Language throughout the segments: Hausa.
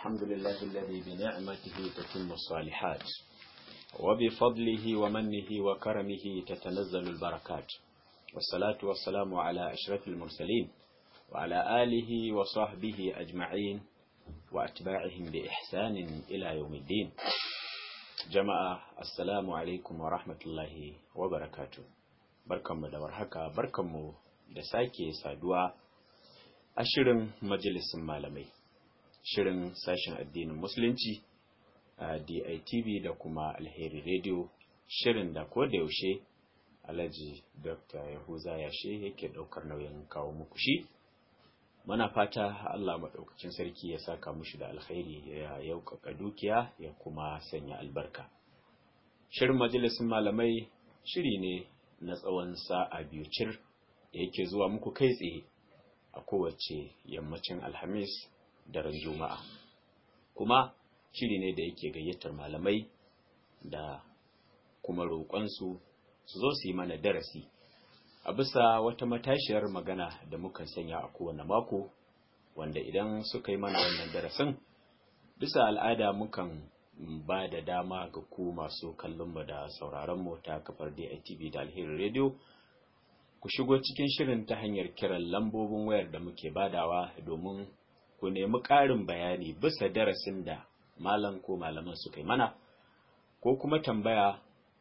الحمد لله الذي بنعمته تتم الصالحات وبفضله ومنه وكرمه تتنزل البركات والصلاة والسلام على أشرف المرسلين وعلى آله وصحبه أجمعين وأتباعهم بإحسان إلى يوم الدين جماعة السلام عليكم ورحمة الله وبركاته بركم دورهكا بركم da sake saduwa a shirin majalisin malamai shirin sashen addinin musulunci a DITV da kuma alheri radio shirin da ko da yaushe alhaji dr yahuza yashe yake ɗaukar nauyin kawo muku shi muna fata allah maɗaukacin sarki ya saka mushi da alkhairi ya yaukaka dukiya ya kuma sanya albarka shirin majalisun malamai shiri ne na tsawon sa'a biyu cir da yake zuwa muku kai tsaye a kowace yammacin alhamis daren juma'a kuma shiri ne da yake gayyatar malamai da kuma roƙonsu su zo su yi mana darasi a bisa wata matashiyar magana da muka sanya a kowane mako wanda idan suka yi mana wannan darasin bisa al'ada mukan ba da dama ga ku masu kallon kallonmu da sauraron mota kafar DITV da alherin rediyo ku shigo cikin shirin ta hanyar kiran lambobin wayar da muke badawa domin ku nemi ƙarin bayani bisa darasin da malam ko malaman su kai mana ko kuma tambaya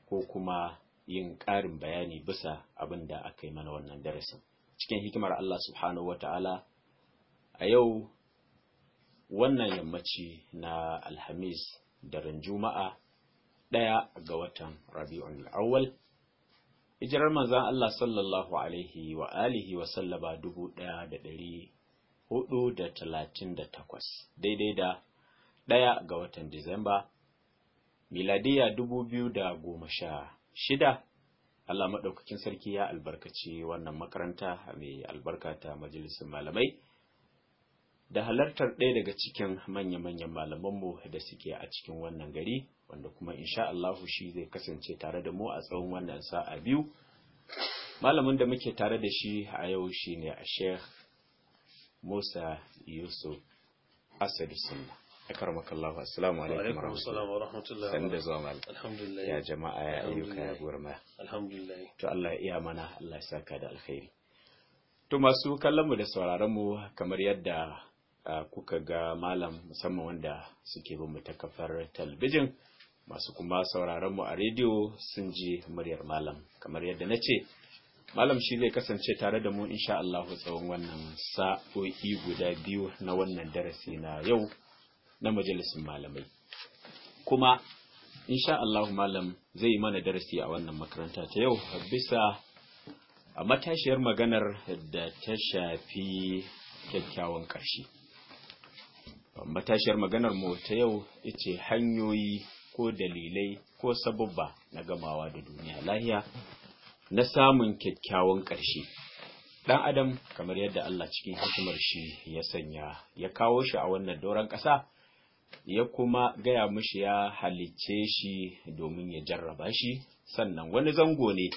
ko kuma yin ƙarin bayani bisa abin da aka yi mana wannan darasin cikin hikimar Allah subhanahu wa ta'ala a yau wannan yammaci na alhamis daren juma'a ɗaya ga watan rabi'un al'awwal hijirar manzan Allah sallallahu alaihi wa alihi wa sallaba dubu ɗaya da ɗari hudu da talatin da takwas daidai da ɗaya ga watan Disamba miladiya dubu biyu da goma sha shida Allah maɗaukakin sarki ya albarkaci wannan makaranta mai albarka ta majalisar malamai da halartar ɗaya daga cikin manya-manyan malamanmu da suke a cikin wannan gari wanda kuma insha Allahu shi zai kasance tare da mu a tsawon wannan sa'a biyu malamin da muke tare da shi a yau shi ne a Sheikh Musa Yusuf Asadu Sunna. Akarmakallahu asalamu alaikum wa rahmatullahi wa rahmatullahi wa rahmatullahi ya jama'a ya ayyuka ya gurma alhamdulillah to Allah ya iya mana Allah ya saka da alkhairi to masu kallon mu da sauraron mu kamar yadda kuka ga malam musamman wanda suke bin mu ta kafar talbijin masu kuma sauraron mu a rediyo sun ji muryar malam kamar yadda na ce malam shi zai kasance tare da mu insha Allah tsawon wannan sa'o'i guda biyu na wannan darasi na yau na majalisin malamai kuma insha Allah malam zai yi mana darasi a wannan makaranta ta yau bisa a matashiyar maganar da ta shafi kyakkyawan ƙarshe matashiyar maganar mu ta yau ice hanyoyi ko dalilai ko sabubba na gamawa da duniya lahiya na samun kyakkyawan ƙarshe ɗan adam kamar yadda Allah cikin hikimar shi ya sanya ya kawo shi a wannan doron ƙasa ya kuma gaya mishi ya halicce shi domin ya jarraba shi sannan wani zango ne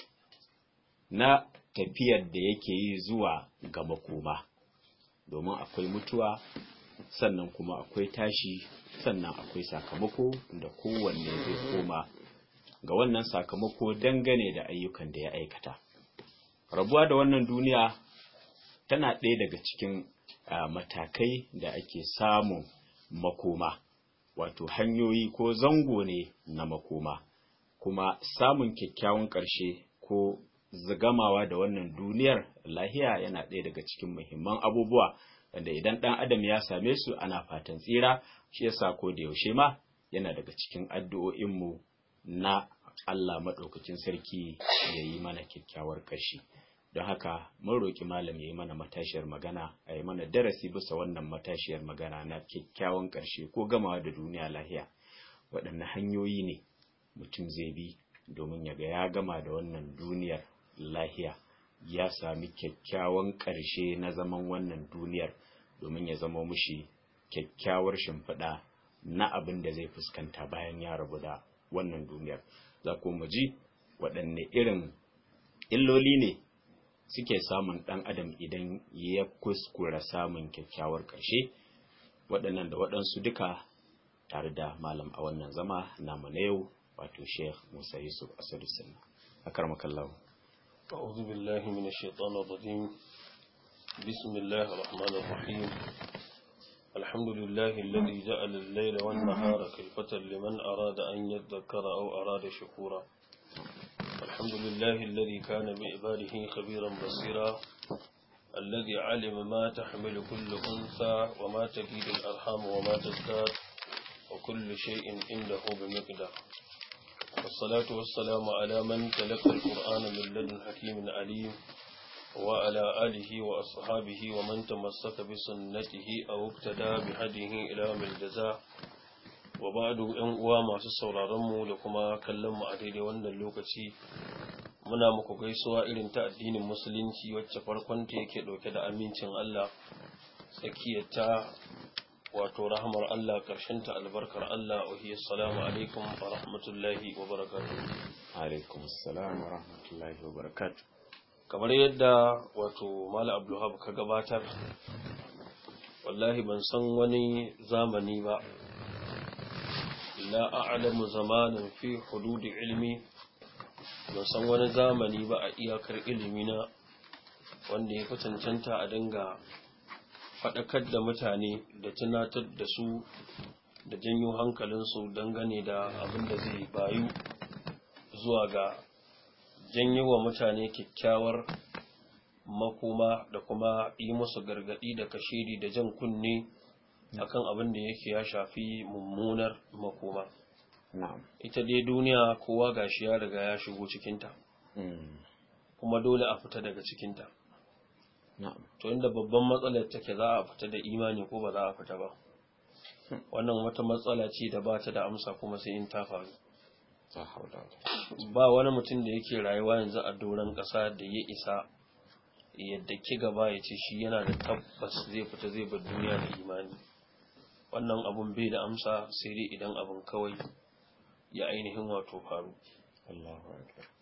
na tafiyar da yake yi zuwa ga makoma domin akwai mutuwa sannan kuma akwai tashi sannan akwai sakamako da kowanne zai koma ga wannan sakamako dangane da ayyukan da ya aikata rabuwa da wannan duniya tana ɗaya daga cikin matakai da ake samun makoma wato hanyoyi ko zango ne na makoma kuma samun kyakkyawan ƙarshe ko zagamawa da wannan duniyar lahiya yana ɗaya daga cikin muhimman abubuwa wanda idan ɗan adam ya same su ana fatan tsira shi yasa ko da yaushe ma yana daga cikin addu'o'inmu na Allah maɗaukacin sarki ya yi mana kyakkyawar ƙarshe. Don haka mun roƙi malam ya yi mana matashiyar magana a yi mana darasi bisa wannan matashiyar magana na kyakkyawan ƙarshe ko gamawa da duniya lahiya. Waɗanne hanyoyi ne mutum zai bi domin ya ga ya gama da wannan duniyar lahiya ya sami kyakkyawan ƙarshe na zaman wannan duniyar domin ya zama mushi kyakkyawar shimfiɗa na abin da zai fuskanta bayan ya rabu da wannan duniyar za ku mu ji waɗanne irin illoli ne suke samun ɗan adam idan ya kuskura samun kyakkyawar ƙarshe waɗannan da waɗansu duka tare da malam a wannan zama namu na yau wato sheikh musa yusuf asadu sunna a karmakallahu أعوذ بالله من الشيطان الرجيم بسم الله الرحمن الرحيم الحمد لله الذي جعل الليل والنهار كلفة لمن أراد أن يذكر أو أراد شكورا الحمد لله الذي كان بإباده خبيرا بصيرا الذي علم ما تحمل كل أنثى وما تجيد الأرحام وما تزداد وكل شيء عنده بمقدار والصلاة والسلام على من تلقى القرآن من لدن حكيم عليم وعلى آله وأصحابه ومن تمسك بسنته أو اقتدى بهديه إلى من الجزاء وبعد أن أوام سورارمو لكما كلم أدري وأن اللوكسي muna muku gaisuwa irin ta addinin musulunci wacce farkon ta yake ɗauke da amincin Allah tsakiyarta ta wato rahmar Allah ƙarshen ta albarkar Allah ohiyar salamu alaikum wa rahmatullahi wa barakatu alaikum salam wa rahmatullahi wa barakatu kamar yadda wato mala abdullahi ka gabatar wallahi ban san wani zamani ba la a'lamu zamanin fi hududi ilmi ban san wani zamani ba a iyakar ilimi na wanda ya cancanta a dinga faɗakar da mutane da tunatar da su da janyo hankalinsu dangane da abin da zai bayu zuwa ga janyo wa mutane kyakkyawar makoma da kuma yi musu gargaɗi da kashiri da jan kunne akan abin da yake ya shafi mummunar makoma ita dai duniya kowa gashi ya riga ya shigo cikinta hmm. kuma dole a fita daga cikinta to inda babban matsalar take za a fita da imani ko ba za a fita ba hmm. wannan wata matsala ce da ba ta da amsa kuma sai in ta faru ba wani mutum da yake rayuwa yanzu a doron ƙasa da ya isa yadda ki gaba ya ce shi yana da tabbas zai fita zai bar duniya da imani wannan abun bai da amsa sai dai idan abun kawai ya ainihin wato faru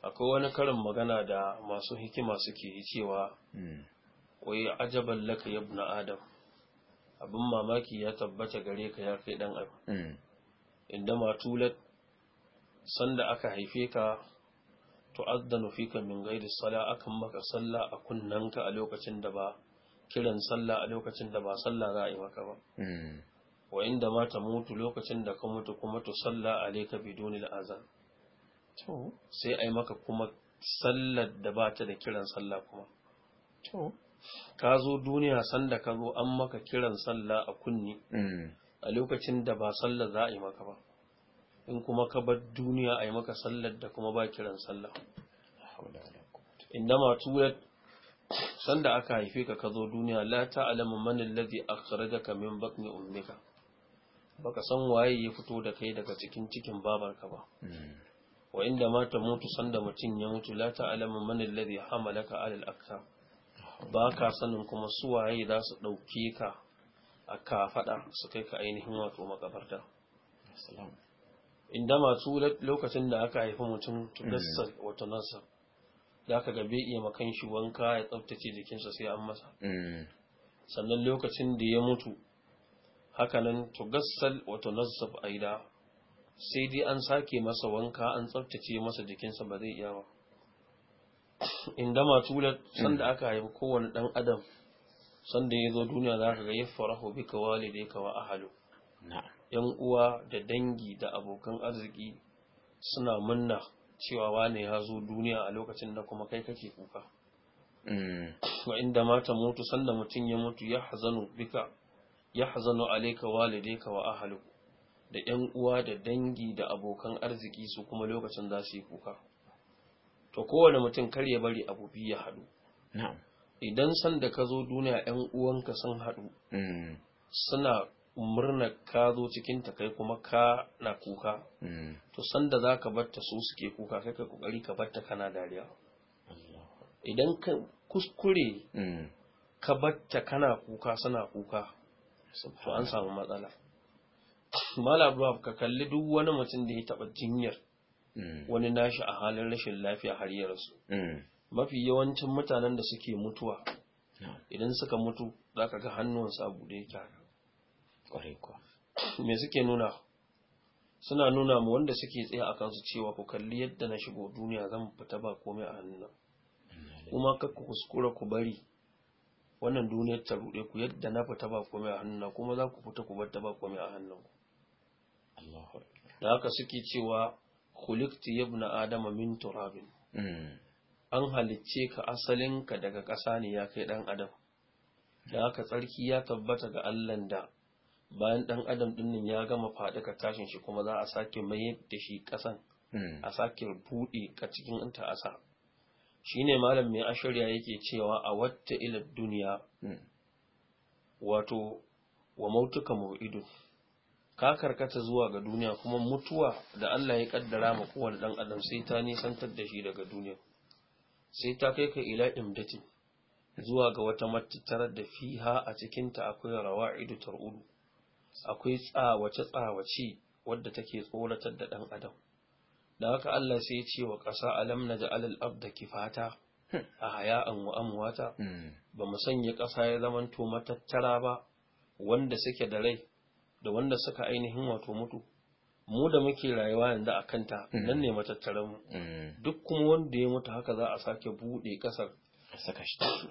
akwai wani karin magana da masu hikima suke yi cewa hmm. wai ajaban laka yabna adam abin mamaki ya tabbata gare ka ya kai dan abu hmm. inda matulat sanda aka haife ka addanu fika min gairi sala akan maka sallah a kunnanka a lokacin da ba kiran sallah a lokacin da ba sallah za a yi maka ba hmm. wa inda ma ta mutu lokacin da ka mutu kuma to sallah alayka biduni azan to sai ai maka kuma sallar da ba ta da kiran sallah kuma to ka zo duniya sanda ka zo an maka kiran sallah a kunni hmm. a lokacin da ba sallah za a yi maka ba in kuma ka bar duniya a yi maka sallar da kuma ba kiran sallah innama tuwet sanda aka haife ka ka zo duniya la ta'lamu man alladhi ka min batni ummika baka san waye ya fito da kai daga cikin cikin babarka ba wa inda ma ta mutu sanda mutum ya mutu la ta'lamu man alladhi hamala ka alal akta ba ka sanin kuma su waye za su ɗauke ka a kafaɗa su kai ka ainihin wato makabarta indama su lokacin da aka haifi mutum tudassar mm. wata nasa da aka gabe iya makan shi wanka ya tsabtace jikinsa sai an masa mm. sannan lokacin da ya mutu hakanan tugassal wata nassab aida sai dai an sake masa wanka an tsabtace masa jikinsa ba zai iya ba indama tulat sanda aka haifi kowane dan adam sanda ya zo duniya za ka ga yi farahu bika walidai ka wa a na'am 'yan uwa da dangi da abokan arziki suna munna cewa wane ya zo duniya a lokacin da kuma kai kake kuka mm. wa inda mata mutu sanda mutum ya mutu ya hazanu bika ya hazanu alaika walidayka wa ahlu da 'yan uwa da dangi da abokan arziki su kuma lokacin za su yi kuka to kowane mutum kar ya bari abu biyu ya haɗu idan sanda ka zo duniya 'yan uwanka sun haɗu mm. suna murna ka zo cikin ta kai kuma ka na kuka mm. to sanda za ka batta su suke kuka kai ka kokari ka batta kana dariya idan ka kuskure mm. ka batta kana kuka suna kuka to an samu matsala mala ka kalli duk wani mutum da ya taba jinyar mm. wani nashi a halin rashin lafiya har ya rasu mafi yawancin mutanen da suke mutuwa idan suka mutu za ka ga hannuwan a buɗe ya kwarai kuwa me suke nuna suna nuna mu wanda suke tsaye a kansu cewa ku kalli yadda na shigo duniya zan fita ba komai a hannuna kuma kar ku kuskura ku bari wannan duniyar ta rude ku yadda na fita ba komai a hannuna kuma za ku fita ku bar ta ba komai a hannun ku da haka suke cewa khuliqti yabna adama min turabin mm. an halicce ka asalin ka daga ƙasa ne ya kai dan adam da haka tsarki ya tabbata ga Allah da bayan ɗan adam nan ya gama faɗuka tashin shi kuma za a sake mai da shi ƙasan hmm. a sake buɗe a cikin inta asa shine malam mai ashirya yake cewa a wata ila duniya hmm. wato wa mautuka mu'idu ka karkata zuwa ga duniya kuma mutuwa da Allah ya kaddara ma kowane dan adam sai ta nisantar da shi daga duniya sai ta kai ka ila imdati zuwa ga wata matattarar da fiha a cikinta akwai rawa'idu tar'udu akwai tsawace tsawace wadda take tsoratar da ɗan adam da haka Allah sai ya ce wa ƙasa alam na ja'alal abda kifata a haya'an wa amwata hmm. ba mu sanya ƙasa ya zamanto matattara ba wanda suke da rai da wanda suka ainihin wato mutu mu da muke rayuwa yanzu a kanta hmm. nan ne matattara mu hmm. duk kuma wanda ya mutu haka za a sake buɗe ƙasar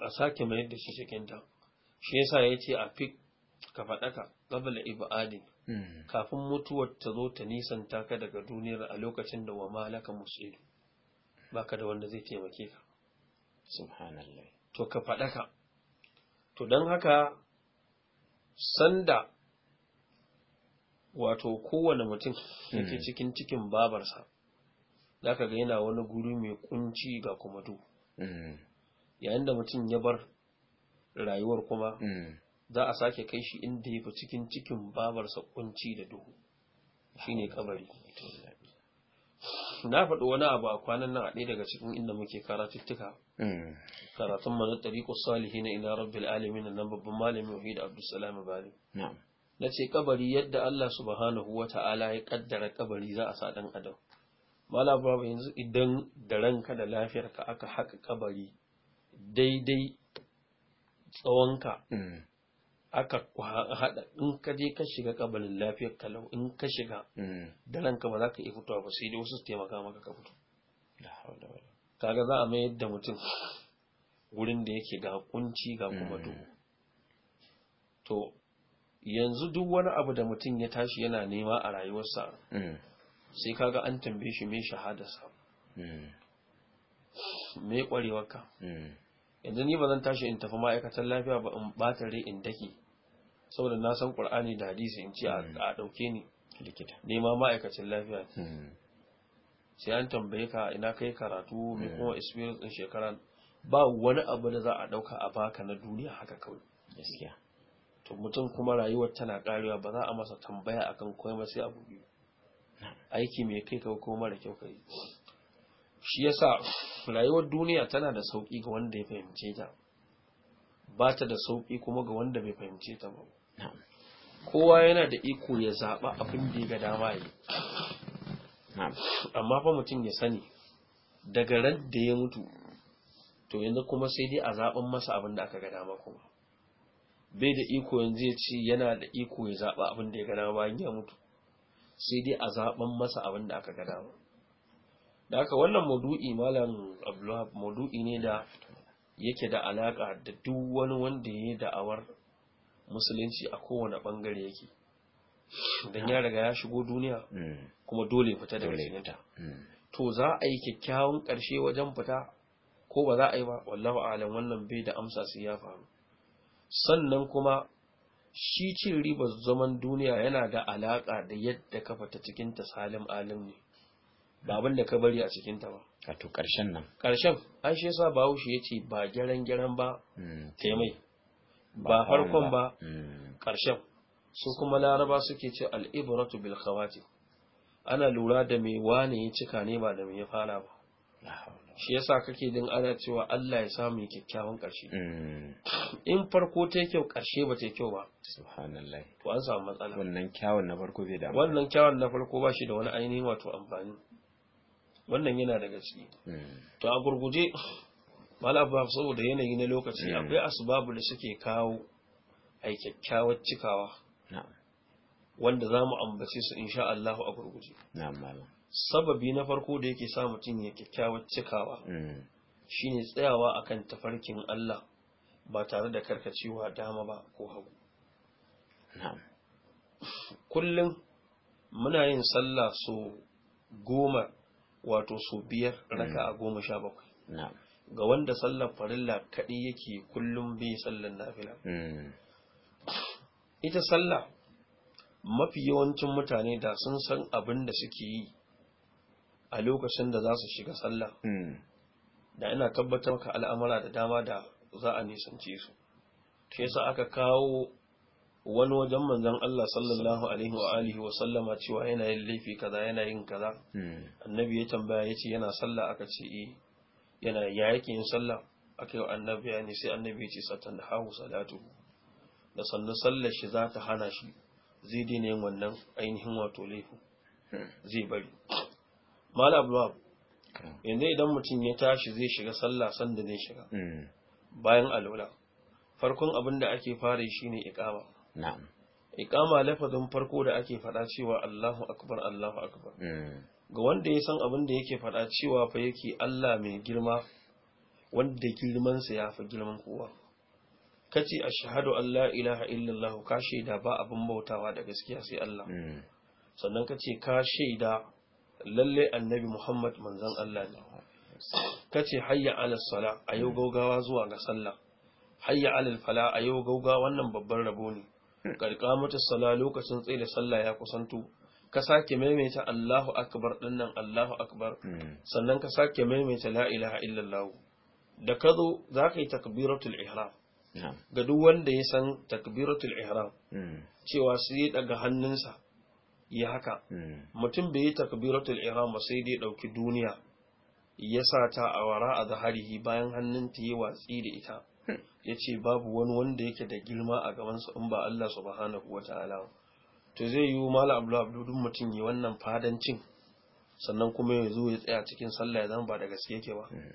a sake mayar da shi ta shi yasa ya ce a fik. ka faɗaka qabla ibadin hmm. kafin mutuwar ta zo ta nisanta ka daga duniyar a lokacin da wa malaka ba ka da wanda zai taimake ka subhanallah to ka faɗaka to don haka sanda wato kowane mutum yake hmm. cikin cikin babarsa za ka ga yana wani guri mai kunci ga kuma du, hmm. yayin da mutum ya bar rayuwar kuma za a sake kai shi inda ya fi cikin cikin babarsa kunci da duhu Shi ne kabari na faɗi wani abu a kwanan nan a ɗaya daga cikin inda muke karatuttuka mm. karatun mana tariƙo salihi na ina rabbil alamin nan babban malamin wahid salam bari na ce kabari yadda Allah subhanahu wa ta'ala ya kaddara kabari za a sa ɗan adam mala babu yanzu idan da ranka da lafiyarka aka haƙa kabari daidai tsawonka mm. aka haɗa in ka je ka shiga kabalin lafiyar kalau in ka shiga hmm. da ka ba za ka iya fitowa ba sai dai wasu su taimaka maka ka fito kaga za a mayar da mutum wurin da yake ga kunci ga kuma hmm. duhu to yanzu duk wani abu da mutum ya tashi yana nema a rayuwarsa hmm. sai kaga an tambaye shi mai shahadarsa me kwarewarka yanzu ni ba zan tashi in tafi ma'aikatan lafiya ba in bata rai in dake saboda na san qur'ani da hadisi in ce a hmm. ɗauke ni likita nema ma'aikacin lafiya hmm. sai an tambaye ka ina kai karatu mai hmm. kuma experience din shekara ba wani abu da za a dauka a baka na duniya haka kawai gaskiya to mutum kuma rayuwar tana karewa ba za a masa tambaya akan komai sai abu biyu aiki mai kai kawai kuma mara kyau kai shi yasa rayuwar duniya tana da sauki ga wanda ya fahimce ta ba ta da sauƙi kuma ga wanda bai fahimce ta ba kowa yana da iko ya zaɓa abin da ya ga dama yi amma fa mutum ya sani daga ran da ya mutu to yanzu kuma sai dai a zaɓin masa abin da aka ga dama kuma bai da iko yanzu ya ce yana da iko ya zaɓa abin da ya ga dama bayan ya mutu sai dai a zaɓin masa abin da aka ga dama da haka wannan maudu'i malam abdullahi maudu'i ne da yake da alaƙa da duk wani wanda ya yi da'awar musulunci a kowane bangare yake don ya riga ya shigo duniya hmm. kuma dole fita daga cikinta hmm. to za a yi kyakkyawan ƙarshe wajen fita ko ba za a yi ba wallahu alam wannan bai da amsa sai ya faru sannan kuma shi cin ribar zaman duniya yana da alaƙa da yadda ka fita cikin ta salim alim ne ba abin da ka bari a cikin ta ba a to Karshen, nan karshen an shi yasa bawo shi yace ba gyaran gyaran ba taimai hmm. ba farkon ba ƙarshen hmm. su kuma laraba suke ce al'ibratu bil khawati ana lura da mai wane ya cika ne ba da mai ya fara ba shi yasa kake din ana cewa Allah ya samu kyakkyawan ƙarshe hmm. in farko ta kyau ƙarshe ba ta kyau ba subhanallah to an samu matsala wannan kyawun na farko bai da wannan kyawun na farko ba shi da wani ainihin wato amfani wannan yana daga ciki hmm. to a gurguje malabab saboda yanayi na lokaci hmm. akwai asbabu da suke kawo a kyakkyawar cikawa wanda za mu ambace su in sha Allah a gurguje sababi na farko da yake sa mutum ya kyakkyawar cikawa hmm. shine tsayawa a kan tafarkin Allah ba tare da karkacewa dama ba ko hagu kullum muna yin sallah so goma wato so biyar raka a hmm. goma sha bakwai ga wanda sallar farilla kaɗai yake kullum bi sallar nafila hmm. ita sallah mafi yawancin mutane da sun san abin da suke yi a lokacin da za su shiga sallah hmm. da ina tabbatar ka al'amura da dama da za a nisance su Ke yasa aka kawo wani wajen manzan Allah sallallahu alaihi wa alihi wa sallama cewa yana yin laifi kaza yana yin kaza hmm. annabi ya tambaya ya ce yana sallah aka ce eh yana ya yake yin sallah aka yi annabi ya ne sai annabi ce satan da hahu salatu da sannan sallar shi za ta hana shi zai daina yin wannan ainihin wato laifin zai bari malam yanzu idan mutum ya tashi zai shiga sallah sanda zai shiga hmm. bayan alola farkon abin da ake fara shi ne ikama ikama lafazin farko da ake faɗa cewa allahu akbar allahu akbar hmm. ga wanda ya san abin da yake faɗa cewa fa yake Allah mai girma wanda girmansa ya fi girman kowa kace ashhadu an la ilaha illallah ka shaida ba abin bautawa da gaskiya sai Allah hmm. sannan kace ka shaida lalle annabi Muhammad manzon Allah ne kace hayya ala sala ayo gaugawa zuwa ga sallah hayya ala fala ayo gaugawa wannan babban rabo ne hmm. karkamata sala lokacin tsaye da sallah ya kusanto ka sake maimaita Allahu akbar dinnan Allahu akbar hmm. sannan ka sake maimaita la ilaha illallah da ka zo za ka yi takbiratul ihram ga duk wanda ya san takbiratul ihram hmm. cewa sai ya daga hannunsa ya haka hmm. mutum bai yi takbiratul ihram sai dai dauki duniya ya sa ta a wara a zaharihi bayan hannun ta yi watsi da ita ya ce babu wani wanda yake da girma a gabansa in ba Allah subhanahu wa to zai yi mala abu abdu mutum yi wannan fadancin sannan kuma ya zo ya tsaya cikin sallah ya zama ba da gaske yake ba eh.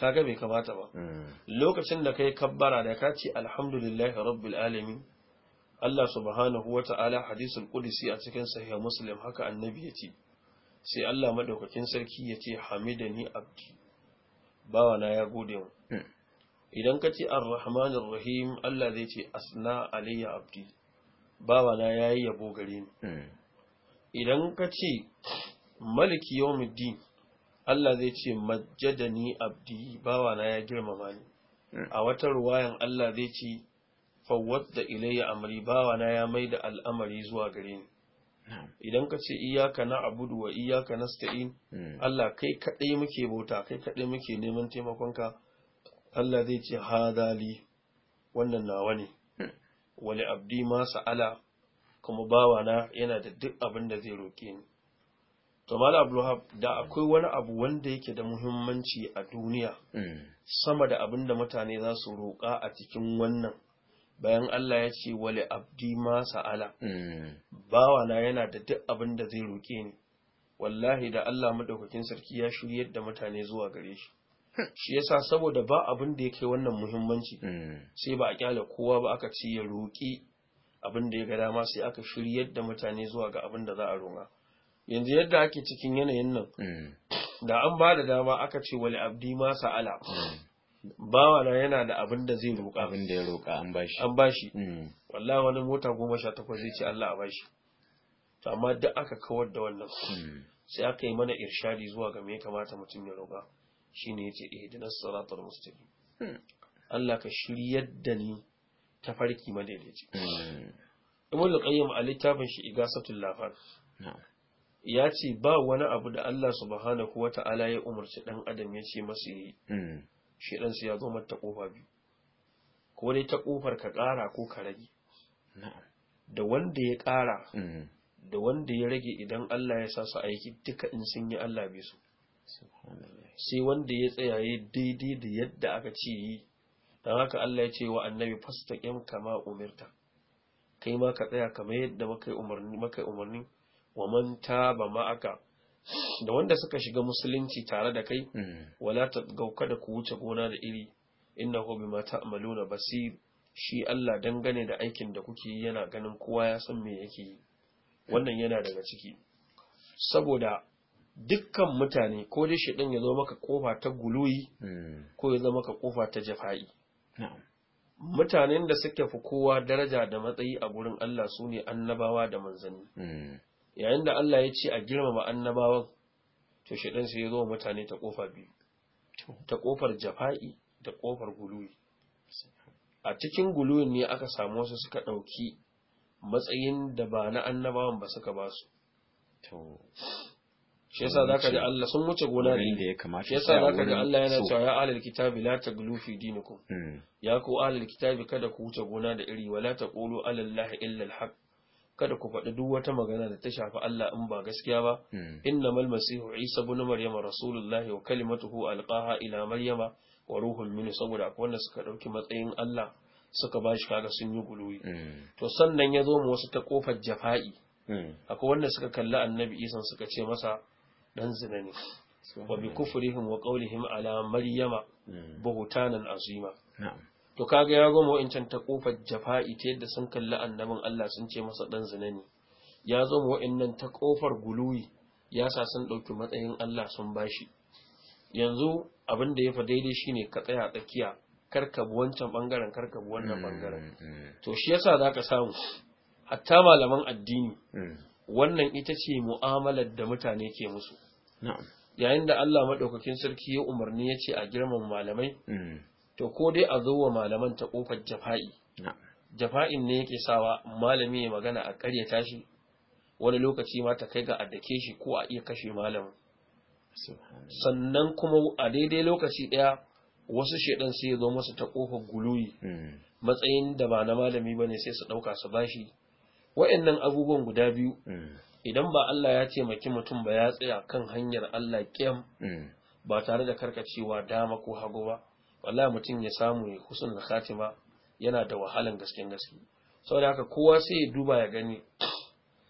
kaga bai kamata ba eh. lokacin da kai kabbara da ka ce alhamdulillahi rabbil alamin Allah subhanahu ta'ala hadisul qudsi a cikin sahih muslim haka annabi ya ce sai Allah madaukakin sarki ya ce hamidani abdi bawana ya gode mu hmm. idan ka ce arrahmanir rahim Allah zai ce asna alayya abdi bawana ya yi yabo gare ni hmm. idan ka ce maliki yawmiddin Allah zai ce ni abdi bawana ya girmama ni hmm. a wata ruwayan Allah zai ce fawwat da ilayya amri bawana ya mai da al'amari zuwa gare ni hmm. idan ka ce iyaka na abudu wa iyaka na nasta'in Allah kai kaɗai muke bauta kai kaɗai muke neman taimakonka Allah zai ce hadali wannan nawa ne wali abdi ma sa'ala kuma bawana yana da duk abin da zai roke ni to mala da akwai wani abu wanda yake da muhimmanci a duniya mm. sama da abin da mutane za su roƙa a cikin wannan bayan Allah ya ce wali abdi ma sa'ala mm. bawana yana da duk abin da zai roke ni wallahi da Allah madaukakin sarki ya shiryar da mutane zuwa gare shi shi yasa saboda ba abin da yake wannan muhimmanci hmm. sai ba a kyale kowa ba aka ce ya roƙi abin da ya ga dama sai aka shiryar da mutane zuwa ga abin da za a roƙa yanzu yadda ake cikin yanayin nan hmm. da an ba da dama aka ce wali abdi ma sa'ala hmm. bawana yana da abin da zai roƙa abin da ya roƙa an bashi an bashi wallahi wani mota goma sha takwas zai ce Allah a bashi to amma duk aka kawar da wannan sai aka yi mana irshadi zuwa ga me kamata mutum ya roƙa shine yace ihdinas siratal mustaqim hmm. Allah ka shiryar da ni ta farki madaidaici hmm. Ibn al-Qayyim a littafin shi Igasatul Lafar ya ce ba wani abu da Allah subhanahu wa ta'ala ya umarci dan adam ya ce masa yi hmm. shi dan ya zo mata kofa biyu ko dai ta kofar ka ƙara ko ka rage da wanda ya ƙara da wanda ya rage idan Allah ya sa su aiki duka in sun yi Allah bai su sai wanda ya tsayaye daidai da yadda aka ce yi don haka Allah ya ce wa annabi fastaqim kama umarta kai ma ka tsaya kamar yadda makai umarni wa man taba ma'aka da wanda suka shiga musulunci tare da kai hmm. wala ta gauka da ku wuce gona da iri Inna mata bima na basir shi Allah dangane da aikin da kuke yi yana ganin kowa ya san me yake yi wannan yana daga ciki saboda dukkan mutane ko dai ɗin ya zo maka kofa ta guluyi hmm. ko ya zo maka kofa ta jafa'i mutanen da suke fi kowa daraja da matsayi a gurin Allah su ne annabawa da manzanni hmm. yayin da Allah ya ce a girmama annabawan to shaidan sai ya zo mutane ta kofa biyu ta kofar jafa'i da kofar guluyi a cikin guluyin ne aka samu wasu suka ɗauki matsayin da ba na annabawan ba suka ba su shi yasa zaka ga Allah sun wuce gona ne shi yasa zaka ga Allah yana cewa ya ahlul kitabi la taglu fi dinikum hmm. ya ku ahlul kitabi kada ku wuce gona da iri wala taqulu ala llahi illa alhaq kada ku faɗi duk wata magana da ta shafi Allah in ba gaskiya ba hmm. innamal masihu isa ibn maryama rasulullahi wa kalimatuhu alqaha ila maryama wa ruhun min saboda akwai wanda suka dauki matsayin Allah suka ba shi kaga sun yi guluwi hmm. to sannan ya zo mu wasu ta kofar jafa'i akwai wanda suka kalli annabi isa suka ce masa dan zina ne wa bi kufrihim wa qawlihim ala maryama hmm. buhtanan azima to kaga ya goma wa'incan ta kofar jafa'i ta yadda sun kalli annabin Allah sun ce masa dan zina ne ya zo mu wa'innan ta kofar guluwi ya sa sun ɗauki matsayin Allah sun bashi yanzu abin da ya fa daidai shine ka tsaya tsakiya karkabu wancan bangaren karkabu wannan bangaren hmm. hmm. to shi yasa zaka samu hatta malaman addini wannan ita ce mu'amalar da mutane ke musu yayin da Allah maɗaukakin sarki ya umarni ya ce a girman malamai mm. to ko dai a zo wa malaman ta ƙofar jafa'i jafa'in ne yake sawa malami ya magana a ƙarya tashi wani lokaci ma ta kai ga addake shi ko a iya kashe malamin sannan kuma a daidai lokaci ɗaya wasu shaidan sai ya zo masa ta ƙofar guluyi mm. matsayin da ba na malami ba ne sai su ɗauka su bashi wa'annan abubuwan guda biyu mm. idan ba Allah ya taimaki mutum ba ya tsaya kan hanyar Allah kiyam mm. ba tare da karkacewa dama ko hago ba wallahi mutum ya samu ya husnul khatima yana da wahalan gasken gaske saboda haka kowa sai ya duba ya gani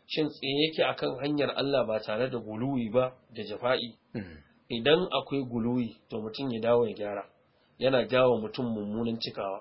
shin tsaye yake akan hanyar Allah ba tare da guluwi ba da jafa'i mm. idan akwai guluwi to mutum ya dawo ya gyara yana jawo mutum mummunan cikawa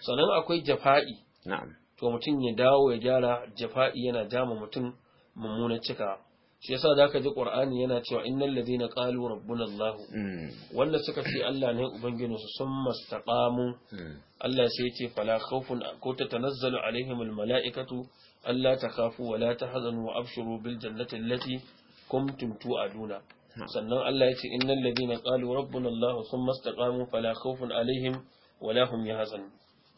sannan akwai jafa'i na'am to mutum ya dawo ya gyara jafa'i yana jama mutum mummunan cika shi yasa zaka ji qur'ani yana cewa innal ladina qalu rabbuna allah hmm. wanda suka ce Allah ne ubangijin su sun mastaqamu hmm. Allah sai ce fala khawfun ko tatanazzalu alaihim al malaikatu alla takhafu wa la tahzanu wa abshiru bil jannati allati kuntum tu'aduna hmm. sannan Allah yace innal ladina qalu rabbuna allah sun mastaqamu fala khawfun alaihim wa la hum yahzanun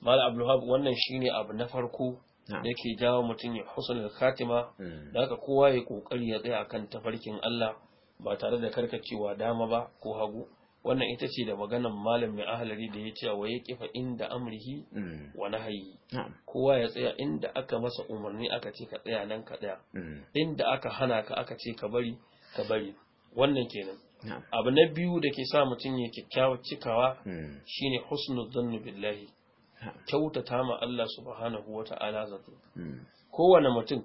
mala abdulhab wannan shine abu na farko da yake jawo mutum ya hmm. da katima. da aka kowa ya kokari ya tsaya akan tafarkin Allah ba tare da karkacewa dama ba ko hagu wannan ita ce da maganan malam mai ahalari da ya ce wa ya kifa inda amrihi hmm. wa nahayi kowa ya tsaya inda aka masa umarni aka ce ka tsaya nan ka tsaya hmm. inda aka hana ka aka ce ka bari ka bari wannan kenan abu na biyu da ke sa mutum ya kyakkyawa cikawa shine husnul dhanni billahi kyautata ma Allah subhanahu wata'ala zato hmm. kowane mutum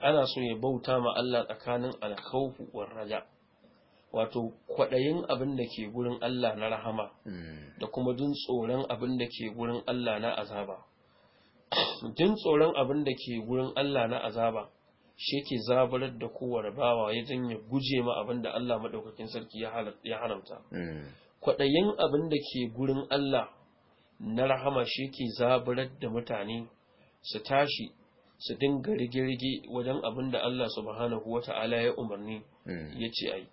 ana so ya bauta ma Allah tsakanin alkhawfu war raja wato kwaɗayin abin da ke gurin Allah na rahama hmm. da kuma jin tsoron abin da ke gurin Allah na azaba jin tsoron abin da ke gurin Allah na azaba shi ke zabarar da kowane bawa ya janye guje ma abin da Allah maɗaukakin sarki ya haramta hmm. kwaɗayin abin da ke gurin Allah na rahama shi ke zaburar da mutane su tashi su dinga rige-rige wajen abin da Allah subhanahu wa ta'ala ya umarni hmm. ya ce ai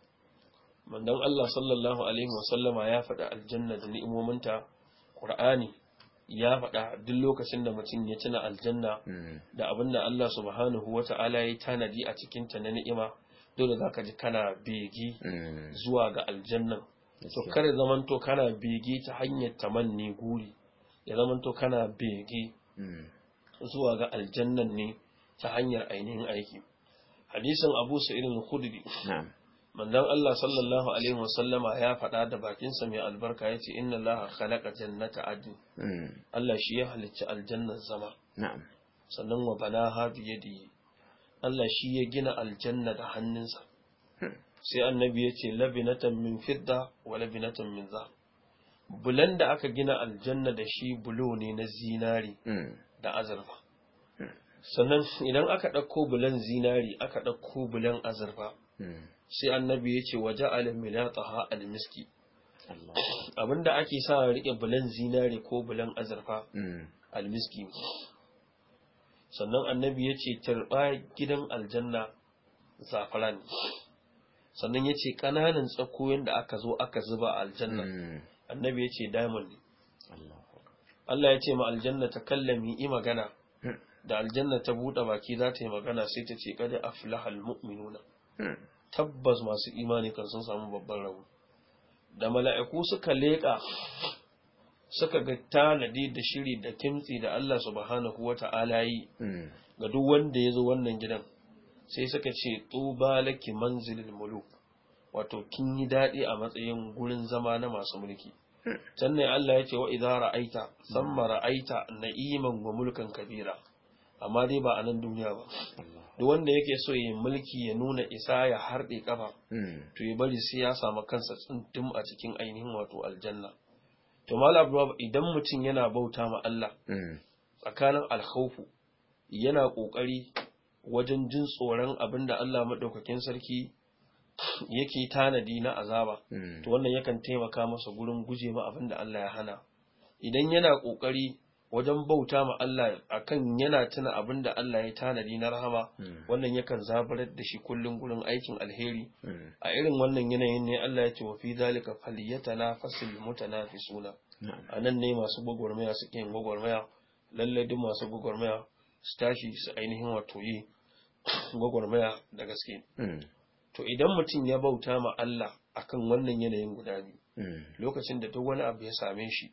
mandan Allah sallallahu alaihi wasallama ya faɗa aljanna da ni'imominta ƙur'ani ya faɗa duk lokacin da mutum ya tuna aljanna hmm. da abin da Allah subhanahu wa ta'ala ya tanadi a cikin ta na ni'ima dole za ka ji kana begi hmm. zuwa ga aljannan to kare zaman to kana bege ta hanyar tamanni guri ya zamanto kana bege hmm. zuwa ga aljannan ne ta hanyar ainihin aiki hadisin abu sa'irin khudri mandan Allah sallallahu alaihi wasallama ya faɗa da bakinsa mai albarka ya ce inna Allah khalaqa jannata adn hmm. Allah shi ya halicci aljannar zama sannan wa banaha bi yadihi Allah shi ya gina aljanna da hannunsa hmm. sai annabi ya ce labinatan min fidda wa labinatan min zahab bulan da aka gina aljanna da shi bulo ne na zinari hmm. da azurfa hmm. sannan idan aka ɗauko bulan zinari aka ɗauko bulan azurfa hmm. sai annabi ya ce waje alimila taha almiski abinda ake sa riƙe bulan zinari ko bulan azurfa almiski sannan annabi ya ce tarɓa gidan aljanna zafirani sannan ya ce ƙananan tsakoyin da aka zo aka zuba aljanna annabi ya ce diamond ne Allah ya ce ma aljanna ta kallami yi magana da aljanna ta buɗe baki za ta yi magana sai ta ce kada aflahal mu'minuna hmm. tabbas masu imani kan sun samu babban rabu da mala'iku suka leƙa suka ga tanadi da shiri da kimtsi da Allah subhanahu wata'ala yi hmm. ga duk wanda ya zo wannan gidan sai suka ce tuba laki manzilil muluk wato kin yi daɗi a matsayin gurin zama na masu mulki hmm. can ne Allah ya ce wa idan ra'aita samma ra'aita na'iman wa mulkan kabira amma dai ba a nan duniya ba duk wanda yake so ya mulki ya nuna isa ya harɗe kafa hmm. to ya bari sai ya samu kansa tsuntum a cikin ainihin wato aljanna to malam idan mutum yana bauta ma Allah hmm. tsakanin alkhawfu yana kokari wajen jin tsoron abinda Allah madaukakin sarki yake tanadi na azaba hmm. to wannan yakan taimaka masa gurin guje ma abin da Allah ya hana idan yana kokari wajen bauta ma Allah akan yana tuna abin da Allah ya tanadi na rahama hmm. wannan yakan zabarar da shi kullun gurin aikin alheri hmm. a irin wannan yanayin ne Allah ya ce wa fi zalika falyatanafasul mutanafisuna anan ne masu gwagwarmaya suke yin gwagwarmaya lalle duk masu gwagwarmaya su tashi su ainihin wato yi gwagwarmaya da gaske to idan mutum ya bauta ma Allah akan wannan yanayin guda biyu hmm. lokacin da duk wani abu ya same shi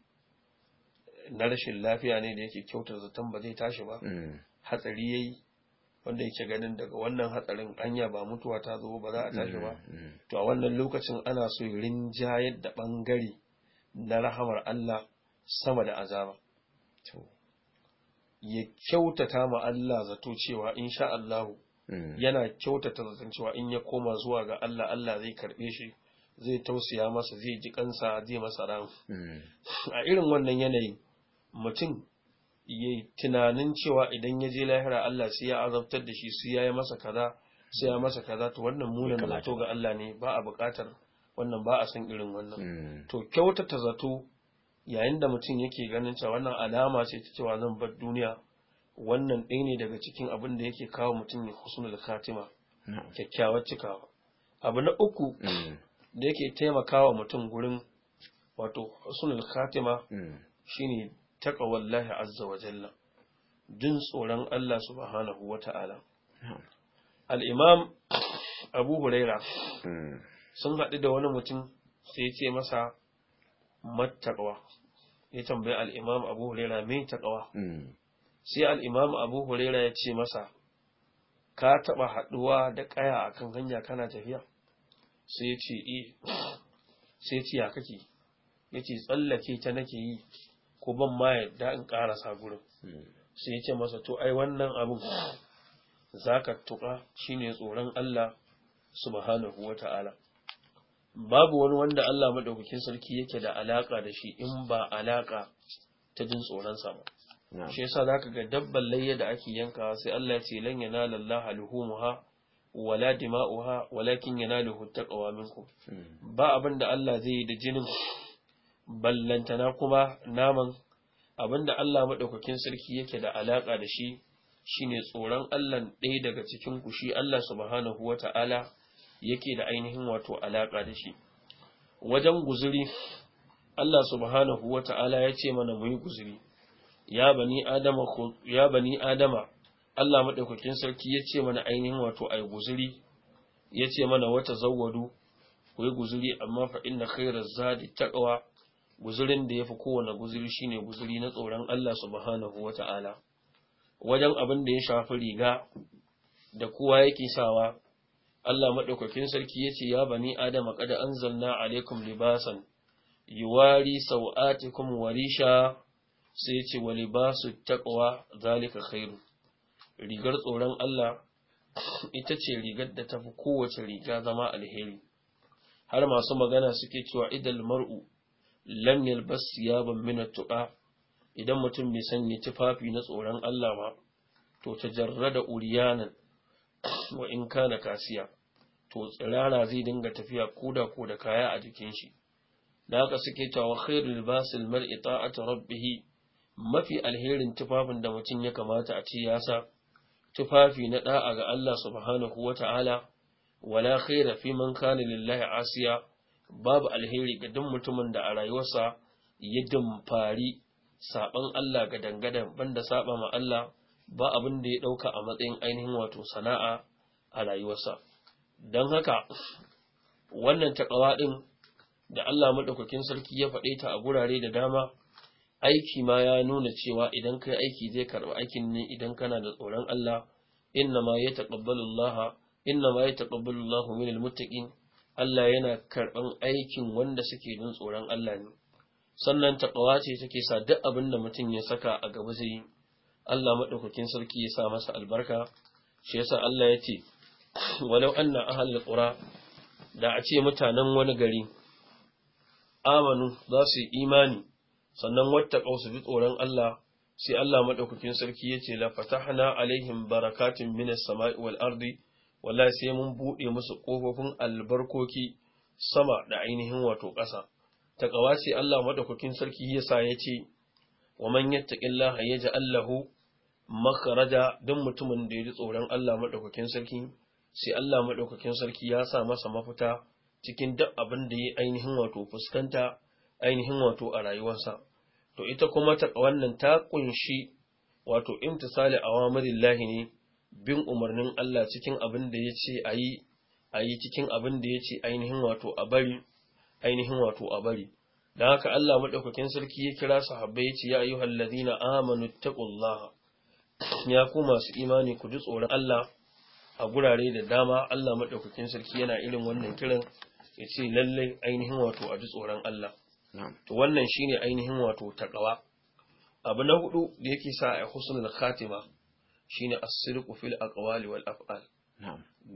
na rashin lafiya ne da yake kyautar zaton ba zai tashi ba hmm. hatsari yayi wanda yake ganin daga wannan hatsarin anya ba mutuwa ta zo ba za a tashi ba hmm. to a wannan lokacin ana so jayar da bangare na rahamar Allah sama da azaba ya kyautata ma Allah zato cewa insha Allah Mm. yana kyautata zaton cewa in ya koma zuwa ga Allah Allah zai karbe shi zai tausaya masa zai ji kansa zai masa ran mm. a irin wannan yanayi mutum ya tunanin cewa idan ya je lahira Allah sai ya azabtar da shi sai ya yi masa kaza sai ya masa kaza to wannan munan zato ga Allah ne ba a buƙatar wannan ba a san irin wannan mm. to kyautata zato yayin da mutum yake ganin cewa wannan alama ce ta cewa zan bar duniya wannan ɗaya ne daga cikin abin da yake kawo mutum ya husnul khatima kyakkyawar cikawa abu na uku mm. da yake taimakawa mutum gurin wato husnul khatima mm. shine taqwallahi azza wa jalla jin tsoron Allah subhanahu ta'ala al-imam Abu Huraira mm. sun haɗu da wani mutum sai ya ce masa mattaqwa ya tambayi al-imam Abu Huraira me taqwa sai al'imam abu huraira ya ce masa ka taɓa haɗuwa da ƙaya a kan hanya kana tafiya sai ce e sai ce ya kake ya ce tsallake ta nake yi ko ban ma yadda in ƙarasa gurin sai ya ce masa to ai wannan abin za ka tuƙa shi ne tsoron Allah subhanahu wa ta'ala babu wani wanda Allah maɗaukakin sarki yake da alaƙa da shi in ba alaƙa ta jin tsoronsa ba shi yasa zaka ga dabban layya da ake yanka sai Allah ya ce lan yana Allah luhumuha wala dima'uha walakin yanaluhu taqwa minku hmm. ba abin Allah zai yi da jinin ballantana kuma naman abin da Allah madaukakin sarki yake da alaka da shi shine tsoron Allah ɗaya daga cikin ku shi Allah subhanahu wata'ala yake da ainihin wato alaƙa da shi wajen guzuri Allah subhanahu wata'ala ya ce mana mu yi guzuri ya bani adama Allah madaukakin sarki ya ce mana ainihin wato ai guzuri ya ce mana wata zawwadu ku yi guzuri amma fa inna khairaz zadi taqwa guzirin da yafi kowane guzuri shine guzuri na tsoron Allah subhanahu wata'ala wajen abin da ya shafi riga da kowa yake sawa Allah madaukakin sarki ya ce ya bani adama kada anzalna alaikum libasan yuwari sau'atikum warisha sai ce wa libasu taqwa zalika khairu rigar tsoron Allah ita ce rigar da tafi kowace riga zama alheri har masu magana suke cewa idal mar'u lam yalbas yaban min at-tuqa idan mutum bai sanya tufafi na tsoron Allah ba to tajarrada uriyanan wa in kana kasiya to tsirara zai dinga tafiya koda ko da kaya a jikin shi da haka suke cewa khairul basil mar'i ta'atu rabbihi mafi alherin tufafin da mutum ya kamata a ce yasa tufafi na da'a ga Allah subhanahu Ta'ala, wala khaira fi man kana lillahi asiya babu alheri ga duk mutumin da a rayuwarsa ya dumfari saban Allah ga dangadan banda saba ma Allah ba abin da ya dauka a matsayin ainihin wato sana'a a rayuwarsa don haka wannan takawa din da Allah madaukakin sarki ya faɗe ta a gurare da dama aiki ma ya nuna cewa idan kai aiki zai karɓi aikin ne idan kana da tsoron Allah inna ma ya taqabbalu Allah inna ma ya taqabbalu Allah min almuttaqin Allah yana karɓan aikin wanda suke jin tsoron Allah ne sannan taqwa ce take sa duk abin da mutum ya saka a gaba zai yi Allah madaukakin sarki ya sa masa albarka shi yasa Allah ya ce walau anna ahlul qura da a ce mutanen wani gari amanu za su yi imani sannan wata kausu bi tsoron Allah sai Allah madaukakin sarki yace la fatahna alaihim barakatin minas sama'i wal ardi wallahi sai mun buɗe musu kofofin albarkoki sama da ainihin wato ƙasa ta kawace Allah madaukakin sarki yasa yace wa man yattaqillaha yaj'al lahu makhraja dan mutumin da ya ji tsoron Allah madaukakin sarki sai Allah madaukakin sarki ya sa masa mafita cikin duk abin da yayi ainihin wato fuskanta ainihin wato a rayuwarsa to ita kuma ta wannan ta kunshi wato imtisali awamirillahi ne bin umarnin Allah cikin abin da ya ce a yi cikin abin da ya ce ainihin wato a bari ainihin wato a bari don haka Allah maɗaukakin sarki ya kira sahabbai ya ce ya ayyuhal ladina amanu taqullaha ya ku masu imani ku ji tsoron Allah a gurare da dama Allah maɗaukakin sarki yana irin wannan kiran ya ce lallai ainihin wato a ji tsoron Allah wannan shine ainihin wato takawa abu na hudu da yake sa a husnul khatima shine as-sidqu fil aqwali wal af'al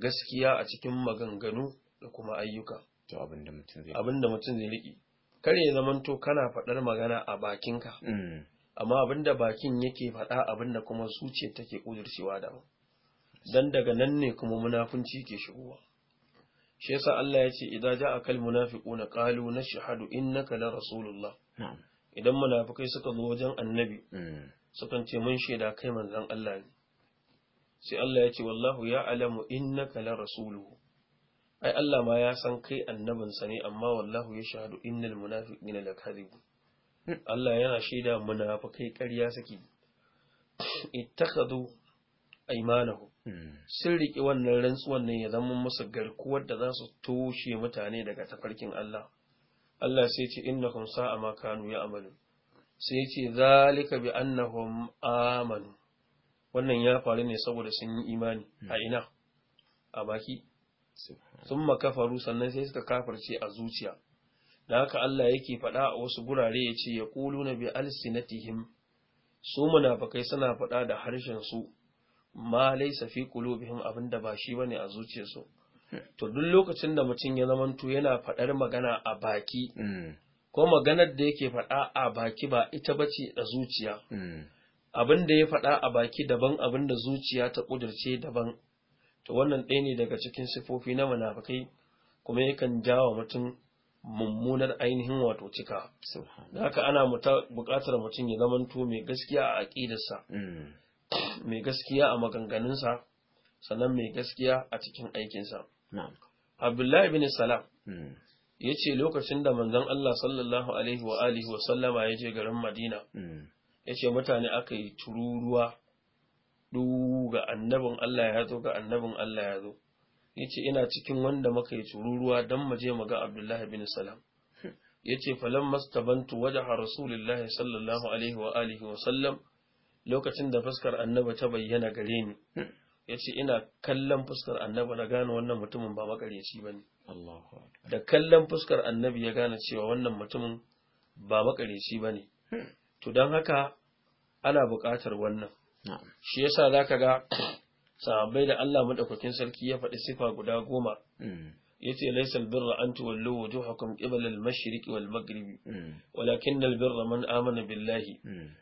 gaskiya a cikin maganganu da kuma ayyuka to abinda mutum zai abinda mutum zai riki kar ya zamanto kana faɗar magana a bakinka mm. amma abinda bakin yake faɗa abinda kuma zuciya take kudurcewa da dan daga nan ne kuma munafunci ke shigowa shi yasa Allah ya ce idza ja'a kal munafiquna qalu nashhadu innaka la rasulullah idan munafikai suka zo wajen annabi mm. sukan ce mun shaida kai manzon Allah ne sai Allah ya ce wallahu ya alamu innaka la rasuluhu ai Allah ma ya san kai annabin sa ne amma wallahu ya shahadu innal munafiqina lakadhibu hmm. Allah yana shaida munafikai ƙarya suke ittakhadhu aimanahu hmm. sun riƙe wannan rantsuwan nan ya zama musu garkuwar da za su toshe mutane daga tafarkin Allah Allah sai ce innahum sa'a ma kanu amalu sai ce zalika bi annahum amanu wannan ya faru ne saboda sun yi imani a hmm. ina a baki sun makafaru sannan sai suka kafarce a zuciya da haka Allah yake faɗa a wasu gurare ya ce ya ƙulu na bi alsinatihim su munafukai suna faɗa da harshen su ma laysa fi qulubihim abinda ba shi bane a zuciyarsu to duk lokacin da mutum ya zamanto yana faɗar magana a baki mm. ko maganar da yake faɗa a baki ba ita bace da zuciya mm. abin da ya faɗa a baki daban abin da zuciya ta ƙudurce daban to wannan ɗaya ne daga cikin sifofi na munafikai kuma yakan jawa mutum mummunar ainihin wato cika da haka ana buƙatar mutum ya zamanto mai gaskiya a aƙidarsa mm. mai gaskiya a maganganunsa sannan mai gaskiya a cikin aikinsa abdullahi bin salam hmm. ya ce lokacin da manzon Allah sallallahu alaihi wa alihi wa sallama ya je garin madina hmm. ya ce mutane aka yi tururuwa ga annabin Allah ya zo ga annabin Allah ya zo ya ce ina cikin wanda muka yi tururuwa don mu je mu ga abdullahi bin salam hmm. ya ce falon mastabantu wajen rasulullahi sallallahu alaihi wa alihi wa sallam lokacin da fuskar annaba ta bayyana gare ni ya ce ina kallon fuskar annaba na gane wannan mutumin ba makaryaci ba ne da kallon fuskar annabi ya gane cewa wannan mutumin ba makaryaci ba ne to don haka ana buƙatar wannan shi yasa za ka ga sahabbai da Allah maɗaukakin sarki ya faɗi sifa guda goma hmm. يتي ليس البر أن تولوا وجوهكم قبل المشرق والمغرب ولكن البر من آمن بالله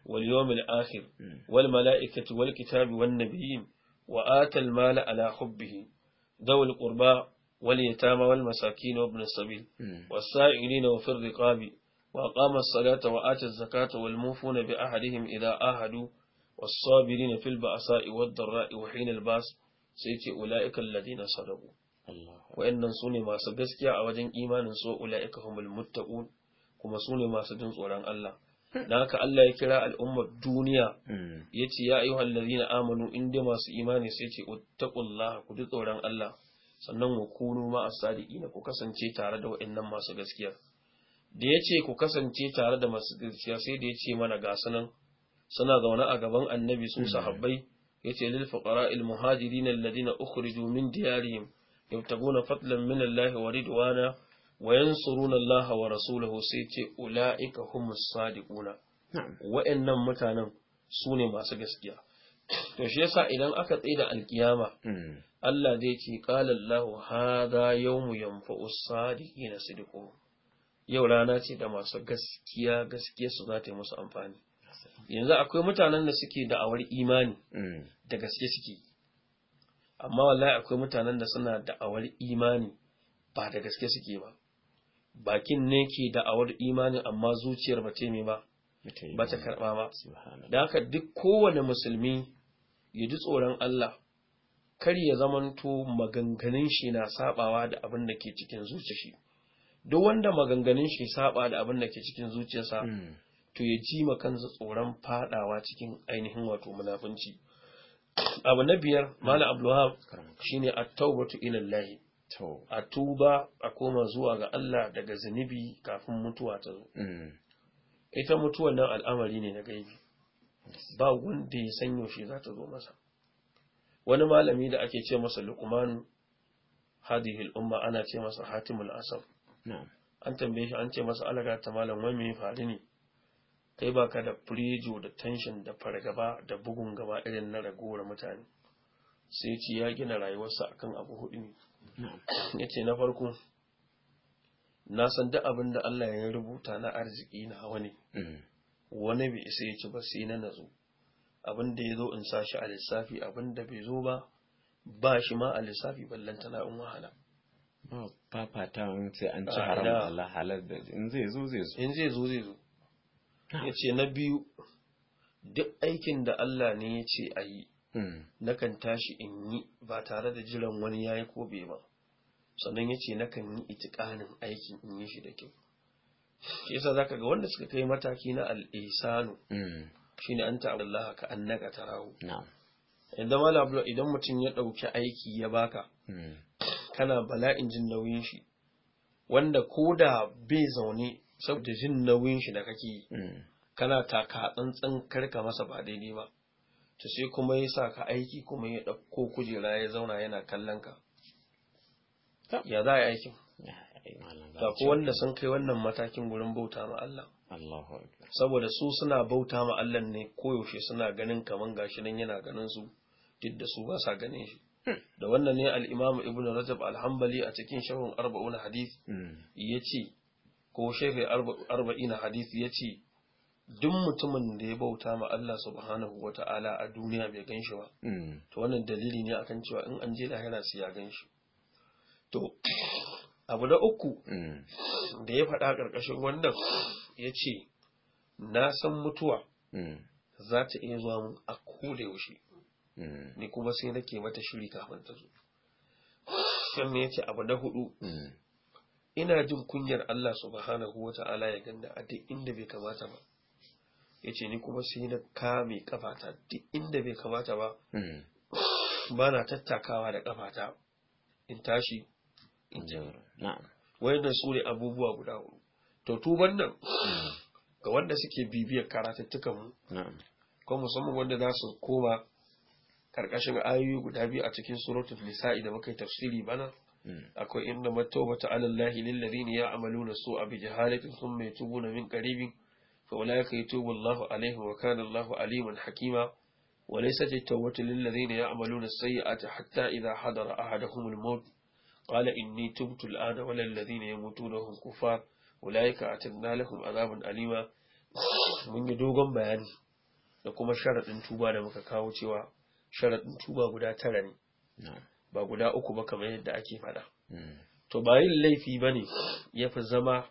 واليوم الآخر والملائكة والكتاب والنبيين وآتى المال على حبه ذو القربى واليتامى والمساكين وابن السبيل والسائلين وفي الرقاب وأقام الصلاة وآتى الزكاة والموفون بأحدهم إذا آهدوا والصابرين في البأساء والضراء وحين الباس سيتي أولئك الذين صدقوا su sune masu gaskiya a wajen imanin so ulaika humul muttaqun kuma sune masu jin tsoron Allah dan haka Allah ya kira al'ummar duniya yace hmm. ya ayyuhal ladina amanu inda masu imani sai ce uttaqullaha ku ji tsoron Allah sannan wa kunu ma asadiqin ku kasance tare da wayannan masu gaskiya da yace ku kasance tare da masu gaskiya sai da yace mana ga sanan suna zaune a gaban annabi su hmm. sahabbai yace lil fuqara al muhajirin alladina ukhriju min diyarihim yabtaguna fadlan min Allah wa ridwana wa yansuruna Allah wa rasulahu sai ce ulaika humus sadiquna wa'annan mutanen su ne masu gaskiya to shi yasa idan aka tsaida alkiyama Allah zai ce qala Allah hadha yawmu yanfa'u sadiqina sidqu yau rana ce da masu gaskiya gaskiya su za ta yi musu amfani yanzu akwai mutanen da suke da'awar imani da gaske suke amma wallahi akwai mutanen da suna da'awar imani ba da gaske suke ba bakin ne ke da'awar imani amma zuciyar ba mai ba ba ta karɓa ba da haka duk kowane musulmi ya ji tsoron Allah kar ya zamanto maganganun shi na sabawa da abin da ke cikin zuciyar shi duk wanda maganganun shi saba da abin da ke cikin zuciyarsa hmm. to ya ji kansa tsoron fadawa cikin ainihin wato munafunci abu na biyar mala abdullahi shine at-taubatu ila Allah a tuba a koma zuwa ga Allah daga zunubi kafin mutuwa ta zo mm. ita mutuwa nan al'amari ne na gaibi ba wanda ya sanyo yaushe za ta zo masa wani malami da ake ce masa luqman hadihi al'umma ana ce masa hatimul asaf an tambaye shi an ce masa alaga ta malam wai me faru ne kai baka da prejo da tension da fargaba da bugun gaba irin na ragowar mutane sai ce ya gina rayuwarsa akan abu hudu ne yace na farko na san duk abin da Allah ya rubuta na arziki na hawa ne mm. wani bai isa ya ci ba sai na nazo abin da ya zo in sa shi a lissafi abin da bai zo ba ba shi ma a lissafi ballan tana in wahala ba fata sai an ci haram Allah halal da in zai zo zai zo in zai zo zai zo ya ce na biyu duk aikin da Allah ne ya ce a yi hmm. nakan tashi in yi ba tare da jiran wani ya yi ko bai ba sannan ya ce nakan yi itikanin aikin in yi shi da kyau shi yasa zaka ga wanda suka kai mataki na al hmm. shine an ta'ala Allah ka annaka tarahu idan mala idan mutum ya dauki aiki ya baka hmm. kana bala'in jin nauyin shi wanda ko da bai zaune saboda jin nauyin shi da kake yi hmm. kana taka tsantsan karka masa ba daidai ba to sai kuma ya sa ka aiki kuma ya ɗauko kujera ya zauna yana kallon ka ya za a yi aikin ta ku wanda sun kai wannan matakin gurin bauta ma Allah saboda su suna bauta ma Allah ne koyaushe suna ganin kamar gashi nan yana ganin su duk da su ba sa ganin shi hmm. da wannan ne al-Imam Ibn Rajab al-Hanbali a cikin shahun arba'un hadith hmm. yace ko shefe arba'ina hadisi ya ce duk mutumin da ya bauta ma Allah subhanahu wa ta'ala a duniya bai gan shi ba mm. to wannan dalili ne akan cewa in an je lahira sai ya gan shi to abu na uku mm. da ya faɗa ƙarƙashin wannan ya ce na san mutuwa mm. za ta iya zuwa mun a koda yaushe ni kuma sai nake mata shiri kafin ta zo sannan ya ce abu na hudu ina jin kunyar Allah subhanahu ta’ala ya ganda a duk inda bai kamata ba Ya ce ni kuma sai na kame kafata duk inda bai kamata ba hmm. ba na tattakawa da kafata in tashi in ji hmm. wayannan su ne abubuwa guda hudu to tuban nan hmm. ga wanda suke bibiyar karatattukan mu ko musamman wanda za su koma karkashin ayoyi guda biyu a cikin suratul nisa'i da muka yi tafsiri bana Mm. akwai inda matoba ta alallahi lillari ya amalu na so a bi jihalifin sun mai tubu na min karibi fa wala ya kai tubu Allah wa kana Allah aliman hakima wa laysa tawbatu lillari ne ya amalu na sayyi'ati hatta idha hadara ahadahum al-maut qala inni tubtu al-ana wa lillari ne yamutuna hum kufar ulaika atadna lahum azaban alima mun yi dogon bayani da kuma sharadin tuba da muka kawo cewa sharadin tuba guda tara ne ba guda uku ba kamar yadda ake faɗa hmm. to ba yin laifi ba ne ya fi zama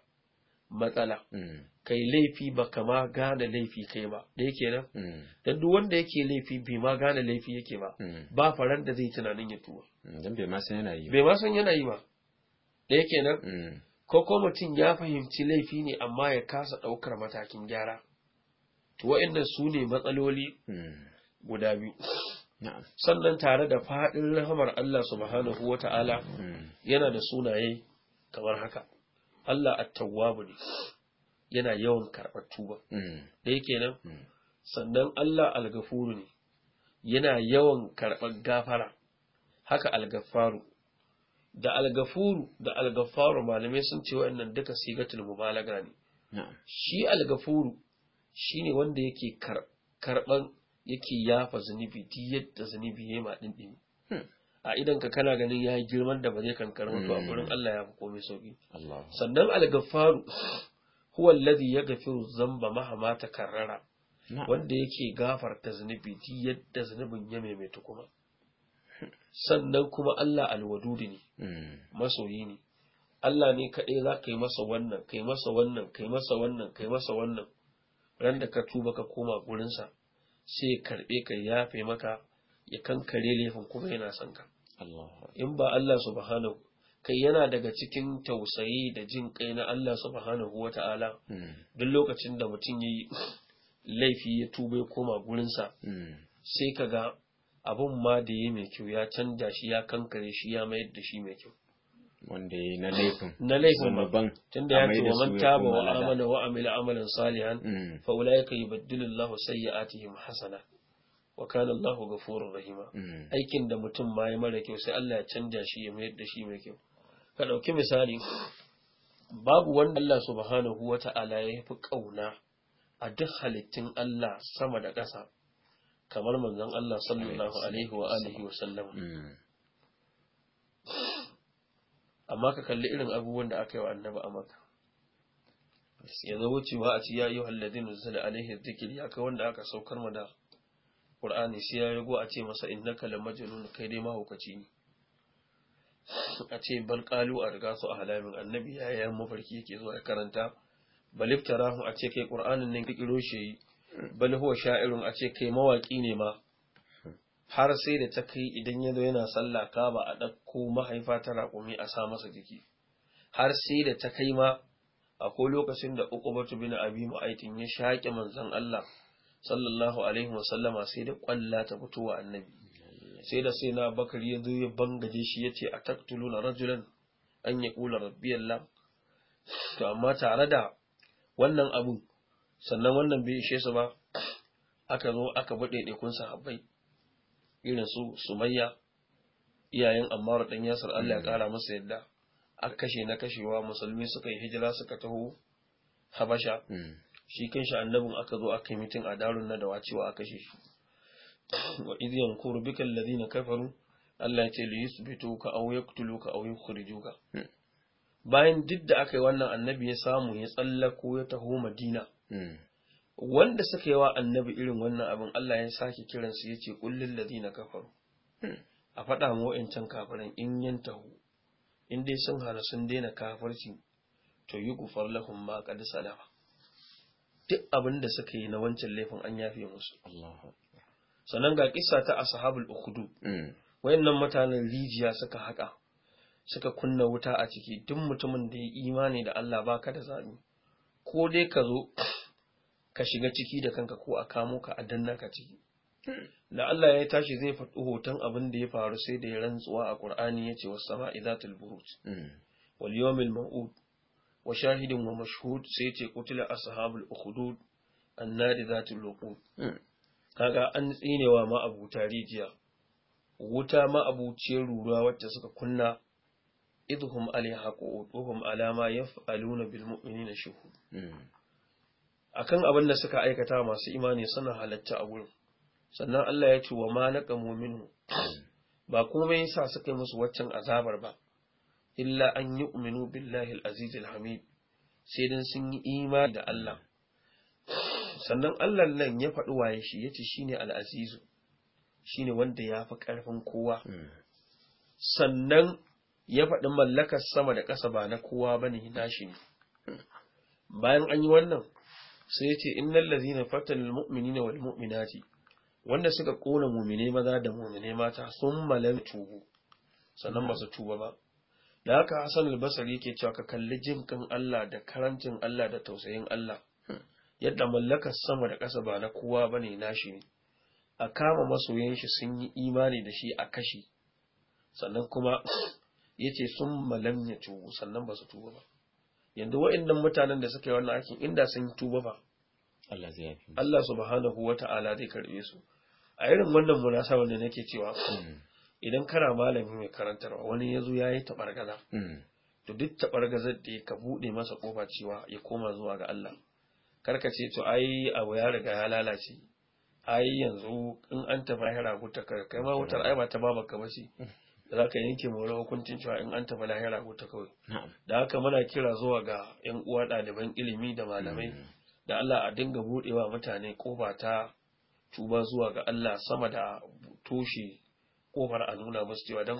matsala hmm. kai laifi ba kama gane laifi kai ba da yake nan hmm. don duk wanda yake laifi bai ma gane laifi yake ba ba faran da zai tunanin ya tuwa don bai ma san yana yi bai ma san yana yi ba da yake nan ko ko mutum ya fahimci laifi ne amma ya kasa ɗaukar matakin gyara to wa'annan su ne matsaloli guda biyu sannan tare da faɗin rahamar Allah subhanahu wa ta'ala hmm. yana da sunaye kamar haka Allah at-tawwabu ne yana yawan karɓar tuba da hmm. yake nan hmm. sannan Allah al ne yana yawan karɓar gafara haka al-ghafaru da al-ghafuru da al-ghafaru malamai sun ce wa'annan duka sigatul mubalaga ne shi al-ghafuru shine wanda yake karɓan yake yafa zunubi ti yadda zunubi ya ma din hmm. a idan ka kana ganin ya girman da ba zai kankar mutu a gurin hmm. Allah ya fi komai sauki sannan al-gaffaru huwa alladhi yaghfiru dhanba mahama takarrara wanda yake gafarta zunubi ti yadda zunubin ya maimaita kuma sannan kuma Allah al alwadudi ne hmm. masoyi ne Allah ne kaɗai za ka yi masa wannan kai masa wannan kai masa wannan kai masa wannan ran da ka tuba ka koma gurinsa sai ya karɓe ka ya yafe maka ya kankare laifin kuma yana son ka in ba Allah subhanahu kai yana daga cikin tausayi da jin kai na Allah subhanahu ta'ala hmm. duk lokacin da mutum ya yi laifi ya tuba ya koma gurinsa hmm. sai ka ga abun ma da ya mai kyau ya canja shi ya kankare shi ya mayar da shi mai kyau wanda ya na laifin na laifin babban tunda ya ce wa man taba wa amana wa amila amalan salihan mm. fa ulaika yubaddilu Allahu sayyi'atihim hasana wa kana Allahu ghafurur rahima mm. aikin da mutum ma ya mara kyau sai Allah ya canja shi ya mayar da shi mai kyau ka dauki misali babu wanda Allah subhanahu wata'ala ya fi kauna a duk halittun Allah sama da ƙasa kamar manzon Allah sallallahu alaihi wa alihi wa sallam mm. amma ka kalli irin abubuwan da aka yi wa annabi a maka zama wucewa a ci ya yi halladin nuzula alaihi zikir ya kai wanda aka saukar ma da ƙur'ani sai ya yago a ce masa inna la majnun kai dai mahaukaci ne a ce bal ƙalu a riga su a halamin annabi ya yi mafarki yake zuwa ya karanta baliftarahu a ce kai ƙur'anin nan kikiro shi bal huwa sha'irun a ce kai mawaki ne ma har sai da ta kai idan ya zo yana sallah ka ba a ɗauko mahaifa ta raƙumi a sa masa jiki har sai da ta kai ma akwai lokacin da uku bata bin abi maaikin ya shaƙe manzon Allah sallallahu alaihi sallama sai da kwalla ta fito wa annabi sai da sai na bakar ya zo ya bangaje shi ya ce a taktuluna rajulan an ya kula rabbi Allah to amma tare da wannan abu sannan wannan bai ishe su ba aka zo aka buɗe ɗekun sahabbai irin su sumayya iyayen Ammaru ɗan yasar Allah ya kara hmm. masa yadda aka kashe na kashewa musulmi suka yi hijira suka taho habasha hmm. shi kan shi annabin aka zo aka yi mitin a darun na da cewa aka kashe shi wa idiyan kuru bikan ladina kafaru Allah ya ce li yusbitu ka aw yaqtulu ka aw yukhrijuka hmm. bayan duk da aka yi wannan annabi ya samu ya tsallako ya taho madina wanda suka yi wa annabi irin wannan abin Allah ya sake kiransu ya ce kullin ladina kafaru hmm. a faɗa mu wa'ancan kafiran in taho, in dai sun hana sun daina kafarci to yi kufar ma qad salafa duk abin da suka yi na wancan laifin an yafe musu sannan ga kissa ta ashabul ukhdu hmm. wayannan mutanen rijiya suka haka suka kunna wuta a ciki duk mutumin da ya imani da Allah baka da zabi ko dai ka zo ka shiga ciki da kanka ko a kamo ka a danna ka ciki hmm. da Allah ya tashi zai faɗi hoton abin da ya faru sai da ya rantsuwa a Qur'ani ce wasu sama'i zatul buruj hmm. wal yawmil ma'ud wa shahidin wa mashhud sai ce qutila ashabul ukhdud annadi ta luqud hmm. kaga an tsinewa ma abu tarijiya wuta ma abuciyar ruruwa wacce suka kunna idhum alaiha qu'uduhum alama yaf'aluna bil mu'minina shuhud akan abin da suka aikata masu imani suna halatta a wurin. sannan Allah ya ce wa ma na minhu ba komai yasa suka yi musu waccan azabar ba illa an yi uminu billahi al hamid sai dan sun yi imani da Allah sannan Allah nan ya faɗi waye shi yace shine al shi shine wanda ya fi ƙarfin kowa sannan ya faɗi mallakar sama da ƙasa ba na kowa bane nashi ne bayan an yi wannan sai yace innal ladhina fatanul mu'minina wal mu'minati wanda suka kona mu'mine maza da mu'mine mata sun malam tubu sannan ba su tuba ba da haka Hassan al-Basri yake cewa ka kalli jinkan Allah da karancin Allah da tausayin Allah yadda mallaka sama da ƙasa ba na kowa bane nashi ne a kama masoyan shi sun yi imani da shi a kashi sannan kuma yace sun malam ya tubu sannan ba su tuba ba yanzu wa'annan mutanen da suka yi wannan aikin inda sun tuba ba. Allah zai yafi Allah subhanahu wata'ala zai karbe su a irin wannan munasaba ne nake cewa hmm. idan kana malami mai karantarwa wani ya zo yazo yayi tabargaza hmm. to duk tabargazar da ka bude masa kofa cewa ya koma zuwa ga Allah karka ce to ai abu ya riga ya lalace ai yanzu in an tafi hira guta kai ma wutar ai ba ta babaka ba shi da za ka yanke mora hukuncin cewa in an tafi lahira ko ta kawai da haka muna kira zuwa ga yan uwa ɗaliban ilimi da malamai mm. da Allah a dinga buɗewa mutane ƙofa ta tuba zuwa ga Allah sama da toshe ƙofar a nuna musu cewa don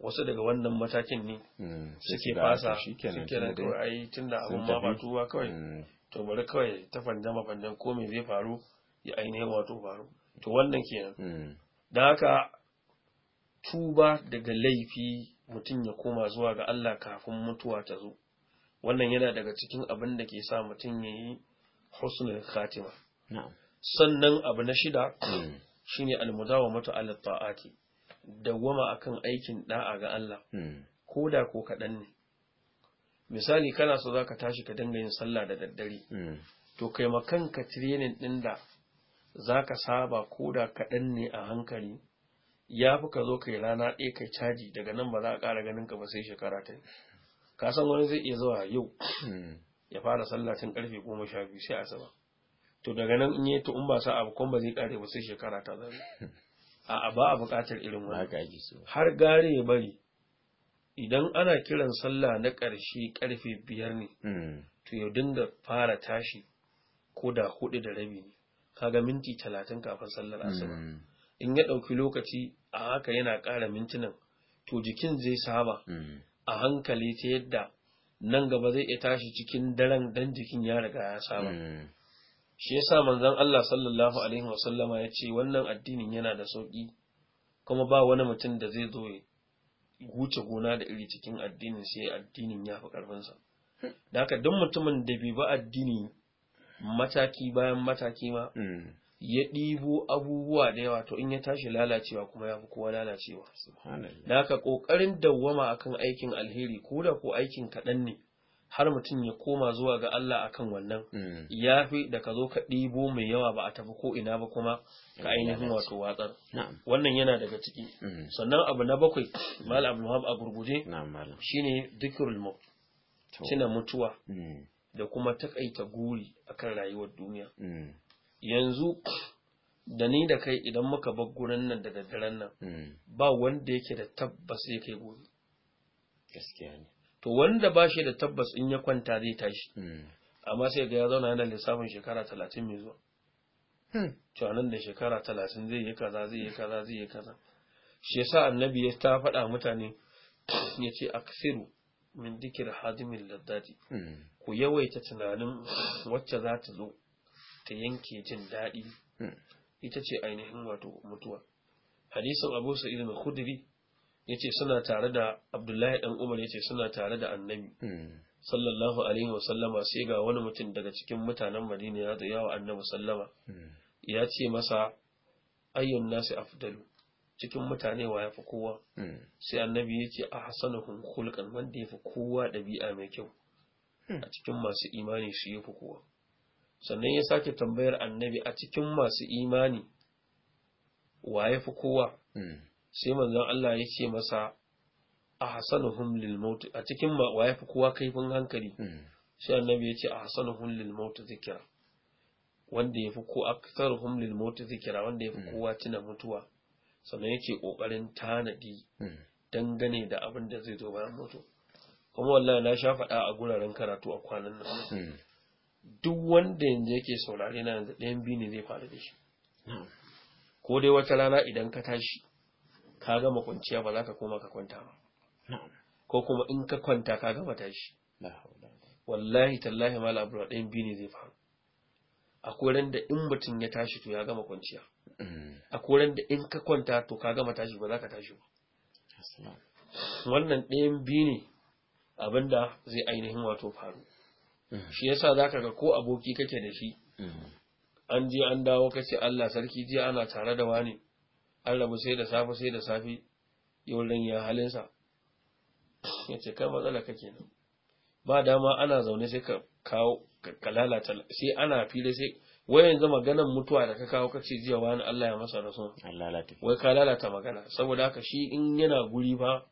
wasu daga wannan matakin ne mm. suke fasa suke nan kawai ai tunda abin ma ba tuba kawai mm. to bari kawai ta fanda mafanda ko me zai faru ya ainihin wato faru to wannan kenan Da haka tuba daga laifi mutum ya koma zuwa ga Allah kafin mutuwa ta zo wannan yana daga cikin abin da ke sa mutum ya yi husnul khatima sannan abu na shida hmm. shine almudawamatu ala ta'ati dawwama kan aikin ɗa'a ga Allah hmm. ko da ko kaɗan ne misali kana so ka tashi ka dinga yin sallah da daddare hmm. to kai makanka training ɗin da za ka saba ko da kaɗan ne a hankali ya fi ka zo kai rana ɗaya kai caji daga nan ba za a ƙara ganin ka ba sai shekara ta ka san wani zai iya zuwa yau hmm. ya fara sallah tun ƙarfe goma sha biyu sai asaba to daga nan in yi ta in ba sa abu kuma ba zai ƙare ba sai shekara ta zai a ba a buƙatar irin wani har gare ya bari idan ana kiran sallah na ƙarshe ƙarfe biyar ne hmm. to ya dinga fara tashi ko da hudu da rabi ne kaga minti talatin kafin sallar asuba hmm. in ya ɗauki lokaci a haka yana ƙara mintunan to jikin zai saba mm. a hankali ta yadda nan gaba zai iya tashi cikin daren dan jikin ya riga ya saba mm. shi yasa manzon Allah sallallahu alaihi wasallama ya ce wannan addinin yana da sauki kuma ba wani mutum da zai zo ya huce gona da iri cikin addinin sai addinin ya fi sa da haka duk mutumin da bai ba addini mataki bayan mataki ma mm. ya ɗibo abubuwa da yawa to in ya tashi lalacewa kuma ya fi kowa lalacewa da haka ƙoƙarin dawwama akan aikin alheri ko da ko aikin kaɗan ne har mutum ya koma zuwa ga Allah akan wannan mm. ya fi da ka zo ka ɗibo mai yawa ba a tafi ko ina ba kuma ka ainihin wato watsar wannan yana daga ciki mm. sannan abu na bakwai mal abu a gurguje shine dhikrul maut tuna mutuwa mm. da kuma taƙaita guri akan rayuwar duniya yanzu da ni da kai idan muka bar gurin nan da daddaren nan hmm. ba wanda yake da tabbas ya kai gobe gaskiya ne to wanda ba shi da tabbas in ya kwanta zai tashi hmm. amma sai ga ya zauna yana lissafin shekara talatin mai zuwa cewa hmm. nan da shekara talatin zai yi kaza zai yi kaza zai yi kaza shi yasa annabi ya ta faɗa mutane ya ce aksiru min dikir hadimin laddadi ku yawaita tunanin wacce za ta zo ta yanke jin daɗi hmm. ita ce ainihin wato mutuwa hadisin abu sa'id mai khudri yace suna tare da abdullahi dan umar yace suna tare da annabi hmm. sallallahu alaihi wa sallama sai ga wani mutum daga cikin mutanen madina ya zo yawa annabi sallama hmm. ya ce masa ayyun nasi afdalu cikin mutane wa yafi kowa sai annabi yace ahsanuhum khulqan wanda yafi kowa dabi'a mai kyau a cikin masu imani shi yafi kowa sannan ya sake tambayar annabi a cikin masu imani wa ya fi kowa hmm. sai manzon Allah ya ce masa a hasanu lil maut a cikin wa ya fi kowa kaifin hankali hmm. sai annabi ya ce a hasanu lil maut zikira wanda ya fi ko aktharuhum lil maut zikira wanda ya fi hmm. kowa tuna mutuwa sannan yake kokarin tanadi dangane da abin da zai zo bayan mutu kuma wallahi na sha faɗa a guraren karatu a kwanan nan duk wanda yanzu yake saurari na yanzu ɗayan biyu ne zai faru da shi ko dai wata rana idan ka tashi ka gama kwanciya ba za ka koma ka kwanta ba ko kuma in ka kwanta ka gama tashi wallahi tallahi ma labura ɗayan biyu ne zai faru akwai koren da in mutum ya tashi to ya gama kwanciya mm. akwai koren da in ka kwanta to ka gama tashi ba za ka tashi ba wannan ɗayan biyu ne abinda zai ainihin wato faru shi yasa ka ga ko aboki kake da shi an je an dawo ka ce Allah sarki jiya ana tare da wani an rabu sai da safe sai da safe yau ran ya halinsa ce kai matsala kake nan ba dama ana zaune sai ka kawo ka lalata sai ana fili sai wayan yanzu ganin mutuwa da ka kawo kace jiya wani Allah ya masa rasu wai ka lalata magana saboda haka shi in yana guri ba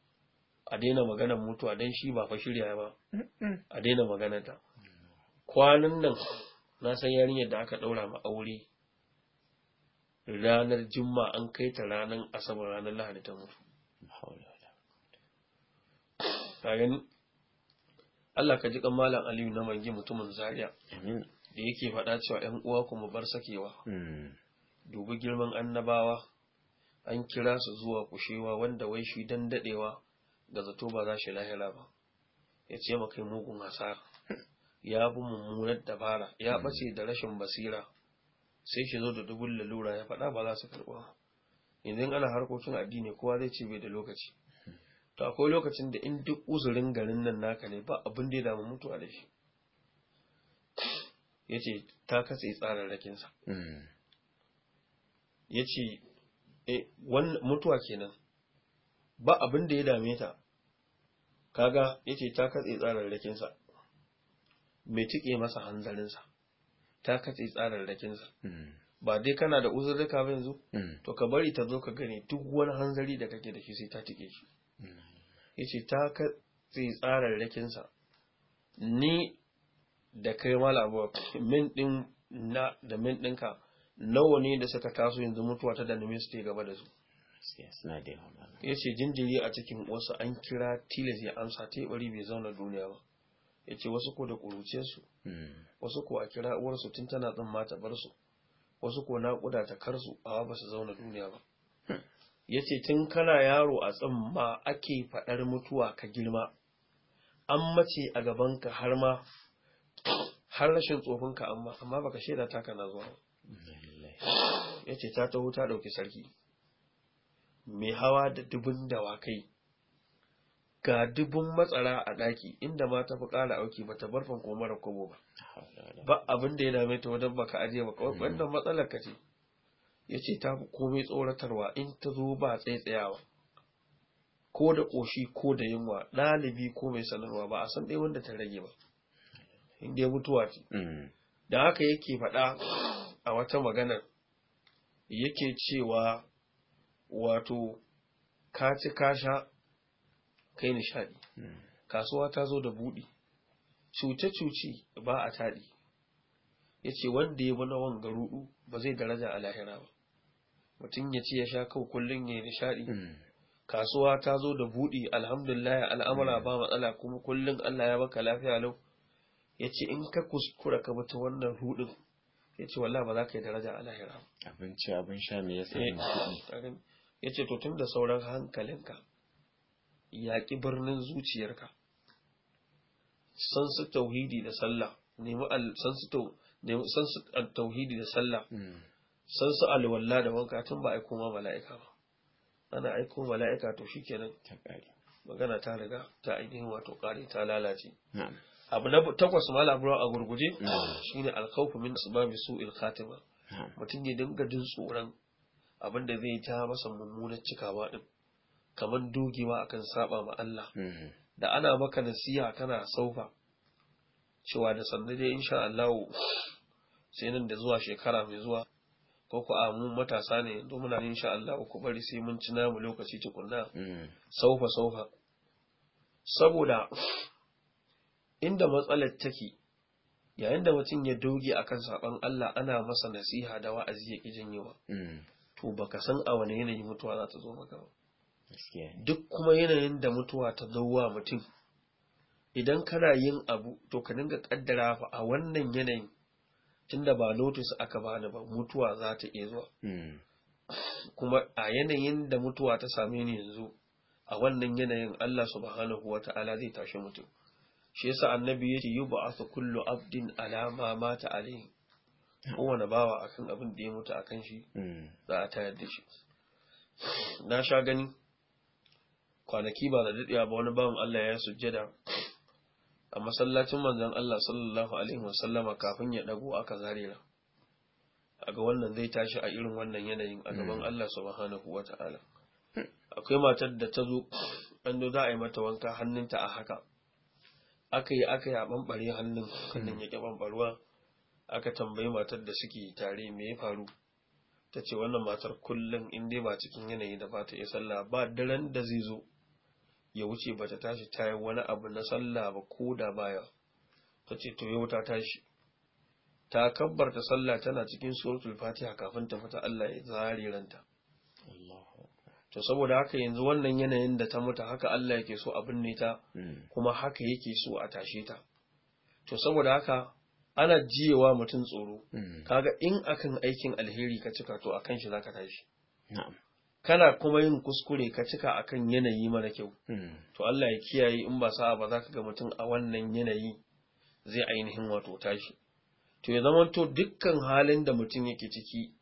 a daina maganar mutuwa dan shi ba fa shirya ba a daina maganar ta kwanan nan na san yarinyar da aka ɗaura ma aure ranar jumma an kai ta ranar asabar ranar lahadi ta mutu Allah ka ji kan malam Aliyu na mangi mutumin zariya da yake faɗa cewa ‘yan uwa kuma bar sakewa hmm. dubi girman annabawa an kira su zuwa kushewa wanda wai shi dan daɗewa ga zato ba za shi lahira ba ya ce kai mugun hasara ya bi mummunar dabara ya hmm. ɓace da rashin basira sai shi zo da dubun lalura ya faɗa ba za su karɓa idan ana harkokin addini kowa zai ce bai da lokaci hmm. to akwai lokacin da in duk uzurin garin nan naka ne ba abin da ya damu mutuwa da shi ya ce ta katse tsarin rakinsa. Hmm. ya ce eh, mutuwa kenan ba abin da ya dame ta kaga ya ce ta katse tsarin rakinsa. mai cike masa hanzarinsa ta tsarar tsararrakinsa hmm. ba dai kana da uzurrika ba yanzu hmm. to ka bari ta zo ka gani duk wani hanzari da kake da shi sai ta tike shi hmm. yace ta katse tsararrakinsa ni da kai labuwa min din na da min dinka nawa ne da suka taso yanzu mutuwa ta danne su gaba da su ya ce jinjiri a cikin wasu an kira tilas ya amsa bari bai zauna duniya ba ya ce wasu ko da ƙuruce su hmm. wasu ko a kira uwarsu tun tana tsamma ta bar su wasu ko naƙuda ta kar su a ba su zauna duniya ba ya ce tun kana yaro a tsin ake faɗar mutuwa ka girma an mace a gabanka har ma har rashin tsofinka amma amma baka shaida ta kana zuwa ya ce ta taho ta ɗauki sarki mai hawa da dubin dawakai ga dubun matsara a ɗaki inda ma ta fi ƙara auki ba ta barfan ko mara kobo ba ba abin da ya dame ta wajen baka aje ba kawai wannan matsalar ka ce ya ce ta fi komai tsoratarwa in ta zo ba tsaitsayawa ko da ƙoshi ko da yunwa ɗalibi ko mai sanarwa ba a san ɗaya wanda ta rage ba inda ya mutuwa ce mm. da haka yake faɗa a wata maganar yake cewa wato ka ci ka sha kai nishaɗi hmm. kasuwa ta zo da budi cuce-cuce ba a taɗi ya ce wanda ya mana wanga ruɗu ba zai daraja a lahira ba mutum ya ce ya sha kau kullum ya nishadi hmm. kasuwa ta zo da budi alhamdulillah al'amura ba matsala kuma kullum Allah ya baka lafiya lau ya ce in ka kuskura ka mutu wannan rudin ya ce wallah ba za ka yi daraja a lahira abinci abin sha ne ya sayi eh, ya ce to tun da sauran hankalinka yaƙi birnin zuciyarka san su tauhidi da sallah san su san da sallah hmm. san wanka tun ba aiko ma mala'ika ba ana aiko mala'ika to shi shikenan magana ta riga ta ainihin wato ƙari ta lalace abu na takwas ma labura a gurguje Shi ne alkhawfu min su su il khatima mutum ya dinga jin tsoron abinda zai ta masa mummunan cikawa din kamar dogewa akan saba ma Allah mm-hmm. da ana maka nasiha kana saufa cewa da sannu dai insha Allah sai nan da zuwa shekara mai zuwa ko ku a mu matasa ne domin muna insha Allah ku bari sai mun ci namu lokaci tukunna mm-hmm. saufa saufa saboda inda matsalar take yayin da mutum ya doge akan saɓan Allah ana masa nasiha da wa'azi ya ƙi janyewa mm-hmm. to baka san a wane yanayi mutuwa za ta zo maka ba duk kuma yanayin da mutuwa ta zauwa mutum idan kana yin abu to ka dinga kaddara fa a wannan yanayin tunda ba lotus aka bani ba mutuwa za ta iya zuwa hmm. kuma a yanayin da mutuwa ta same ni yanzu a wannan yanayin Allah subhanahu ta'ala zai tashi mutum shi yasa annabi a yub'athu kullu abdin ala ma mata alayhi kowane bawa akan abin da ya mutu akan shi hmm. za a tayar da shi na sha gani kwanaki ba da daɗewa ba wani bawan Allah ya sujjada a masallacin manzon Allah sallallahu alaihi wasallama kafin ya dago aka zarira aga wannan zai tashi a irin wannan yanayin a gaban hmm. Allah subhanahu wata'ala akwai matar da ta zo an zo za a yi mata wanka hannunta a haka aka yi aka yi a bambare hannun hannun ya bambarwa aka tambayi matar da suke tare me ya faru ta ce wannan matar kullum in dai ba cikin yanayi da ba ta iya sallah ba daren da zai zo ya wuce ba ta tashi ta yi wani abu na sallah ba ko da baya ta ce to yau ta tashi ta kabbarta sallah tana cikin suratul fatiha kafin ta fita Allah ya zare ranta to saboda haka yanzu wannan yanayin da ta mutu haka Allah yake so abin ne ta hmm. kuma haka yake so a tashe ta to saboda haka ana jiyewa mutum tsoro hmm. kaga in akan aikin alheri ka cika to akan shi zaka tashi na'am kana kuma yin kuskure ka cika akan yanayi mara kyau hmm. to Allah ya kiyaye in ba sa'a ba za ka ga mutum a wannan yanayi zai ainihin wato tashi to ya zama to dukkan halin da mutum yake ciki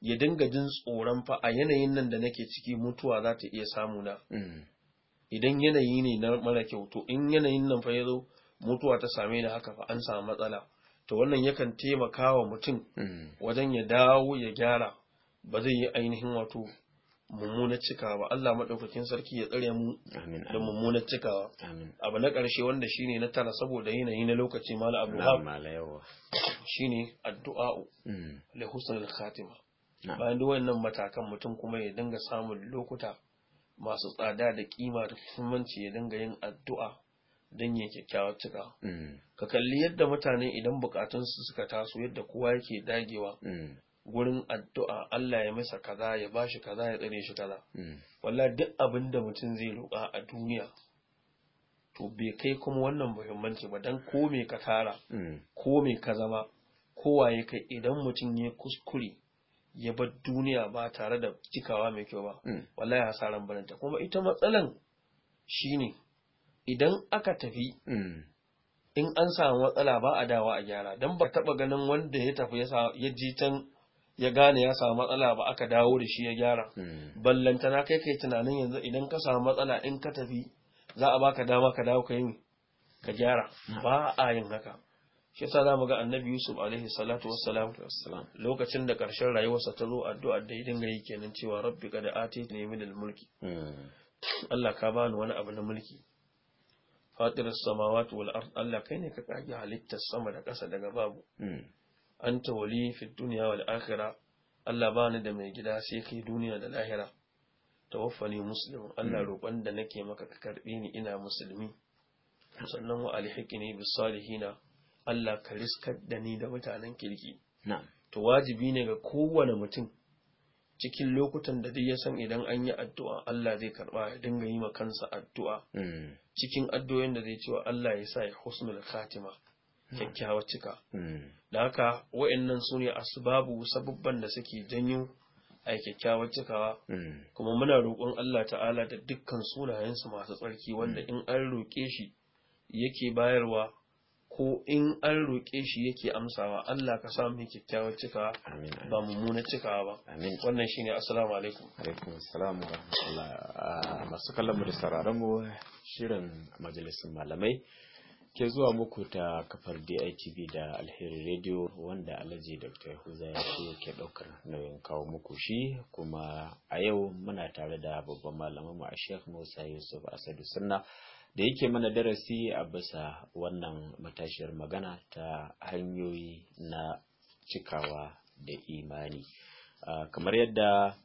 ya dinga jin tsoron fa a yanayin nan da nake ciki mutuwa za ta iya samu na hmm. idan yanayi ne na mara kyau to in yanayin nan fa ya zo mutuwa ta same ni haka fa an samu matsala to wannan yakan taimaka wa mutum hmm. wajen ya dawo ya gyara ba zai yi ainihin wato mummunar cikawa Allah maɗaukakin sarki ya tsare mu da mummunar cikawa abu na ƙarshe wanda shine na tara saboda yanayi na lokaci mala abu shine addu'a mm. li husnul khatima bayan duk wannan matakan mutum kuma ya dinga samun lokuta masu tsada da kima da muhimmanci ya dinga yin addu'a don ya kyakkyawar cika mm. ka kalli yadda mutane idan bukatunsu suka taso yadda kowa yake dagewa mm. gurin addu'a Allah ya masa kaza ya bashi kaza ya tsare shi kaza hmm. wallahi duk abin da mutum zai roƙa a duniya to bai kai kuma wannan muhimmanci ba dan ko me ka tara hmm. ko me ka zama kowa ya kai idan mutum ya kuskure ya bar duniya ba tare da cikawa mai kyau ba hmm. wallahi hasaran baranta kuma ita matsalan shine idan aka tafi in an samu matsala ba a dawa a gyara don ba taba ganin wanda ya tafi ya je can ya gane ya samu matsala ba aka dawo da shi ya gyara hmm. ballantana kai kai tunanin yanzu idan ka samu matsala in ka tafi za a baka dama ka dawo ka yi ka gyara ba a yin haka shi yasa zamu ga annabi Yusuf alaihi salatu wassalam lokacin da karshen rayuwarsa ta zo addu'a da idan gayi kenan cewa rabbi ati ne min mulki hmm. Allah ka bani wani abu na mulki fatir as-samawati wal ard Allah kai ne ka kage halittar sama da ƙasa daga babu hmm. anta wali fi dunya wal akhira Allah bani da mai gida sai kai duniya da lahira tawaffani muslim Allah hmm. roƙon da nake maka ka karbe ni ina musulmi sannan wa alhiqni bis salihin Allah ka riskar da ni da mutanen kirki na'am to wajibi ne ga kowane mutum cikin lokutan da duk ya san idan an yi addu'a Allah zai karba ya dinga yi ma kansa addu'a hmm. cikin addu'o'in da zai ce wa Allah ya sa ya husnul khatima Hmm. kyakkyawar cika hmm. da haka nan su ne asbabu sababban da suke janyo a kyakkyawar cikawa hmm. kuma muna roƙon Allah ta'ala da dukkan sunayensu masu tsarki wanda in an roƙe shi yake bayarwa ko in an roƙe shi yake amsawa Allah ka sa mu kyakkyawar cikawa ba mummuna cikawa ba wannan shine assalamu alaikum alaikum assalamu rahmatullah ah, masu kallon mu da sararin mu shirin majalisin malamai ke zuwa muku ta kafar DITV da Alheri Radio wanda Alhaji Dr. Yahuza ya ce ke ɗaukar nauyin kawo muku shi kuma a yau muna tare da babban malamin a Sheikh Musa Yusuf Asadu Sunna da yake mana darasi a bisa wannan matashiyar magana ta hanyoyi na cikawa da imani. Ah, kamar yadda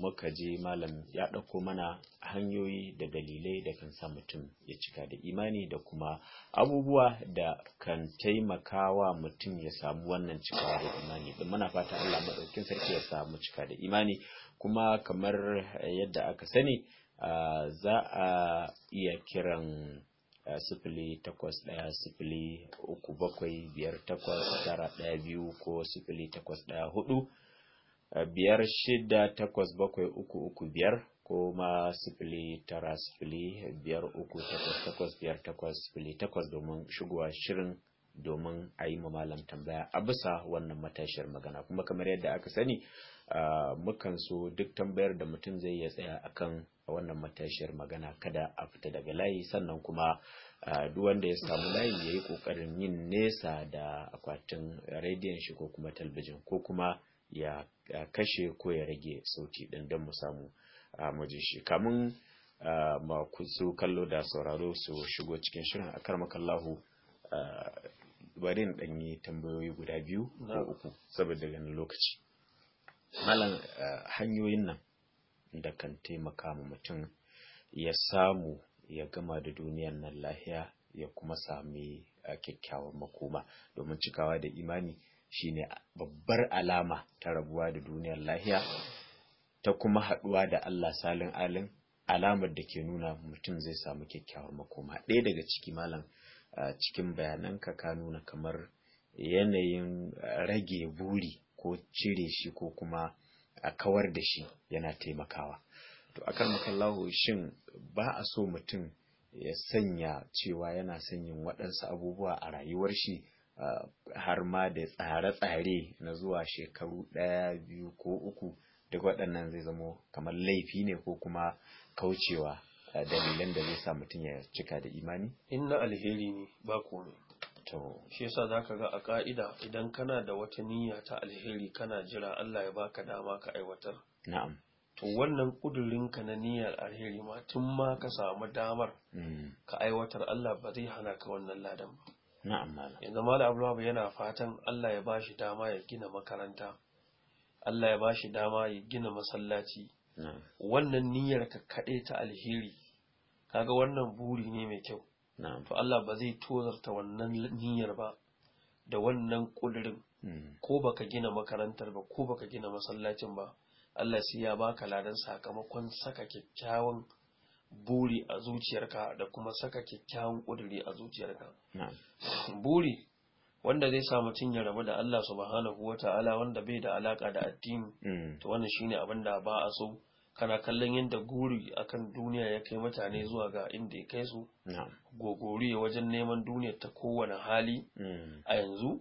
muka je malam ya ɗauko mana hanyoyi da dalilai da kan sa mutum ya cika da imani da kuma abubuwa da kan taimaka wa mutum ya samu wannan cikawa da imani din muna fata Allah maɗaukin sarki ya samu cika da imani kuma kamar yadda aka sani za a iya kiran sifili takwas ɗaya sifili uku bakwai biyar takwas tara ɗaya biyu ko sifili takwas ɗaya hudu Eh, biyar shida takwas bakwai uku uku biyar ko ma sifili tara sifili biyar uku takwas takwas biyar takwas sifili takwas domin shigowa shirin domin a yi ma malam tambaya a bisa wannan matashiyar magana kuma kamar yadda aka sani eh, mukan so duk tambayar da mutum zai iya tsaya akan wannan matashiyar magana kada a fita daga layi sannan kuma eh, duk wanda ya samu layi ya yi kokarin yin nesa da akwatin rediyon shi ko kuma talbijin ko kuma ya kashe ko ya rage sauti ɗin don mu samu a majin shi kamun su kallo da sauraro su shigo cikin shirin a karmakallahu bari in ɗanyi tambayoyi guda biyu ko uku saboda ganin lokaci malam hanyoyin nan da kan taimaka ma mutum ya samu ya gama da duniyar nan lahiya ya kuma sami kyakkyawan makoma domin cikawa da imani shine babbar alama ta rabuwa da duniyar lahiya ta kuma haɗuwa da Allah salin alin alamar da ke nuna mutum zai samu kyakkyawar makoma ɗaya daga ciki malam cikin bayananka ka nuna kamar yanayin rage buri ko cire shi ko kuma a kawar da shi yana taimakawa to akan makallahu shin ba a so mutum ya sanya cewa yana sanyin waɗansu abubuwa a rayuwar shi Uh, har ma da tsare-tsare na zuwa shekaru ɗaya biyu ko uku duk waɗannan zai zamo kamar laifi ne ko kuma kaucewa uh, dalilan da zai sa mutum ya cika da imani? In na alheri ne ba komai. To. Shi yasa za ka ga a ƙa'ida idan kana da wata niyya ta alheri kana jira Allah ya baka dama ka aiwatar. Na'am. To wannan ƙudurinka na niyyar alheri ma tun ma ka samu damar mm. ka aiwatar Allah ba zai hana ka wannan ladan ba. na'am malam yanzu malam Abdulwahab yana fatan Allah ya bashi dama ya gina makaranta Allah ya ba shi dama ya gina masallaci wannan niyyar ka kaɗai ta alheri kaga wannan buri ne mai kyau to Allah ba zai tozarta wannan niyyar ba da wannan ƙudurin. Hmm. ko baka gina makarantar ba ko baka gina masallacin ba Allah sai ya baka ladan sakamakon saka kyakkyawan buri a zuciyarka da kuma saka kyakkyawan ƙuduri a zuciyarka buri wanda zai sa mutum ya rabu da Allah subhanahu wa ta'ala wanda bai da alaka da addini mm. to wannan shine abin da ba a so kana kallon yadda guri kan duniya ya kai mutane zuwa ga inda ya kai su gogori wajen neman duniya ta kowane hali mm. a yanzu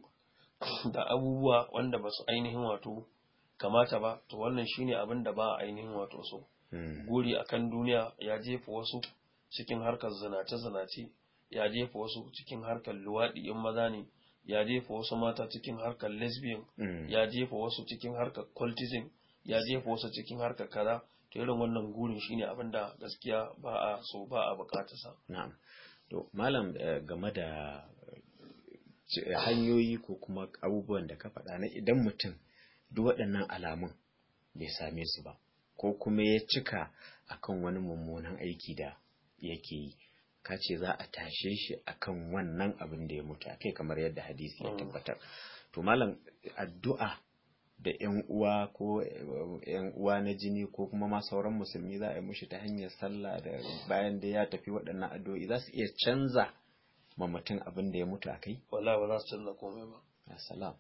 da abubuwa wanda ba su ainihin wato kamata ba to wannan shine abin da ba ainihin wato so Hmm. guri a kan duniya ya jefa wasu cikin harkar zinace-zinace ya jefa wasu cikin harkar luwaɗi in maza ne ya jefa wasu mata cikin harkar lesbian hmm. ya jefa wasu cikin harkar cultism ya jefa wasu cikin harkar kaza to irin wannan gurin shine abin da gaskiya ba a so ba a bukatarsa na'am to malam eh, game da eh, hanyoyi ko kuma abubuwan da ka faɗa na idan mutum duk waɗannan alamun bai same su ba ko kuma ya cika akan wani mummunan aiki da yake yi ka ce za a tashe shi akan wannan abin da ya mutu akai kamar yadda hadisi ya mm. tabbatar to malam addu'a da yan uwa ko eh, yan uwa na jini ko kuma ma sauran musulmi za a yi mushi ta hanyar sallah da bayan da ya tafi waɗannan addu'o'i za su iya canza ma mutum abin da ya mutu akai wala ba za su canza komai ba assalam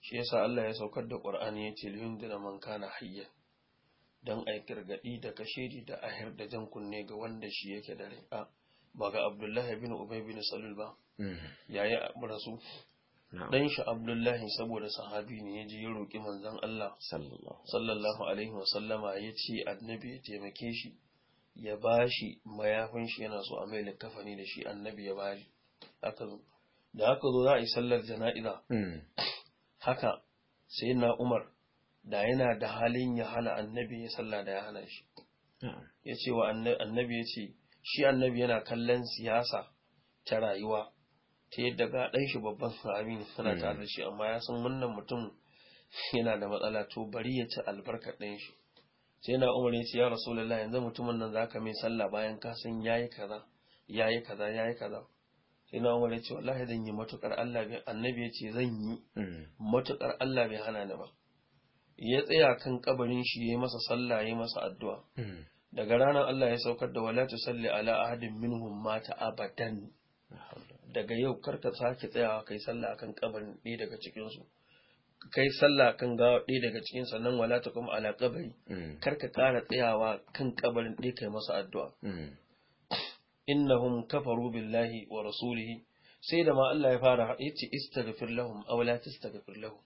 shi yasa Allah ya saukar da Qur'ani ya ce liyundina man kana hayyan don a yi gargaɗi da kashedi da ahir da jan kunne ga wanda shi yake da rika ba ga abdullahi bin ubay bin salul ba mm-hmm. yayi rasu dan shi abdullahi saboda sahabi ne ya je ya roƙi manzon Allah sallallahu alaihi wa sallama ya ce annabi ya taimake shi ya bashi mayafin shi yana so a mai littafani da shi annabi ya bari. aka zo da haka zo za a yi sallar jana'iza mm-hmm. haka sai na umar da yana da halin ya hana annabi ya salla da ya hana shi ya ce wa annabi ya ce shi annabi yana kallon siyasa ta rayuwa ta yadda ga ɗan shi babban sahabi ne suna tare da shi amma ya san wannan mutum yana da matsala to bari ya ci albarkar ɗan shi sai na umar ya ce ya rasulullah yanzu mutumin nan zaka mai sallah bayan ka san yayi kaza yayi kaza yayi kaza sai na umar ya ce wallahi zan yi matukar Allah bai annabi ya ce zan yi mm. matukar Allah bai hana ni ba ya tsaya kan kabarin shi ya masa sallah ya masa addu'a hmm. daga ranar Allah ya saukar da wala salli ala ahadin minhum mata abadan daga yau karka sake tsayawa kai sallah kan kabarin ɗaya daga cikin su kai sallah kan gawa ɗaya daga cikin sannan wala ta kuma ala kabari hmm. karka ƙara tsayawa kan kabarin ɗaya kai masa addu'a hmm. innahum kafaru billahi wa rasulihi sai da ma Allah ya fara yace istaghfir lahum aw la tastaghfir lahum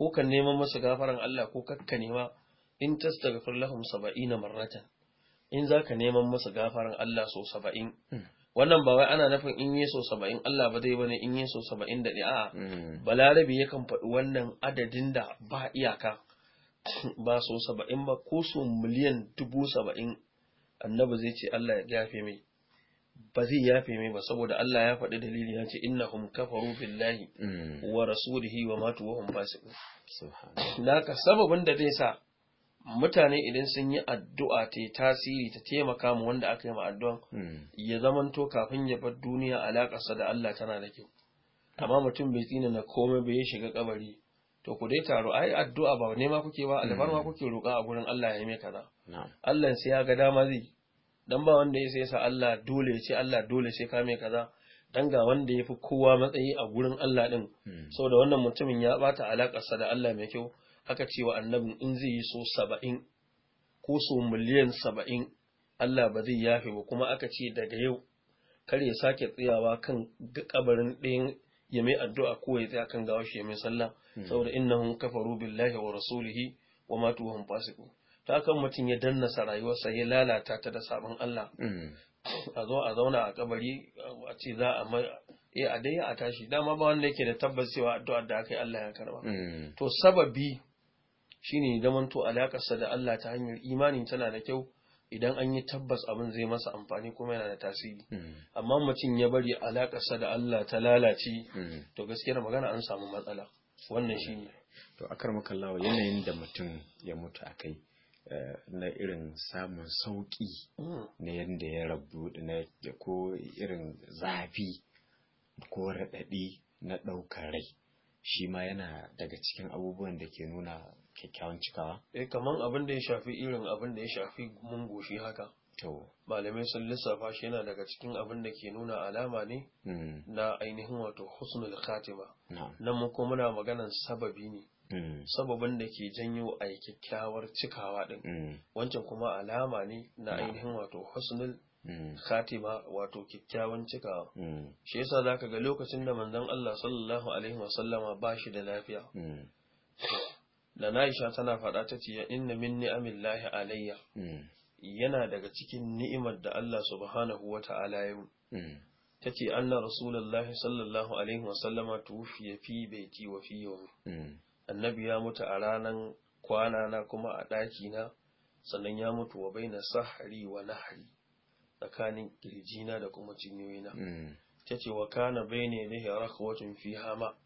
ko kan neman masa gafaran Allah ko kakka nema in tastaghfir lahum 70 marratan in zaka neman masa gafaran Allah so 70 hmm. wannan ba wai ana nufin in yi so 70 Allah ba zai bane in yi so 70 da a'a hmm. balarabi yakan faɗi wannan adadin da ba iyaka ba so 70 ba ko so miliyan dubu 70 annabi zai ce Allah ya gafe mai ba zai yafe mai ba saboda Allah ya faɗi dalili ya ce innahum kafaru billahi mm. wa rasulihi wa matu wa hum fasiqun naka sababin da zai sa mutane idan sun yi addu'a ta tasiri ta taimaka mu wanda aka yi ma ya mm. ya zamanto kafin ya bar duniya alaƙarsa da Allah tana da kyau amma mutum bai tsina na komai bai shiga kabari to ku dai taro ai addu'a ba nema kuke ba alfarma mm. kuke roƙa a gurin Allah ya yi mai kaza Allah sai ya ga dama zai dan ba wanda ya sa Allah dole ya ce Allah dole sai ka mai kaza dan ga wanda ya fi kowa matsayi a gurin Allah din hmm. saboda wannan mutumin ya bata sa da Allah mai kyau aka ce wa annabin in zai yi so saba'in ko so miliyan saba'in Allah ba zai yafe ba kuma aka ce daga yau kar ya sake tsayawa kan kabarin ɗayan ya mai addu'a ko ya tsaya kan gawashi ya mai sallah hmm. saboda innahum kafaru billahi wa rasulihi wa matuhum fasiqun ta kan mutum ya dannasa rayuwarsa ya lalata ta da sabon Allah mm. a zo a zauna a kabari a ce za a mai eh, a dai a tashi dama ba wanda yake da tabbas cewa addu'ar da aka yi Allah ya karba mm. to sababi shine zamanto alakarsa da Allah ta hanyar imanin tana da kyau idan an yi tabbas abin zai masa amfani kuma yana da tasiri mm. amma mutum ya bari alakarsa da Allah ta lalace to gaskiyar magana an samu matsala wannan shine to akar makallawa yanayin da mutum ya mutu a kai. Eh, na irin samun sauƙi hmm. na yadda ya rabu na ko irin zafi ko raɗaɗi na ɗaukar rai shi ma yana daga cikin abubuwan da ke nuna kyakkyawan cikawa? Eh kamar abin da ya shafi irin abin da ya shafi mun goshi haka. To. Malamai sun lissafa shi yana daga cikin abin da ke nuna alama ne hmm. na ainihin wato husnul khatima. Nan mu kuma muna maganan sababi ne. Mm. sababin da ke janyo a yi kyakkyawar cikawa ɗin mm. wancan kuma alama ne na mm. ainihin wato husnul khatima wato kyakkyawan cikawa shi yasa ka ga lokacin da manzon Allah sallallahu alaihi wasallama ba shi da lafiya da Aisha tana faɗa ta ce inna min ni'amillahi alayya yana daga cikin ni'imar da Allah subhanahu wata'ala ya ta ce anna rasulullahi sallallahu alaihi wasallama tufiya fi baiti wa fi yawmi annabi ya mutu a ranan kwana na kuma a ɗaki na sannan ya mutu wa bai na sahari wa nahari tsakanin kirjina da kuma cinyoyina mm. ta ce wa kana bai ne rakwatun fi hama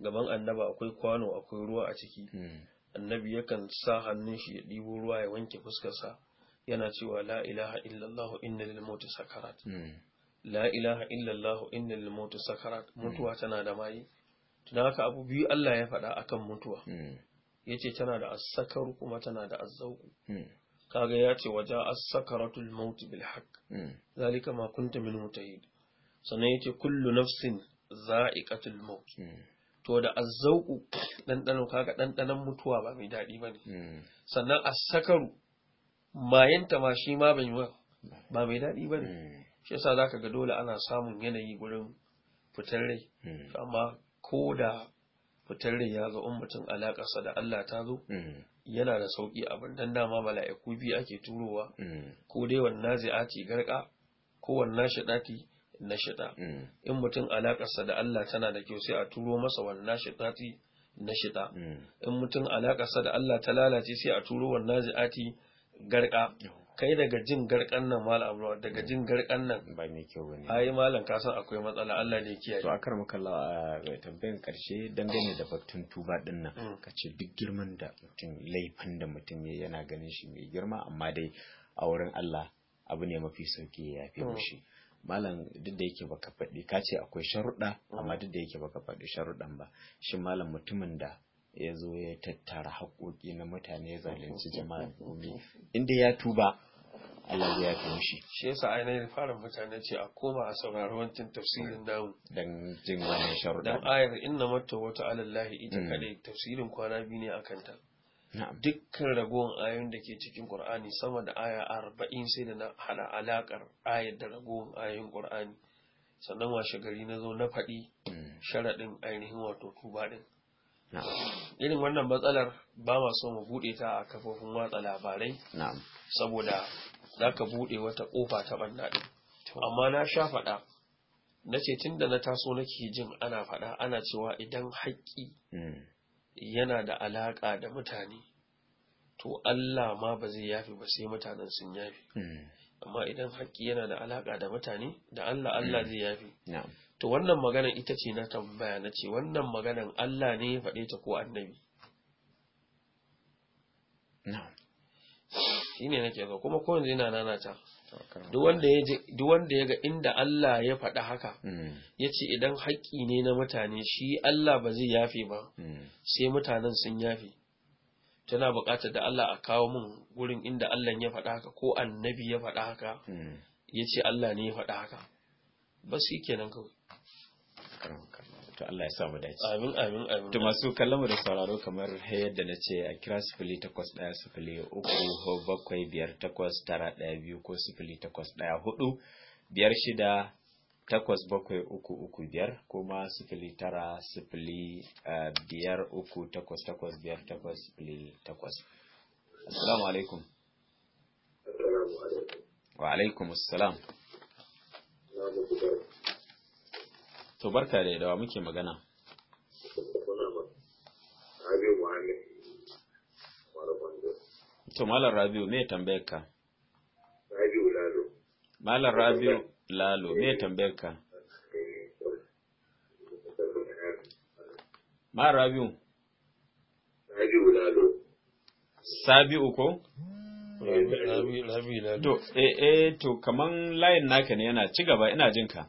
gaban annaba akwai kwano akwai ruwa a ciki mm. annabi yakan sa hannun shi ya ɗibo ruwa ya wanke fuskarsa yana cewa la ilaha illallah inna lil sakarat mm. la ilaha illallah inna lil mutuwa tana da maye. tun haka abu biyu Allah ya faɗa akan mutuwa hmm. ya ce tana da asakaru kuma tana da azzauku hmm. kaga ya ce waje asakaratul mauti bil haq hmm. zalika ma kunta min mutahid sannan ya ce kullu nafsin za'iqatul maut to da azzauku ɗanɗano kaga ɗanɗanon mutuwa ba mai daɗi ba sannan asakaru mayanta ma shi ma ban yi ba mai daɗi ba ne shi yasa zaka ga dole ana samun yanayi gurin fitar rai amma ko da fitar rai ya zo in mutum alaƙarsa da Allah ta zo mm. yana da sauƙi abin dan dama mala'iku biyu ake turowa mm. ko dai wannan zai'ati garka ko wannan ɗati na shiɗa. Mm. in mutum alaƙarsa da Allah tana da kyau sai a turo masa wannan ɗati na shiɗa. in mutum alaƙarsa da Allah ta lalace sai a turo wannan ati garka kai daga jin garkan nan abu daga jin garkan nan ba mai kyau bane ai malam ka san akwai matsala Allah ne kiyaye to akar maka Allah eh, tambayan karshe dangane da faktun tuba din nan mm. kace duk girman da mutum laifin da mutum ya yana ganin shi mai girma amma dai a wurin Allah abu ne mafi sauki ya yafi mushi mm. malam duk da yake baka faɗi kace ce akwai sharuɗa mm. amma duk da yake baka faɗi sharuɗan ba shin malam mutumin da ya zo ya tattara haƙoƙi na mutane ya zalunci jama'a domin inda ya tuba Allah ya fi mishi shi yasa yanayin fara mutane ce a koma a sauraron wancan tafsirin namu dan jin wani sharuɗa dan ayar inna matta wata alallahi ita hmm. kadai tafsirin kwana biyu ne akan ta dukkan ragowar ayoyin da ke cikin Qur'ani sama da aya arba'in sai da na hada alakar ayar da ragowar ayoyin Qur'ani sannan washe gari na zo na faɗi hmm. sharaɗin ainihin wato tuba ɗin irin wannan matsalar ba ma so mu bude ta a kafofin watsa labarai saboda za ka bude wata ƙofa ta banda amma na sha faɗa na ce tun da na taso nake jin ana faɗa ana cewa idan haƙƙi mm. yana da alaƙa da mutane to Allah ma ba zai yafi ba sai mutanen sun yafi mm. amma idan haƙƙi yana da alaƙa da mutane da Allah Allah mm. zai yafi to wannan magana ita ce na tambaya na ce wannan maganan Allah ne ya faɗe ta ko annabi shi ne nake ga kuma kowanne yana nanata duk wanda ya ga inda Allah ya faɗa haka hmm. ya ce idan haƙƙi ne na mutane shi Allah ba zai yafe ba hmm. sai mutanen sun yafe tana buƙatar da Allah a kawo min gurin inda Allah ya faɗa haka ko annabi ya faɗa haka hmm. ya ce Allah ne ya faɗa haka ba su kenan kawai akan to Allah ya sa mu dace amin amin amin to masu kallon mu da sauraro kamar yadda na ce a kira sifili takwas ɗaya sifili uku bakwai biyar takwas tara ɗaya biyu ko sifili takwas ɗaya hudu biyar shida takwas bakwai uku uku biyar kuma sifili tara sifili biyar uku takwas takwas biyar takwas sifili takwas assalamu alaikum wa alaikum assalam To barka da wa muke magana. To Malam Rabiu me tambayar ka? Rabiu Lalo. Malam Rabiu Lalo me tambayar ka? Malam Rabiu. Rabiu Lalo. Sabiu ko? To, eh, eh, to, kaman layin naka ne yana ci gaba ina jinka.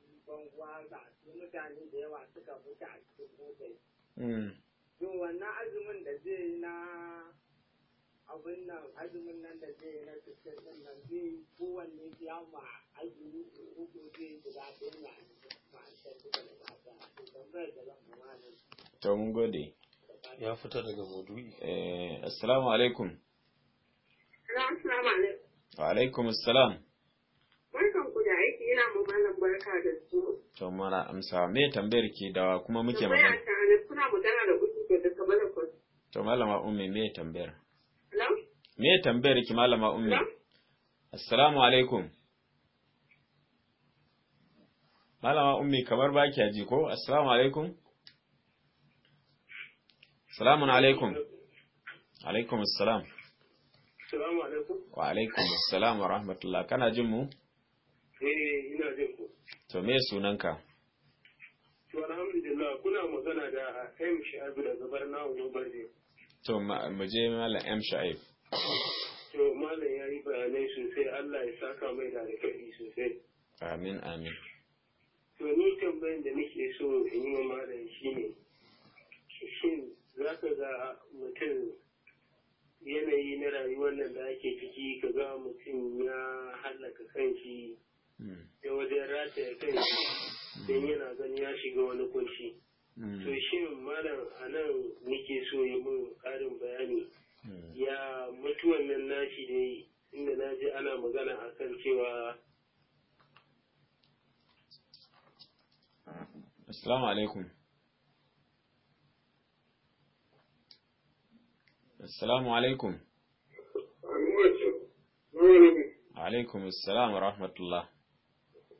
kwankwa ga mutane da yawa suka fita a cikin hmm. azumin azumin yi daga Eh, assalamu alaikum. Assalamu alaikum. Wa alaikum assalam. Barkan ku ina mu malam barka da su. To mara amsa me tambayar ke da kuma muke magana? Kuna magana da kuɗi da kamar da To malama ummi me tambayar? Me tambayar ki malama ummi? Assalamu alaikum. Malama ummi kamar ba ki ji ko? Assalamu alaikum. Assalamu alaikum. Alaikum assalam. Assalamu alaikum. Wa alaikum assalam wa rahmatullah. Kana jin mu? E, ina jin ku. To me sunanka? To alhamdulillah kuna magana da M Sha'ib da Zabar na barje. To mu je malam M Sha'ib. To malam yayi bayanai sosai Allah ya saka mai da alkhairi sosai. Amin amin. To ni tambayan da nake so in yi wa malam shine shin za ka ga mutum yanayi na rayuwar nan da ake ciki ka ga mutum ya hallaka kanshi ya hmm. wajen rata ya kai don hmm. yana gani ya shiga wani kunci hmm. to shin malam a nan muke so ya mun ƙarin bayani ya mutuwan nan nashi ne inda na ji ana magana a kan cewa Assalamu alaikum. Assalamu alaikum. Alaikum assalam wa rahmatullah.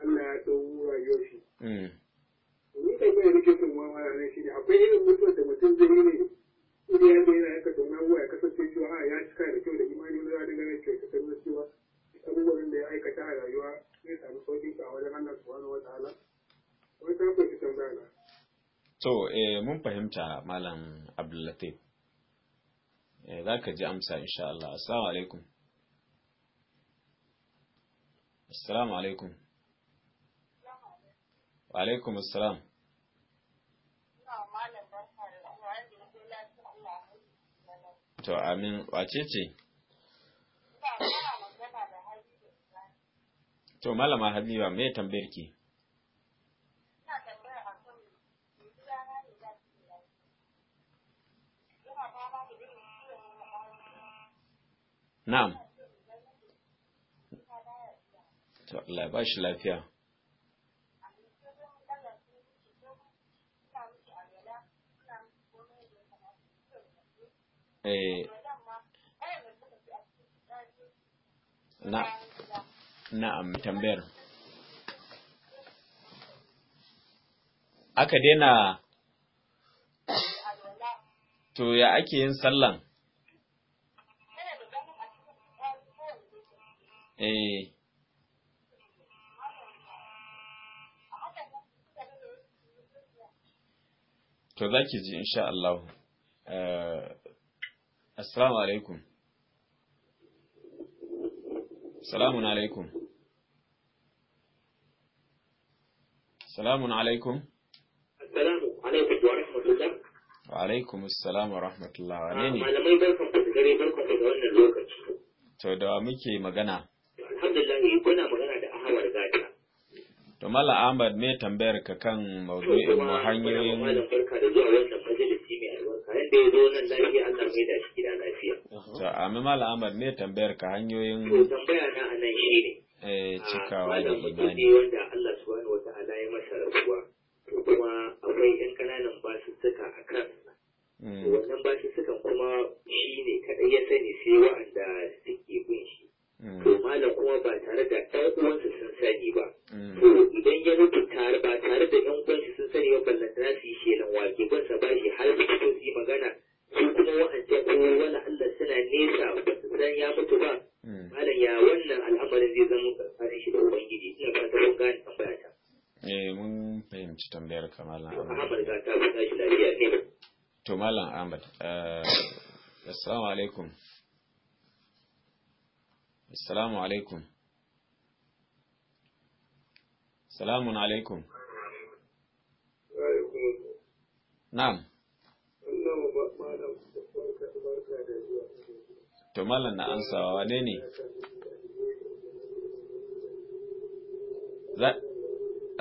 Allah ya ɗau rayuwar shi. Hmm. Ni kan da nake son ma mara ne shi ne akwai irin mutuwar da mutum zai yi ne inda ya zai yana aikata wani abubuwa ya kasance cewa a ya cika da kyau da imani na za a dinga ta sanar cewa abubuwan da ya aikata a rayuwa zai samu sauƙin a wajen Allah subhanahu wa ta'ala. Wani ta fahimci tambaya na. To, eh, mun fahimta Malam Abdullatif. Eh, za ka ji amsa insha Allah. Assalamu alaikum. Assalamu alaikum. Wa alaikum assalam. To amin wace ce? To malama Habiba me tambayar ki? Na'am. To Allah ya bashi lafiya. aka daina to ya ake yin sallan? Eh. To za ki ji insha Allah. Eh, assalamu alaikum. Salamun alaikum. Salamun alaikum. alaikum wa rahmatullah wa alaikum assalam wa rahmatullah ne ah, malamai barkan ku da gare barkan ku da wannan lokaci to da muke magana alhamdulillah eh, kuna magana da ahawar to mala Ahmad me tambayar ka kan maudu'in mu hanyoyin malam barka da zuwa wannan majalisi mai albarka yanda ya zo nan lafiya Allah mai da shi gida lafiya to amma mala Ahmad me tambayar ka hanyoyin to tambaya na shi eh, ah, ne eh cikawa da imani wanda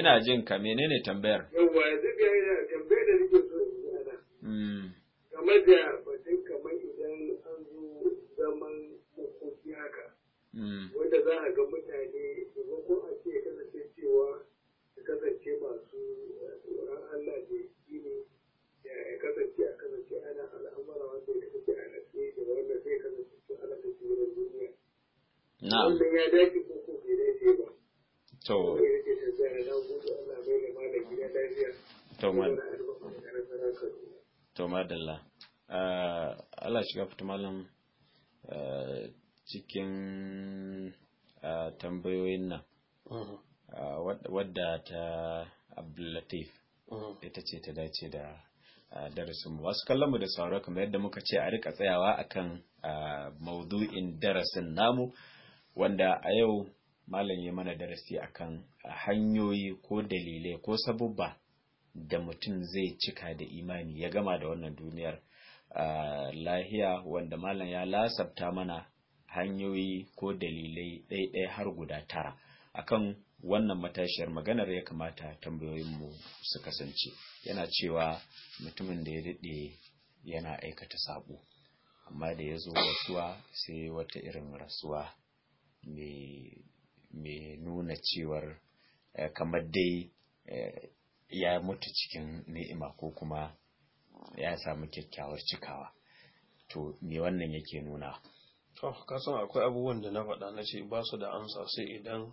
Ina jin ka menene tambayar? Yawwa duk yana tambayar da nake so in ji ana. Kamar hmm. da to madalla ah, Allah shiga malam ah, cikin ah, tambayoyin nan mm-hmm. wadda ta abdullatif mm-hmm. ita ce ta dace da darasin mu wasu kallon mu da sauro kamar yadda muka ce a rika tsayawa akan maudu'in darasin namu wanda a yau malam ya mana darasi akan hanyoyi ko dalilai ko sabubba da mutum zai cika da imani ya gama da wannan duniyar lahiya wanda malam ya lasabta mana hanyoyi ko dalilai ɗaiɗai har guda tara akan wannan matashiyar maganar ya kamata tambayoyinmu su kasance yana cewa mutumin da ya daɗe yana aikata sabo amma da ya zo rasuwa sai wata irin rasuwa mai nuna cewar eh, kamar dai eh, ya mutu cikin ni'ima ko kuma ya samu kyakkyawar cikawa to me wannan yake nuna to san akwai abubuwan da na faɗa na ce ba su da amsa sai idan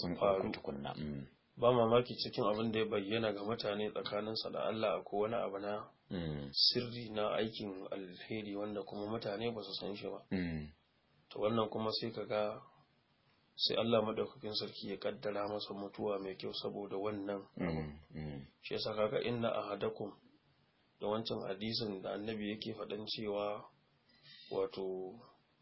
sun faru tukunna mm. ba mamaki cikin abin da ya bayyana ga mutane tsakaninsa da Allah ko wani abu na mm. sirri na aikin alheri wanda kuma mutane ba su san shi ba mm. to wannan kuma sai ka ga sai Allah madaukakin sarki ya kaddara masa mutuwa mai kyau saboda wannan shi yasa kaga inna ahadakum da wancan hadisin da annabi yake faɗan cewa wato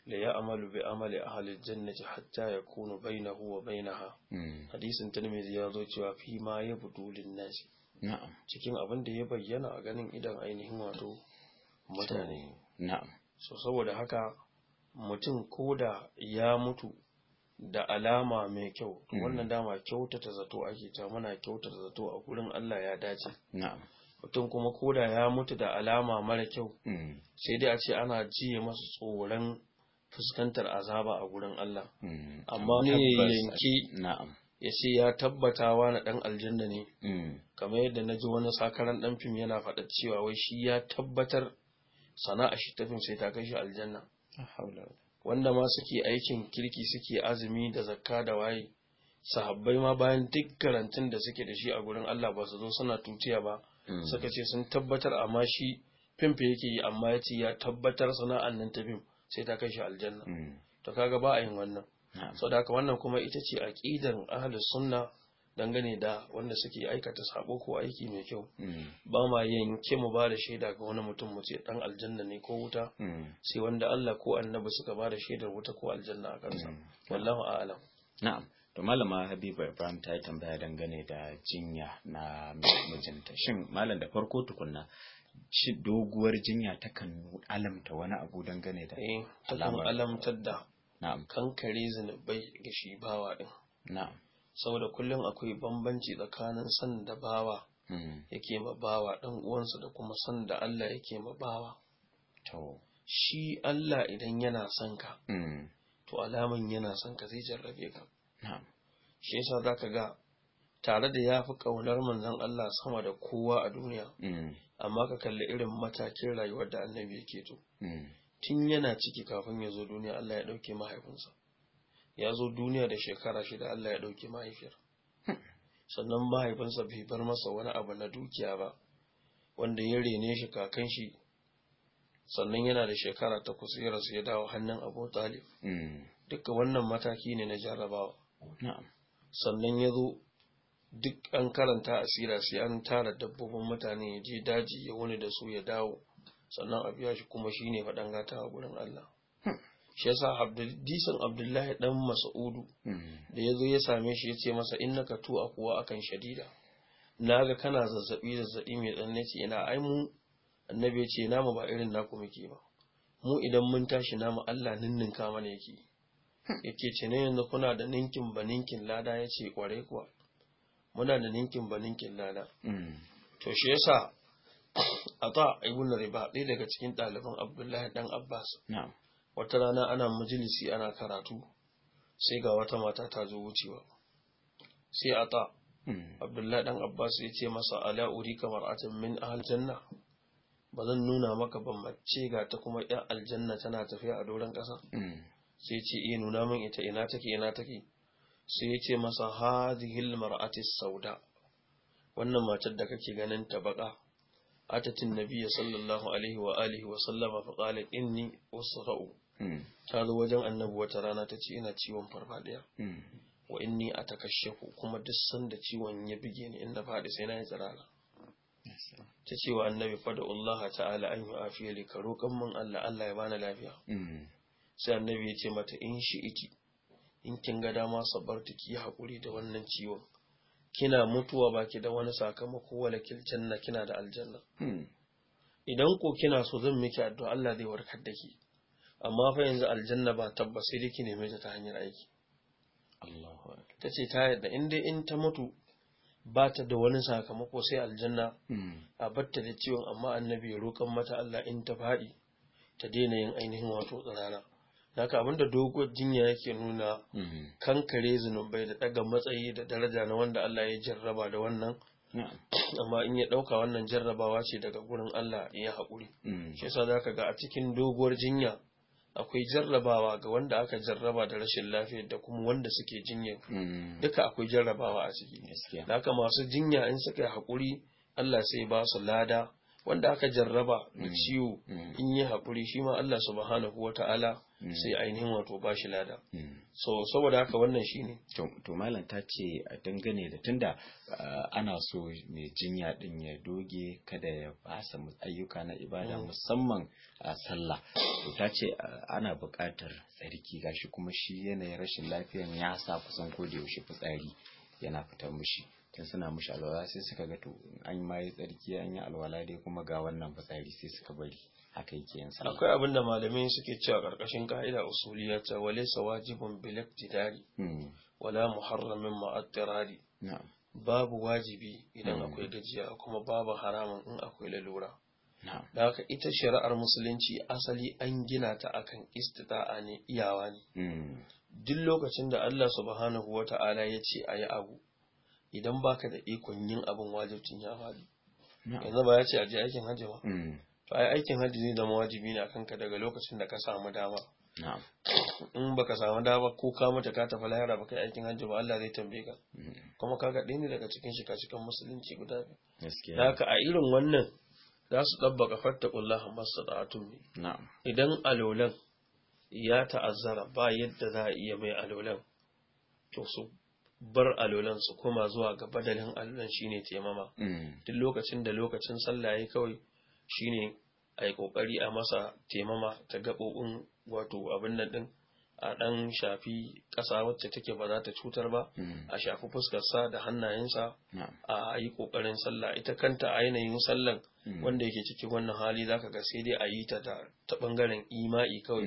la ya'malu bi amali ahli jannati hatta yakunu bainahu wa bainaha hmm. hadisin Tirmidhi ya zo cewa fi ma yabdu lin nas cikin abin da ya bayyana a ganin idan ainihin wato mutane so saboda haka mutum ko da ya mutu da alama mai kyau mm. wannan dama kyautata zato ake ta muna kyautata zato a gurin Allah ya dace mutum kuma koda ya mutu da alama mara kyau mm. sai dai a ce ana jiye masa tsoron fuskantar azaba a gurin Allah mm. amma ne yanki ya ce ya tabbata wa na dan aljanna ne kamar yadda na ji wani sakaran dan fim yana faɗa cewa wai shi ya tabbatar sana'a shi tafin sai ta kai shi aljanna wanda ma suke aikin kirki suke azumi da zakka da waye sahabbai ma bayan duk karantun da suke da shi a gurin Allah ba su zo suna tutiya ba hmm. suka ce sun tabbatar amma shi fimfe yake yi amma ya ce ya tabbatar sana'an nan ta fim sai ta kai shi aljanna hmm. to kaga ba a yin wannan saboda haka wannan kuma ita ce aqidar ahlus sunna dangane da wanda suke aikata sabo ko aiki mai kyau mm. ba ma yin ke mu ba da shaida ga wani mutum mu ce dan aljanna ne ko wuta mm. sai wanda Allah ko annabi suka ba da shaidar wuta ko aljanna a kansa mm. wallahu a'lam na'am to malama Habiba Ibrahim ta yi tambaya dangane da jinya na mijinta shin malam da farko tukunna shi doguwar jinya takan alamta wani abu dangane da eh takan alamtar da na'am kankare zinubai ga shi bawa din na'am saboda kullum akwai bambanci tsakanin san da bawa hmm. yake ma bawa dan uwansa da kuma san da Allah yake ma bawa to shi Allah idan yana son ka hmm. to alaman yana son ka zai jarrabe ka na'am shi yasa zaka ga tare da yafi fi ƙaunar manzon Allah sama da kowa a duniya hmm. amma ka kalli irin matakin rayuwar da annabi yake to tun yana ciki kafin ya zo duniya Allah ya ɗauke mahaifinsa ya zo duniya da shekara shida Allah ya ɗauki mahaifiyar sannan mahaifinsa bai bar masa wani abu na dukiya ba wanda ya rene shi kakan shi sannan yana da shekara ta kusirar ya dawo hannun abu talib hmm. duka wannan mataki ne na jarabawa sannan ya zo duk an karanta asira sai an tara dabbobin mutane ya je daji ya wani da su ya dawo sannan abu ya shi kuma shine faɗan gata a gurin Allah hmm. shi yasa abdullahi dan mas'udu da ya zo ya same shi ya ce masa innaka tu akuwa akan shadida naga kana zazzabi zazzabi mai tsanani ce ina ai mu annabi yace namu ba irin naku muke ba mu idan mun tashi namu Allah ninninka mana yake yake ce ne yanzu kuna da ninkin ba ninkin lada yace kware kuwa muna da ninkin ba ninkin lada to shi yasa ta ibn riba ɗaya daga cikin ɗaliban abdullahi dan abbas na'am wata rana ana majalisi ana karatu sai ga wata mata ta zo wucewa sai a ta hmm. abdullahi dan abbas ya ce masa ala uri kamar atin min ahal janna ba zan nuna maka ban mace ga ta kuma yan aljanna tana tafiya a doron ƙasa hmm. sai ce iya eh, nuna min ita ina take ina take sai ya ce masa hadihil mar'ati sauda wannan matar da kake ganin ta baka atatin nabiyya sallallahu alaihi wa alihi wa sallama fa qalat inni usra'u Hmm. ta wajen annabi wata rana ta ce ina ciwon farfadiya hmm. wa inni a ku kuma duk sanda ciwon ya bige ni inda faɗi sai na yi tsirara ta ce wa annabi fada Allah ta'ala an yi afiya li ka Allah Allah ya bani lafiya hmm. sai annabi ya ce mata in shi iti in kin ga dama sabarta ki haƙuri da wannan ciwon kina mutuwa baki da wani sakamako wala kilcin kina da aljanna idan ko kina so zan miki addu'a Allah zai warkar da ki amma fa yanzu aljanna ba tabbas sai dai ki neme ta ta hanyar aiki Allahu ta ce ta yadda in dai in ta mutu ba ta da wani sakamako sai aljanna hmm. a batta da ciwon amma annabi ya roƙan mata Allah in ta fadi ta daina yin ainihin wato tsarana haka abinda doguwar jinya yake nuna hmm. kankare zunubai da daga matsayi da daraja na wanda Allah ya jarraba da wannan amma in ya dauka wannan jarrabawa ce daga gurin Allah ya haƙuri hmm. shi yasa zaka ga a cikin doguwar jinya akwai jarrabawa ga wanda aka jarraba da rashin lafiya da kuma wanda suke jinya mm. duka akwai jarrabawa a ciki da aka masu jinya in suka yi haƙuri Allah sai ba su lada wanda aka jarraba da mm. ciwo mm. in yi haƙuri shi ma Allah subhanahu wa ta'ala mm. sai ainihin wato ba shi lada so saboda haka wannan shi ne to malam ta ce a dangane da tunda uh, ana so mai jinya din ya doge kada ya fasa ayyuka na ibada musamman a sallah to ta ce uh, ana buƙatar tsarki gashi kuma shi yanayin rashin lafiyan ya sa kusan ko da yaushe fitsari yana fitar mishi tun suna mushi alwala sai suka ga to an ma yi tsarki an yi alwala dai kuma ga wannan fitsari sai suka bari haka yake yin sa akwai abin da malamai suke cewa karkashin ka'ida usuliya ta walaysa wajibun bil hmm. wala muharramin ma'attirari babu wajibi idan hmm. akwai gajiya kuma babu haramun in akwai lalura da haka ita shari'ar musulunci asali an gina ta akan istita'a ne iyawa ne hmm. duk lokacin da Allah subhanahu wata'ala ya ce a yi abu idan baka da ikon yin abin wajibcin ya faɗi yanzu ba ya ce a je aikin hajji ba mm. to ai aikin hajji zai zama wajibi ne akan ka daga lokacin da ka samu dama in baka samu dama ko ka mata ka tafi lahira baka yi aikin hajji ba Allah zai tambaye ka mm. kuma kaga ɗaya ne daga cikin ka cikin musulunci guda biyu da haka a irin wannan za su ɗabbaka fattakullah masata'atun ne idan alolan ya ta'azzara ba yadda za a iya mai alolan to su bar alolan su koma zuwa ga badalin alolan shine taimama mm. duk lokacin da lokacin sallah yayi kawai shine a yi kokari a masa taimama ta gaɓoɓin wato abin nan din a ɗan shafi ƙasa wacce take ba za ta cutar ba mm. a shafi fuskarsa da hannayensa a yi ƙoƙarin sallah ita kanta a yanayin sallan mm. wanda yake cikin wannan hali za ka ga sai dai a yi ta ta ɓangaren ima'i kawai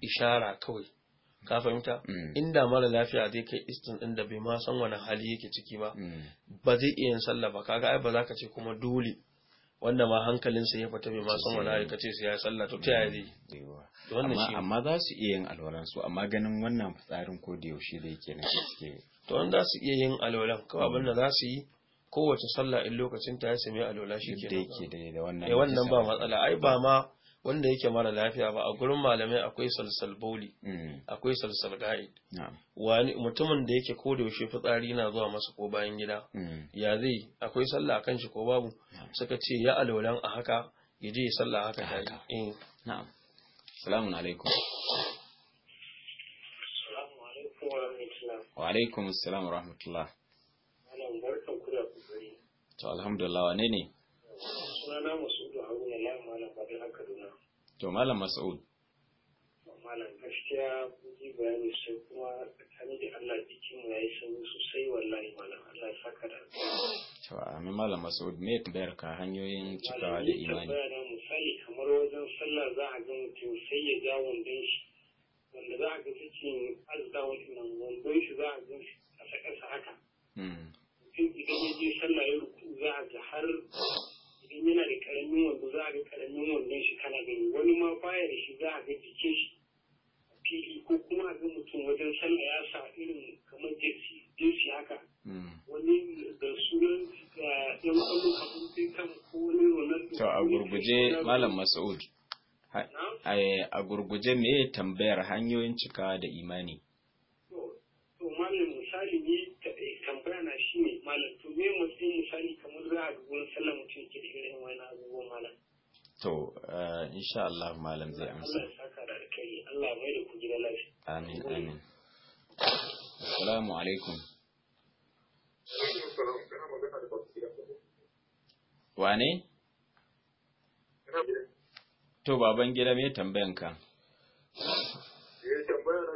ishara kawai ka fahimta mm. inda mara lafiya zai kai istin din da bai ma san wani hali yake ciki ba mm. ba zai iya yin sallah ba kaga ai ba za ka ce kuma dole wanda ma hankalinsa ya fita bai ma san wani hali ce sai ya yi sallah to ta yaya zai amma amma za su iya yin alwalan su amma ganin wannan fitsarin ko da yaushe da yake nan suke to za su iya yin alwalan kawai abin da za su yi kowace sallah in lokacin ta ya sami alwala shi ke da yake da wannan eh, wannan ba matsala ai ba ma wanda yake mara lafiya ba a gurin malamai akwai salsal boli mm. akwai salsal ga'id wani mutumin da yake ko da yaushe fitsari na zuwa masa ko bayan gida mm. ya zai akwai sallah kan shi ko babu suka ce ya alolan a haka ya je sallah haka ta yi eh. na'am salamun alaikum wa alaikum assalam wa rahmatullah to alhamdulillah wane ne sunana musu To Malam Mas'ud. Malam gaskiya kuji bayani sai kuma tsakani da Allah cikin ya yi sanyi sosai wallahi malam Allah ya saka da To amin Malam Mas'ud me tambayar ka hanyoyin cikawa da imani. Malam misali kamar wajen sallah za a ga mutum sai ya ja wandon shi wanda za a ga cikin arzikin wannan wandon shi za a ga shi a saka haka. Hmm. Mutum idan ya je sallah ya ruku za a ga har idan yana da karamin wando za a ga karamin wandon shi kana gani wani ma baya da shi za a ga jikin shi fili ko kuma ga mutum wajen sallah ya sa irin kamar jinsi jinsi haka hmm. wani da sunan yan kwallo kamar sai kan ko wani ronaldo to a gurguje malam masaud a gurguje me tambayar hanyoyin cika da imani malam to me mutum misali kamar za a dubu sallah mutum ke da irin wani malam to eh, insha Allah malam zai amsa Allah saka da Allah mai da ku gida lafiya amin amin assalamu alaikum wane to baban gida me tambayanka eh, tambayar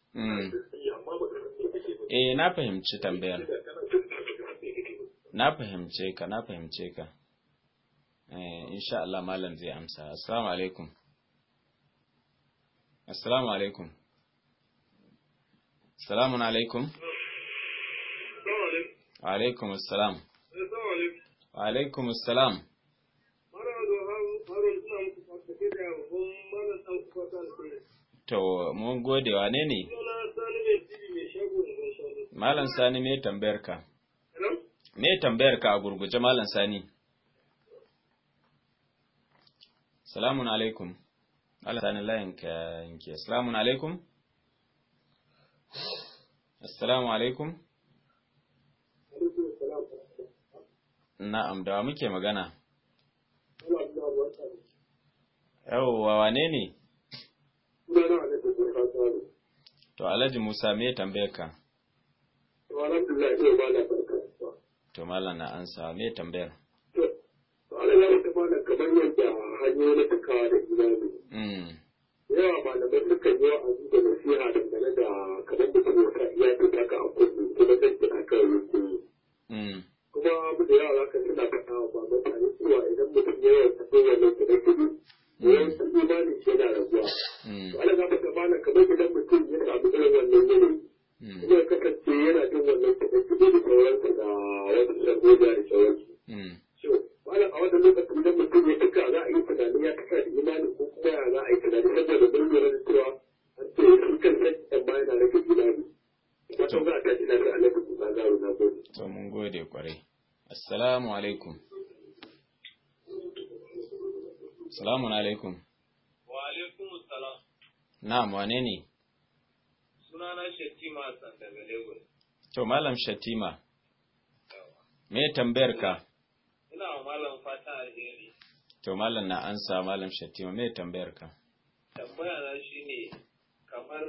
Hmm. Eh na fahimci tambayar. Na fahimce ka, na fahimce ka. Eh insha Allah malam zai amsa. Assalamu alaikum. Assalamu alaikum. Assalamu alaikum. Wa alaikum assalam. Wa alaikum assalam. To mun gode ne ne? Malam Sani me tambayar ka? Me tambayar ka a gurguje Malam Sani? Salamun alaikum. Allah sani layin ka yanke. Salamun alaikum. Assalamu alaikum. Na'am, da muke magana. Yawwa wane ne? To Alhaji Musa me tambayar ka? To malam na ansa me tambayar? To Allah ya ta bada kamar yadda na da imani. Hmm. Yawa yi nasiha da kamar da kuma iya ta a kudu hmm. Kuma da yawa zaka suna faɗa wa ba mutane cewa idan mutum ya yi hmm. kamar idan mutum ya samu irin wannan yanayi. Hmm. kuma ya kasance yana jin wannan kuɗin kuɗi da sauransa da wata shagoja da sauransu. Wala hmm. a wata lokacin da mutum ya tuka za a yi tunani ya tuka da imani ko kuma ya za a yi tunani saboda mun lura da cewa an ce shi kan sai ɗan bayan na rage imani. Wato za a tashi na da alaƙa ba za a na gode. To mun gode kwarai. Assalamu alaikum. Assalamu alaikum. Wa alaikum assalam. Na'am wane ne? sunana Shatima Hassan daga Lagos. To Malam Shatima. Me tambayar ka? Ina wa Malam fata alheri. To Malam na ansa Malam Shatima me tambayar ka? Tambaya na shi ne kamar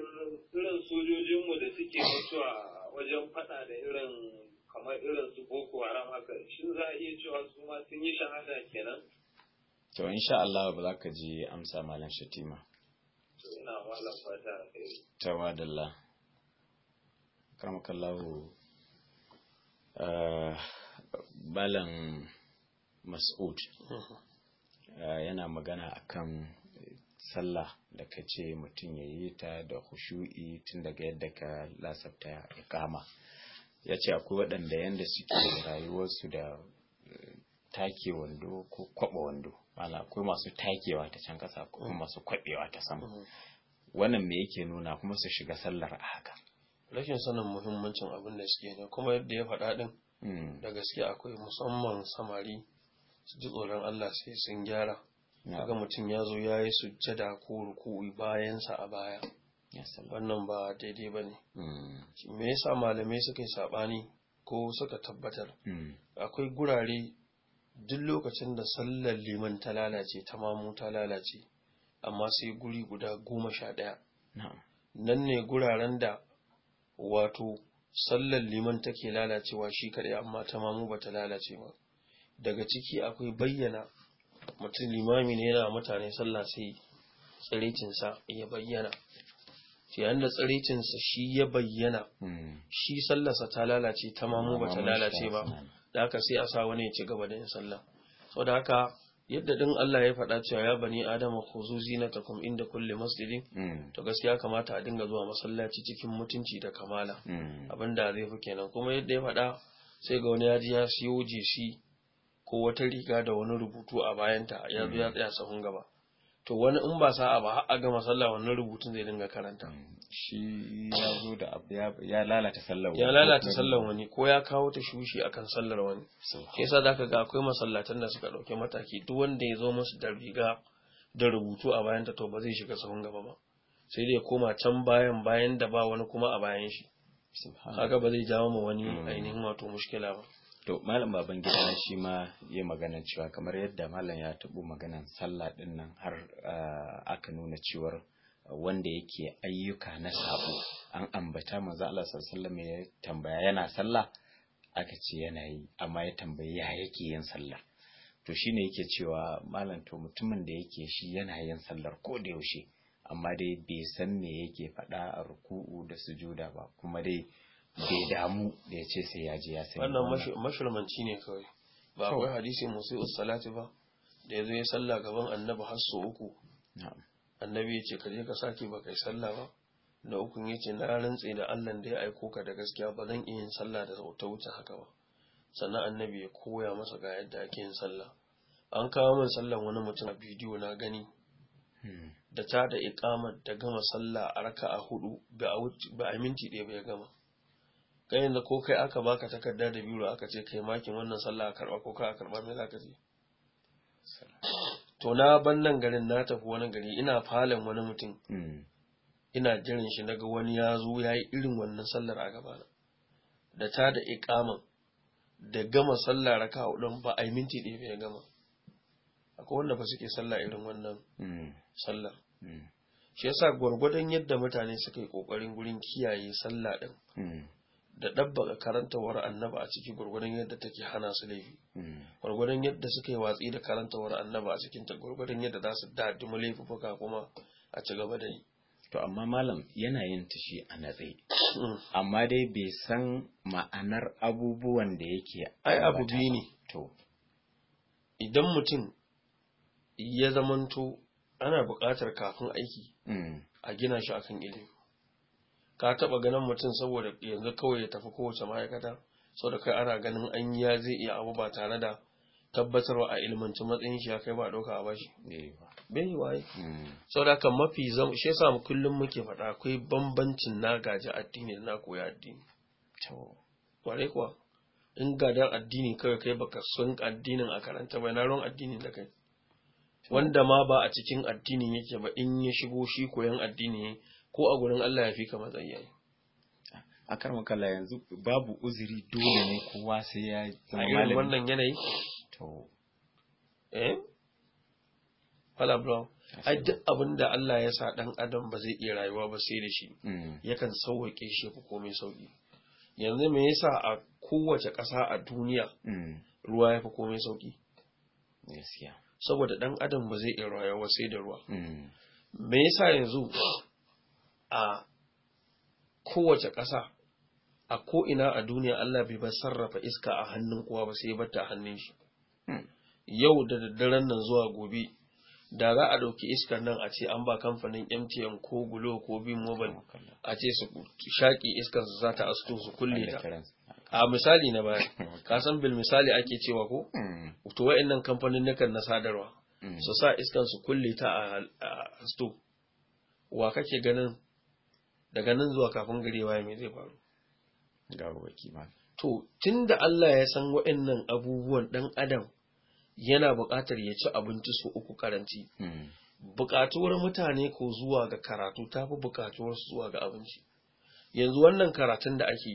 irin sojojinmu da suke mutuwa wajen fada da irin kamar irin su Boko Haram haka shin za a iya cewa su ma sun yi shahada kenan? To insha Allah ba za ka ji amsa Malam Shatima. Ina Malam fata alheri. Tawadallah. karmakallahu balan eh, mas'ud mm-hmm. eh, yana magana akan sallah da ka ce mutum ya yi ta da hushu'i tun daga yadda ka lasafta ya kama ya ce akwai waɗanda yadda suke rayuwarsu da eh, take wando ko kwaɓa wando mana akwai masu takewa ta can ƙasa ko mm. masu kwaɓewa ta sama mm-hmm. wannan me yake nuna kuma su shiga sallar a haka rashin sanin muhimmancin abin da suke ne kuma yadda ya faɗa ɗin hmm. da gaske akwai musamman samari su ji tsoron Allah sai sun gyara kaga mutum ya zo ya yi sujjada ko ruku'i bayansa a baya wannan ba daidai ba ne hmm. me yasa malamai suka yi saɓani ko suka tabbatar hmm. akwai gurare duk lokacin da sallar liman ta lalace ta mamu ta lalace amma sai guri guda goma sha ɗaya nan ne guraren da wato sallar liman take lalacewa shi kaɗai amma ta mamu bata lalace ba daga ciki akwai bayyana mutum limami ne yana mutane sallah sai ya bayyana yayin da tsiraicinsa shi ya bayyana hmm. shi sallarsa ta lalace ta mamu bata lalace ba da haka sai a sa wani ya ci gaba da yin sallah saboda haka yadda din Allah ya faɗa cewa ya bani adama in da inda kulli masjidin hmm. to gaskiya kamata a dinga zuwa masallaci cikin mutunci da kamala hmm. abinda zai fi kenan kuma yadda ya faɗa sai ga wani ji ya siyo jeshi ko wata riga da wani rubutu a bayanta ya zo ya hmm. tsaya sahun gaba to wani in ba sa'a ba a gama sallah wannan rubutun zai dinga karanta mm, shi ya zo da ya lalata sallar ya lalata sallar wani ko ya kawo ta shushi akan sallar wani sa yasa zaka ga akwai masallatan da suka dauke mataki duk wanda ya zo musu da riga da rubutu a bayan ta to ba zai shiga sahun gaba ba sai dai koma can bayan bayan da ba wani kuma a bayan shi haka ba zai jawo ma wani mm. ainihin wato mushkila ba to malam baban gida shi ma ya magana cewa kamar yadda malam ya taɓo maganan sallah ɗin nan har ah, aka nuna cewar wanda yake ayyuka na sabo an ambata manzo Allah sallallahu alaihi ya tambaya yana sallah aka ce yana yi amma ya tambayi ya yake yin sallah to shine yake cewa malam to mutumin da yake shi yana yin sallar ko da yaushe amma dai bai san me yake faɗa a ruku'u da sujuda ba kuma dai ya damu da ya ce sai ya je ya sai wannan mashulmanci ne kawai ba akwai hadisi musu salati ba da ya zo ya salla gaban annabi har sau uku annabi ya ce ka je ka sake ba kai sallah ba na uku ya ce na rantse da allah da ya aiko ka da gaskiya ba zan iya yin sallah da ta wuce haka ba sannan annabi ya koya masa ga yadda ake yin sallah an kawo min sallan wani mutum a bidiyo na gani hmm. da ta da ikamar da gama sallah a raka'a hudu ba a minti ɗaya ba ya gama kai da ko kai aka baka takarda da biro aka ce kai makin wannan sallah a karba ko ka a karba me zaka je? to na ban nan garin na tafi wani gari ina falon wani mutum hmm. ina jiran shi daga wani ya zo ya yi irin wannan sallar a gabana da ta da ikaman da gama sallah raka hudun ba a yi minti ɗaya bai gama akwai wanda ba suke sallah irin wannan hmm. sallar hmm. shi yasa gwargwadon yadda mutane suka yi kokarin gurin kiyaye sallah din da karanta karantawar annaba a ciki gwargwadon yadda take hana su laifi hmm. gwargwadon yadda suka yi watsi da karanta karantawar annaba a cikin ta gwargwadon yadda za su dadduma laifuka kuma a ci gaba da yi to amma malam yana yin ta shi a natse hmm. amma dai bai san ma'anar abubuwan da yake ai abu biyu ne to idan mutum ya zamanto ana buƙatar kafin aiki hmm. a gina shi akan ilimi ka taba ganin mutum saboda yanzu kawai ya tafi kowace ma'aikata Sau da kai ana ganin an ya zai iya abu ba tare da tabbatarwa a ilmanci matsayin shi ya kai ba dauka a bashi bai yi waye da kan mafi zam shi yasa kullum muke faɗa akwai bambancin na gaji addini da na koya addini kwarai kuwa in gadon addini kawai kai baka sun addinin a karanta bai na ruwan addinin da kai wanda ma ba a cikin addinin yake ba in ya shigo shi koyan addini ko a gurin Allah ya fi kama matsayi a kar makalla yanzu babu uzuri dole ne kowa sai ya zama malami a irin wannan yanayi to eh fala bro ai duk abin da Allah ya sa dan adam ba zai iya rayuwa ba sai da shi mm. yakan sauwake shi ko komai sauki yanzu me yasa a kowace ƙasa a duniya mm. ruwa ya fi komai sauki saboda dan adam ba zai iya rayuwa sai da ruwa mm. me yasa yanzu a kowace ƙasa a ko'ina a duniya Allah bai bar sarrafa iska a hannun kowa ba sai bata hannun shi hmm. yau da daddaren nan zuwa gobe da za a ɗauki iskar nan a ce an ba kamfanin MTN ko Glo ko Bin Mobile a ce su shaƙi iskar su za ta asko su kulle ta a misali na baya ka san bil misali ake cewa ko hmm. to nan kamfanin nukan na sadarwa hmm. su sa iskan su kulle ta a asto. wa kake ganin daga nan zuwa kafin gari waye me zai faru ga baki ma to tunda Allah ya san waɗannan abubuwan ɗan adam yana buƙatar ya ci abinci su uku karanci hmm. buƙatuwar mutane ko zuwa ga karatu ta fi buƙatuwar su zuwa ga abinci yanzu wannan karatun da ake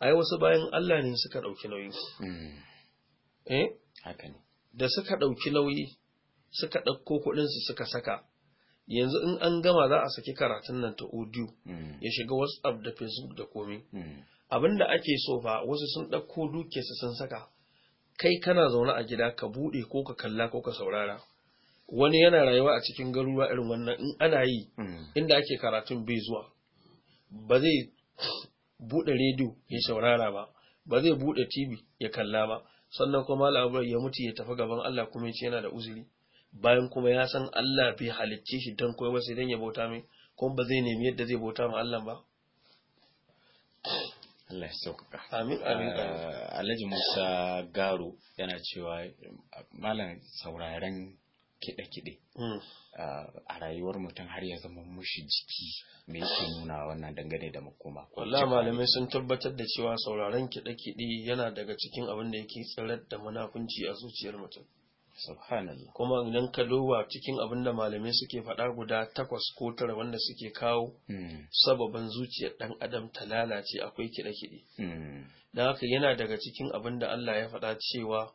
yi wasu bayan Allah ne suka ɗauki nauyi hmm. eh haka ne da suka ɗauki nauyi suka ɗauko kuɗinsu suka saka yanzu in an gama za a saki karatun nan ta audio hmm. ya shiga whatsapp da facebook da komai hmm. abin da ake so fa wasu sun ɗauko duke su sun saka kai kana zaune a gida ka buɗe ko ka kalla ko ka saurara wani yana rayuwa a cikin garuruwa irin wannan in ana yi hmm. inda ake karatun bai zuwa ba zai buɗe rediyo ya saurara ba ba zai buɗe tv ya kalla ba sannan kuma al'abar ya mutu ya tafi gaban Allah kuma ya ce yana da uzuri bayan kuma ya san Allah bai halicce shi don koyar sai dan ya bauta mai Ko ba zai nemi yadda zai bauta ma Allah ba Allah ya sauƙaƙa. Amin amin. Ah, Alhaji Musa Garo yana cewa malam sauraren kiɗe-kiɗe hmm. ah, a rayuwar mutum har ya zama mushi jiki me yake nuna wannan dangane da makoma. Wallahi malamai sun tabbatar da cewa sauraren kiɗe-kiɗe yana daga cikin abin da yake tsirar da munafunci a zuciyar mutum. subhanallah kuma idan ka duba cikin abin da malamai suke faɗa guda takwas ko tara wanda suke kawo hmm. sababan zuciyar ɗan adam ta lalace akwai kiɗe-kiɗe hmm. don haka yana daga cikin abin da Allah ya faɗa cewa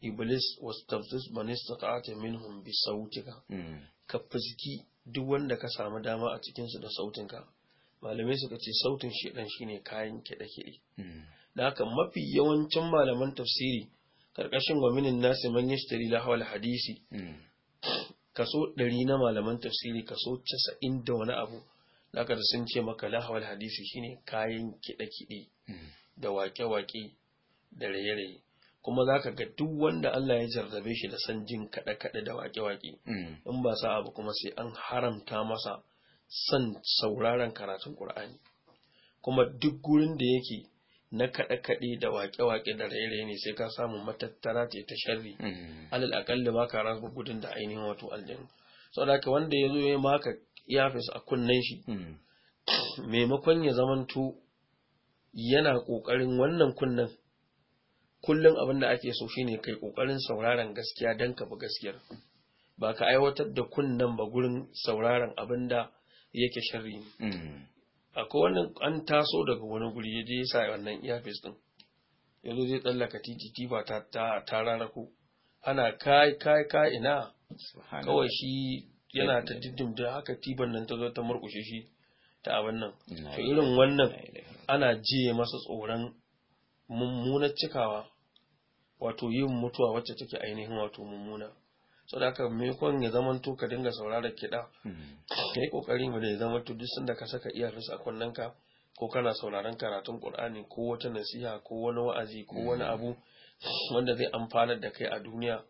iblis wastaftis manistata'ata minhum bi sautika hmm. ka fiziki duk wanda ka samu dama a cikinsu da sautinka malamai suka ce sautin shi shedan shine kayan kiɗe-kiɗe da haka mafi yawancin malaman tafsiri karkashin waminin nasi man yashtari lahawal hadisi hmm. kaso ɗari na malaman tafsiri kaso casa'in da wani abu zaka aka sun ce maka lahawal hadisi shine kayan kiɗe-kiɗe hmm. da waƙe-waƙe, da raye-raye kuma zaka ga duk wanda Allah ya jarrabe shi da san jin kaɗe-kaɗe da wake waƙe hmm. in ba sa abu kuma sai an haramta masa san sauraron karatun ƙur'ani kuma duk gurin da yake na kaɗe-kaɗe da waƙe-waƙe da raye raye ne sai ka samu matattara ce ta sharri hmm. alal akalla ba ka rasa gudun da ainihin wato aljanu da haka wanda ya zo ya maka iyafis a kunnen shi hmm. maimakon ya zamanto yana ƙoƙarin wannan kunnen kullum abin da ake so shine kai ƙoƙarin sauraron gaskiya don ka bi gaskiyar ba ka aiwatar da kunnen ba gurin sauraron abin da yake sharri akwai wannan an taso daga wani guri ya je ya sa wannan earpiece din ya zai tsallaka titi ba ta ta rana ko ana kai kai kai ina kawai shi yana ta diddim da haka tiban nan ta zo ta murkushe shi ta abin nan to irin wannan ana je masa tsoron mummunar cikawa wato yin mutuwa wacce take ainihin wato mummuna sau da aka ya zama to ka dinga saurara kiɗa hmm. ka yi ƙoƙari mu da ya zama to duk sanda ka saka su a kunnen ka ko kana sauraron karatun ƙur'ani ko wata nasiha ko wani wa'azi ko wani hmm. abu wanda zai amfana da kai a duniya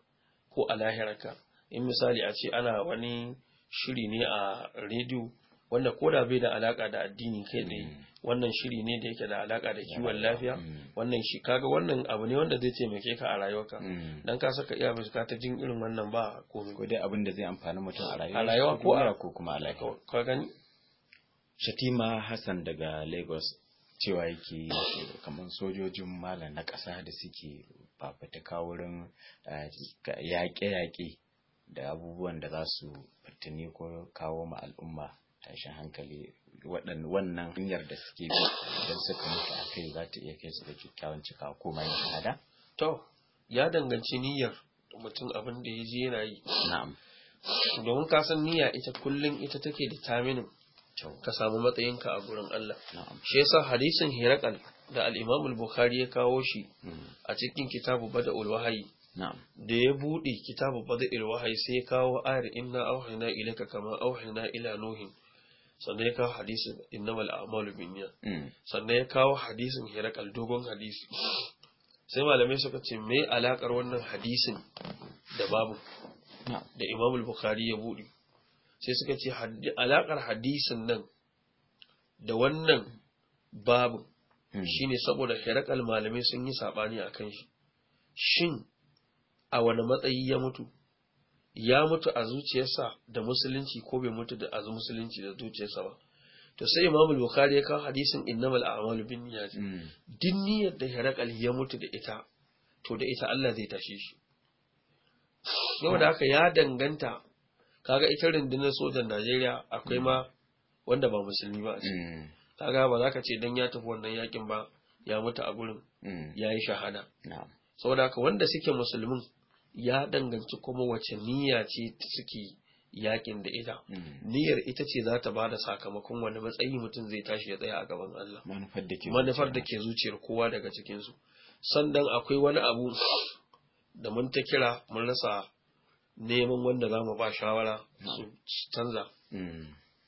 ko a lahirarka in misali a ce ana wani shiri ne a rediyo wanda koda bai da alaka da addini kai tsaye mm. wannan shiri ne da yake da alaka da kiwon mm. lafiya wannan shi kaga wannan abu ne wanda zai taimake ka a rayuwarka mm. dan ka saka iya bai ka ta jin irin wannan ba ko ko dai abin da zai amfani mutum a rayuwa a rayuwa ko a ko kuma a lafiya ka gani Shatima Hassan daga Lagos cewa yake kamar sojojin malam na ƙasa da suke fafutuka wurin eh, yaƙe-yaƙe da abubuwan da za su fitini ko kawo ma al'umma tashin hankali waɗanda wannan hanyar da suke bi don suka mutu a kai za ta iya kai su da kyakkyawan cika ko mai shahada? To, ya danganci niyyar mutum abin da ya je yana yi. Na'am. Domin ka san niyya ita kullum ita take da taminin ka samu matsayinka a gurin Allah. Shi yasa hadisin Hirakal da al-Imam al-Bukhari ya kawo shi hmm. a cikin kitabu Bada'ul Wahayi. da ya buɗe kitabu Bada'ul wahayi sai ya kawo ayar inna auhina ilaka kama auhina ila nuhin sannan ya kawo hadisin innamal a'malu binniyat mm. sannan ya kawo hadisin hirakal dogon hadisi sai malamai suka ce me alakar wannan hadisin da babu da Imam Bukhari ya buɗe sai suka ce alakar hadisin nan da wannan babu mm. shine saboda hirakal malamai sun yi sabani akan shi shin a wani matsayi ya mutu ya mutu a zuciyarsa da musulunci ko bai mutu da azu musulunci da zuciyarsa ba to sai Imam Bukhari ya kawo hadisin innamal a'malu binniyat hmm. din niyyar da harakal ya mutu da ita to da ita Allah zai tashe shi yau da haka ya danganta kaga ita rundunar sojan Najeriya akwai ma wanda ba musulmi ba a hmm. kaga ba za ka ce dan ya tafi wannan yakin ba ya mutu a gurin hmm. ya yi shahada saboda haka wanda suke musulmin ya danganci kuma wace niyya ce suke yakin da ita hmm. niyyar ita ce za ta bada sakamakon wani matsayi mutum zai tashi ya tsaya a gaban Allah manufar da ke zuciyar kowa daga cikin su sandan akwai wani abu da mun ta kira mun rasa neman wanda za mu ba shawara su canza hmm.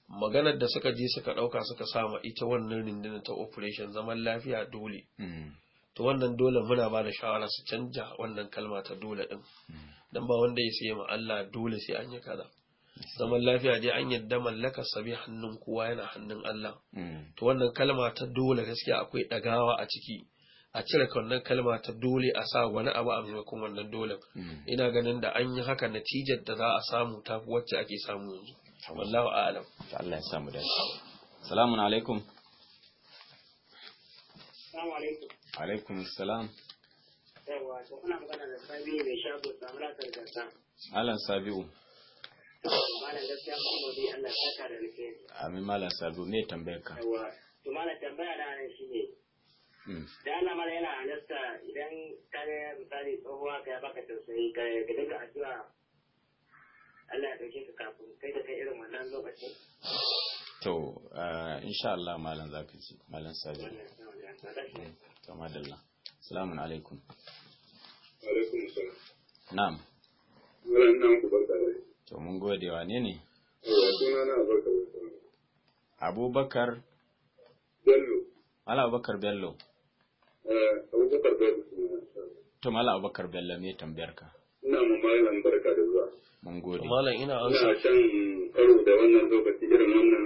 maganar da suka je suka ɗauka suka sama ita wannan rindina ta operation zaman lafiya dole hmm. to wannan dole muna ba da shawara su canja wannan kalma ta dole din dan ba wanda ya sai ma Allah dole sai an yi kaza zaman lafiya dai an yadda mallaka sabi hannun kowa yana hannun Allah mm. to wannan kalma ta dole gaskiya akwai ɗagawa a ciki a cire wannan kalma ta dole a sa wani abu a maimakon wannan dole mm. ina ganin da an yi haka natijar da za a samu ta wacce ake samu yanzu wallahu a'lam Allah ya samu dace assalamu alaikum assalamu alaikum alaikum salam yawa to kuna sabi mai malam gaskiya allah da amin malam sabiu me tambayar tambaya na hmm. da Allah mala yana halasta idan kare misali tsohuwa ka ya baka tausayi ka ka dinga addu'a Allah ya dauke ka kafin kai da kai irin wannan lokacin to ah, insha Allah malam zaka malam kama dalla salamun alaikum alaikum salam na'am wannan nan ku barka da to mun gode wa ne ne abubakar abubakar bello mala abubakar bello abubakar bello eh, to mala abubakar bello me tambayar ka ina malam barka da zuwa mun gode malam ina an sa karo da wannan lokaci irin wannan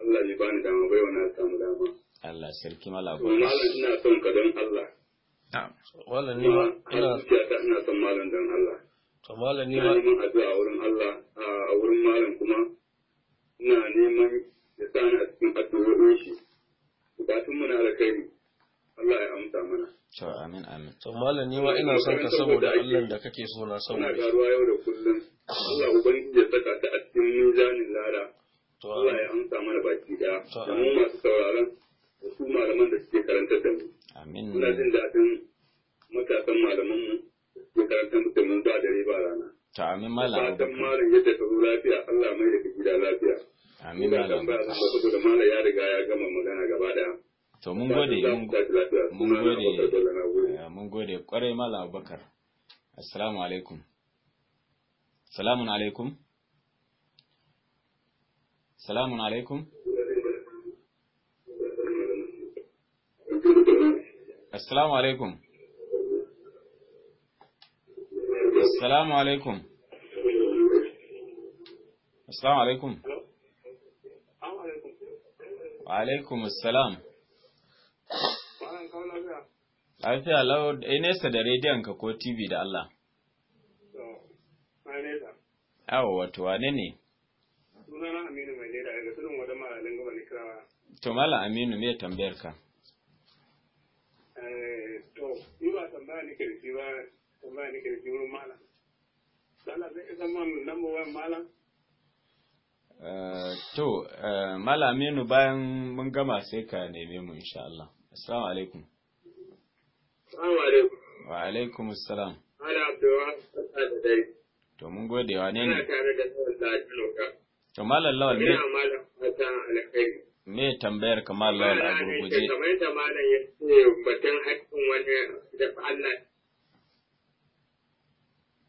Allah bani dama bai samu dama Allah sarki mala gode. Malam ina son ka don Allah. Na'am. Wala ni ma ina ina son malam don Allah. To malam ni ma ina neman addu'a a wurin Allah a wurin malam kuma ina neman ya sa ni a cikin addu'o'in shi. Bukatun muna da kai Allah ya amsa mana. To amin amin. To malam ni ma ina son ka saboda Allah da kake so na saboda. Ina garuwa yau da kullum. Allah ubangiji ya saka ta a cikin mizanin lada. To Allah ya amsa mana baki daya. Da mu masu sauraron da su malaman da suke karantar da mu. Amin. Muna jin daɗin matasan malaman mu da suke karantar da mu ba dare ba rana. Ta amin malam. Fatan malam yadda ka lafiya Allah mai da ka gida lafiya. Amin malam. Ba da saboda malam ya riga ya gama magana gaba daya. To mun gode mun gode eh, mun gode kwarai malam Abubakar. Assalamu alaikum. Salamun alaikum. Salamun alaikum. Assalamu alaikum. Assalamu alaikum. Assalamu alaikum. Wa alaikum assalam. Lafiya lau eh, nesa da rediyon ka ko TV da Allah. Awa wato wane ne? Tumala Aminu mai leda wadda gaba ne kirawa. To Aminu me tambayar ka? kirki ba eh, to eh, bayan mun gama sai ka neme mu insha Allah assalamu alaikum assalamu alaikum wa alaikum assalam ala abdullahi to mun gode wa ne ne to malam lawal ne malam fata alkhairi me tambayar kamar lawal a gurguje eh, kamar da malam ya batun hakkin wani da Allah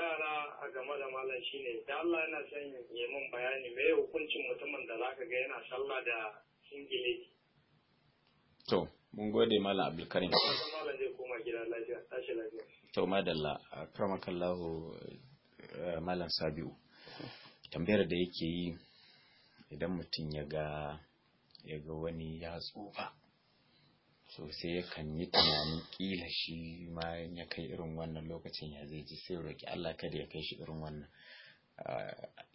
tambaya a game da malam shine da Allah yana son ya min bayani me hukuncin mutumin da zaka ga yana sallah da singileti to mun gode malam Abdulkarim malam zai koma gida lafiya tashi lafiya to madalla akramakallahu eh, malam Sabiu tambayar da yake yi idan mutum ya ga ya ga wani ya tsufa so sai yakan yi tunani kila shi ma ya kai irin wannan lokacin ya zai ji sai roƙi Allah kada ya kai shi irin wannan ah,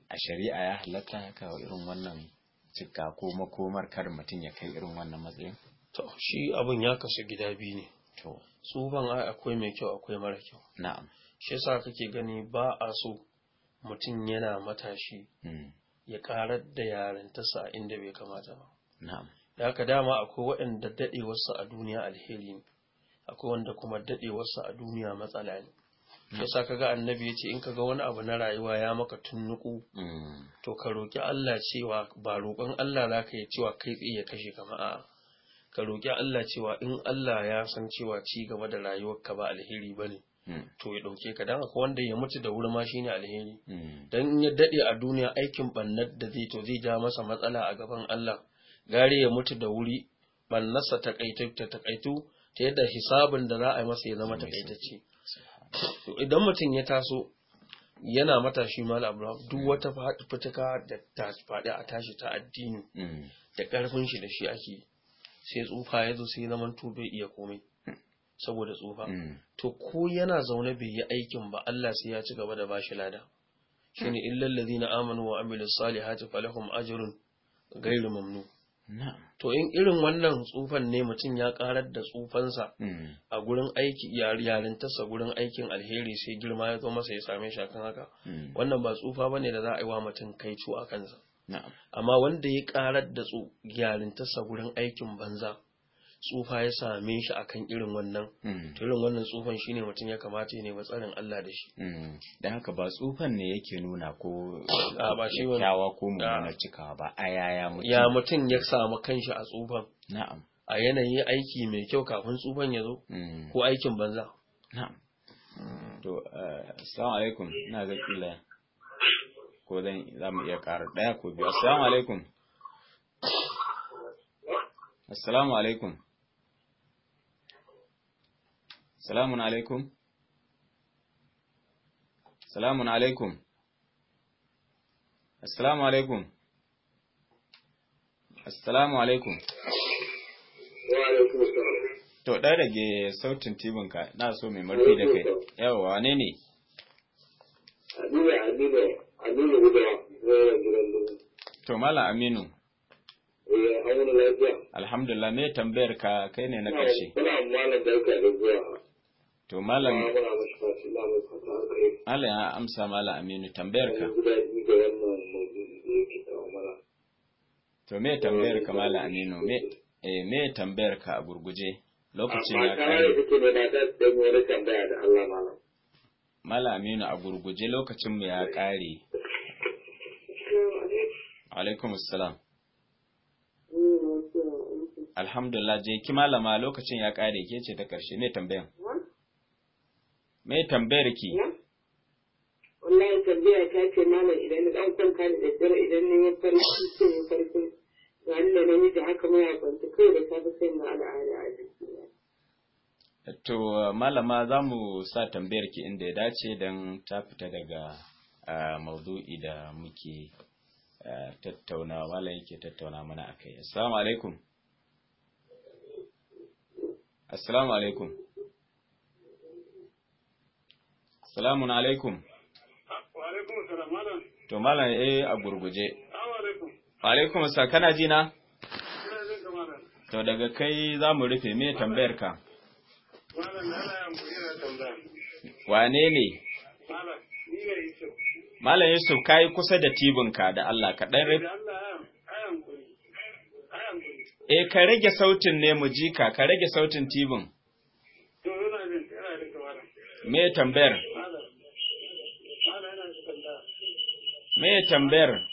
a shari'a ya halatta haka irin wannan cika ko makomar kar mutum ya kai irin wannan matsayin to shi abun ya kasu gida biyu ne to tsufan ai akwai mai kyau akwai mara kyau na'am shi yasa kake gani ba a so mutum yana matashi hmm. ya karar da yarintarsa inda bai kamata ba na'am da haka dama akwai waɗanda wasu a duniya alheri ne akwai wanda kuma wasu a duniya matsala ne hmm. ka ga annabi ya ce in ka ga wani abu na rayuwa ya maka tunnuku hmm. to ka roƙi Allah cewa ba roƙon Allah za ka yi cewa kai tsaye ya kashe ka ma'a ka roƙi Allah cewa in Allah ya san cewa ci gaba da rayuwarka ba alheri ba ne? Hmm. to ya ɗauke ka dan akwai wanda ya mutu da wuri ma ne alheri dan in ya daɗe a duniya aikin ɓannar da zai to zai ja masa matsala a gaban Allah Gari ya mutu da wuri ɓannarsa ta takaitu ta yadda hisabin da za a yi masa ya zama takaitacce idan mutum ya taso yana matashi na abraham duk wata fituka da ta faɗi a tashi ta addini mm. da ƙarfin shi da shi ake sai tsufa ya zo sai zaman to bai iya komai saboda tsufa mm. to ko yana zaune bai yi aikin ba Allah sai ya ci gaba da bashi lada shine illal na amanu wa amilus salihati falahum ajrun ghairu mamnun To in irin wannan tsufan ne mutum ya karar da tsufansa hmm. a gurin aiki yarintarsa gurin aikin alheri sai girma ya zo masa ya same shi akan haka. Hmm. Wannan ba tsufa ba ne da za a yi wa mutum kaicu a kansa. Amma wanda ya karar da yarintarsa gurin aikin banza tsufa ya same shi akan irin wannan hmm. irin wannan tsufan shine mutum ya kamata ne tsarin Allah da shi hmm. dan haka ba tsufan ne yake nuna ko ba shi kyawa ko mummuna cikawa ba a yaya mutum ya mutum ya samu kanshi a tsufan na'am a yanayin aiki mai kyau kafin tsufan ya zo hmm. ko aikin banza na'am to eh, assalamu alaikum ina ga kila ko zan iya ƙara ɗaya ko biyu assalamu alaikum assalamu alaikum Salamun alaikum. Salamun alaikum. Assalamu alaikum. Assalamu alaikum. Wa alaikum assalam. To da rage sautin tibin ka na so mai marfi da kai. Yawa wane ne? Aminu Aminu Aminu guda zuwa gidan To Mala Aminu. Eh, Alhamdulillah me tambayar ka kai ne na ƙarshe. Ina malam da zuwa. To malam Allah ya amsa malam Aminu tambayar ka. To me tambayar ka malam Aminu me eh me tambayar ka a gurguje lokacin ya kare. Malam Aminu a gurguje lokacin mu ya kare. Alaikum assalam. Alhamdulillah je ki malama lokacin ya kare ke ce ta karshe me tambayan? Me tambayar ki? Wallahi tambaya ta ce malam idan na son kare da daddare idan na yi farki ce ya farko ga Allah na da haka mai kwanta kai da fi sai mu al'ada a jiki. To malama za mu sa tambayar ki inda ya dace don ta fita daga maudu'i da muke tattauna malam yake tattauna mana akai. Assalamu alaikum. Assalamu alaikum. Salamun alaikum. Wa alaikum salam malam. To malam eh a gurguje. Wa alaikum. Wa alaikum kana ji na? To daga kai za mu rufe me tambayar ka? Wane ne? Malam Yusuf ka yi kusa da ka da Allah ka ɗan rufe. E, eh, ka rage sautin ne mu ji ka, ka rage sautin tibin. Me tambayar? Me tambayar?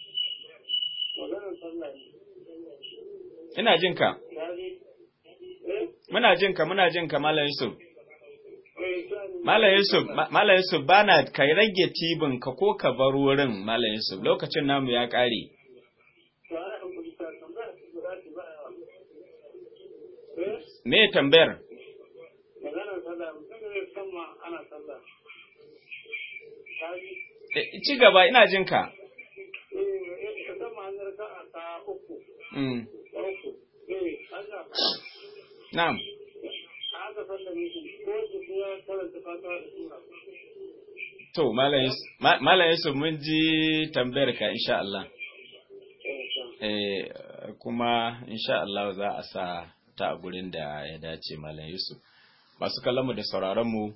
Ina jin ka. Eh? Muna jin ka, muna jin ka, Malam Yusuf. Eh, Malam Yusuf, Malam Yusuf, bana ka rage tibin ka ko ka bar wurin Malam Yusuf, lokacin namu ya ƙare. Eh? Me tambayar? Maganar sallah, mutum zai ana sallah. Eh, ci gaba ina jin ka. Mm. Na'am. To, Malam Yusuf mun ji tambayar ka insha Allah. Eh, kuma insha Allah za a sa ta a gurin da ya dace Malam Yusuf. Masu kallonmu da sauraronmu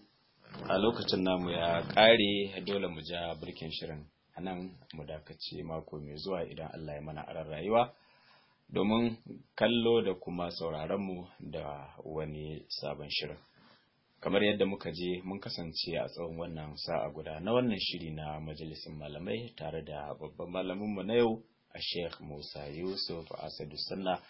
a lokacin namu ya kare dole mu ja birkin shirin a nan mu dakace mako mai zuwa idan Allah ya mana aran rayuwa domin kallo da kuma mu da wani sabon shirin. Kamar yadda muka je mun kasance a tsawon wannan sa'a guda na wannan shiri na majalisin malamai tare da babban malaminmu na yau a Sheikh Musa Yusuf Asadu Sanna.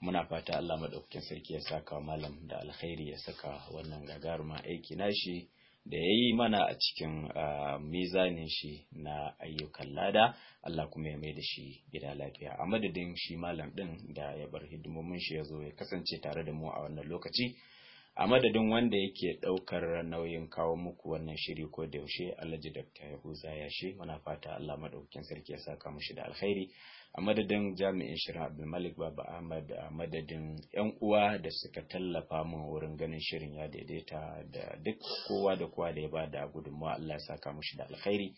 muna fata Allah maɗaukakin sarki ya saka malam da alkhairi ya saka wannan gagaruma aiki nashi da ya yi mana a cikin ah, mizanin shi na ayyukan lada Allah kuma ya mai da shi gida lafiya a madadin shi malam ɗin da ya bar hidimomin shi ya zo ya kasance tare da mu a wannan lokaci a madadin wanda yake ɗaukar nauyin kawo muku wannan shiri ko da yaushe Alhaji Dr. Yahuza ya shi muna fata Allah madaukakin sarki ya saka mushi da alkhairi a madadin jami'in shirin Malik baba ahmad a madadin yan uwa da suka tallafa min wurin ganin shirin ya daidaita da duk kowa da kowa da ya ba da gudunmawa allah ya saka mushi da alkhairi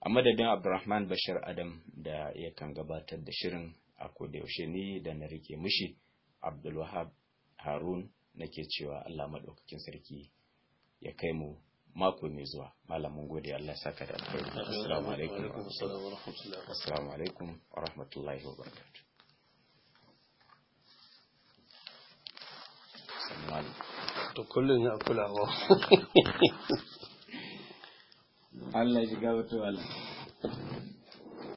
a madadin abdulrahman bashir adam da ya kan gabatar da shirin a kodayaushe ni da na rike mushi abdulwahab harun nake cewa allah maɗaukakin sarki ya kai mu mako mai zuwa malam gode Allah saka da alkhairi assalamu alaikum assalamu alaikum wa rahmatullahi wa barakatuh to Allah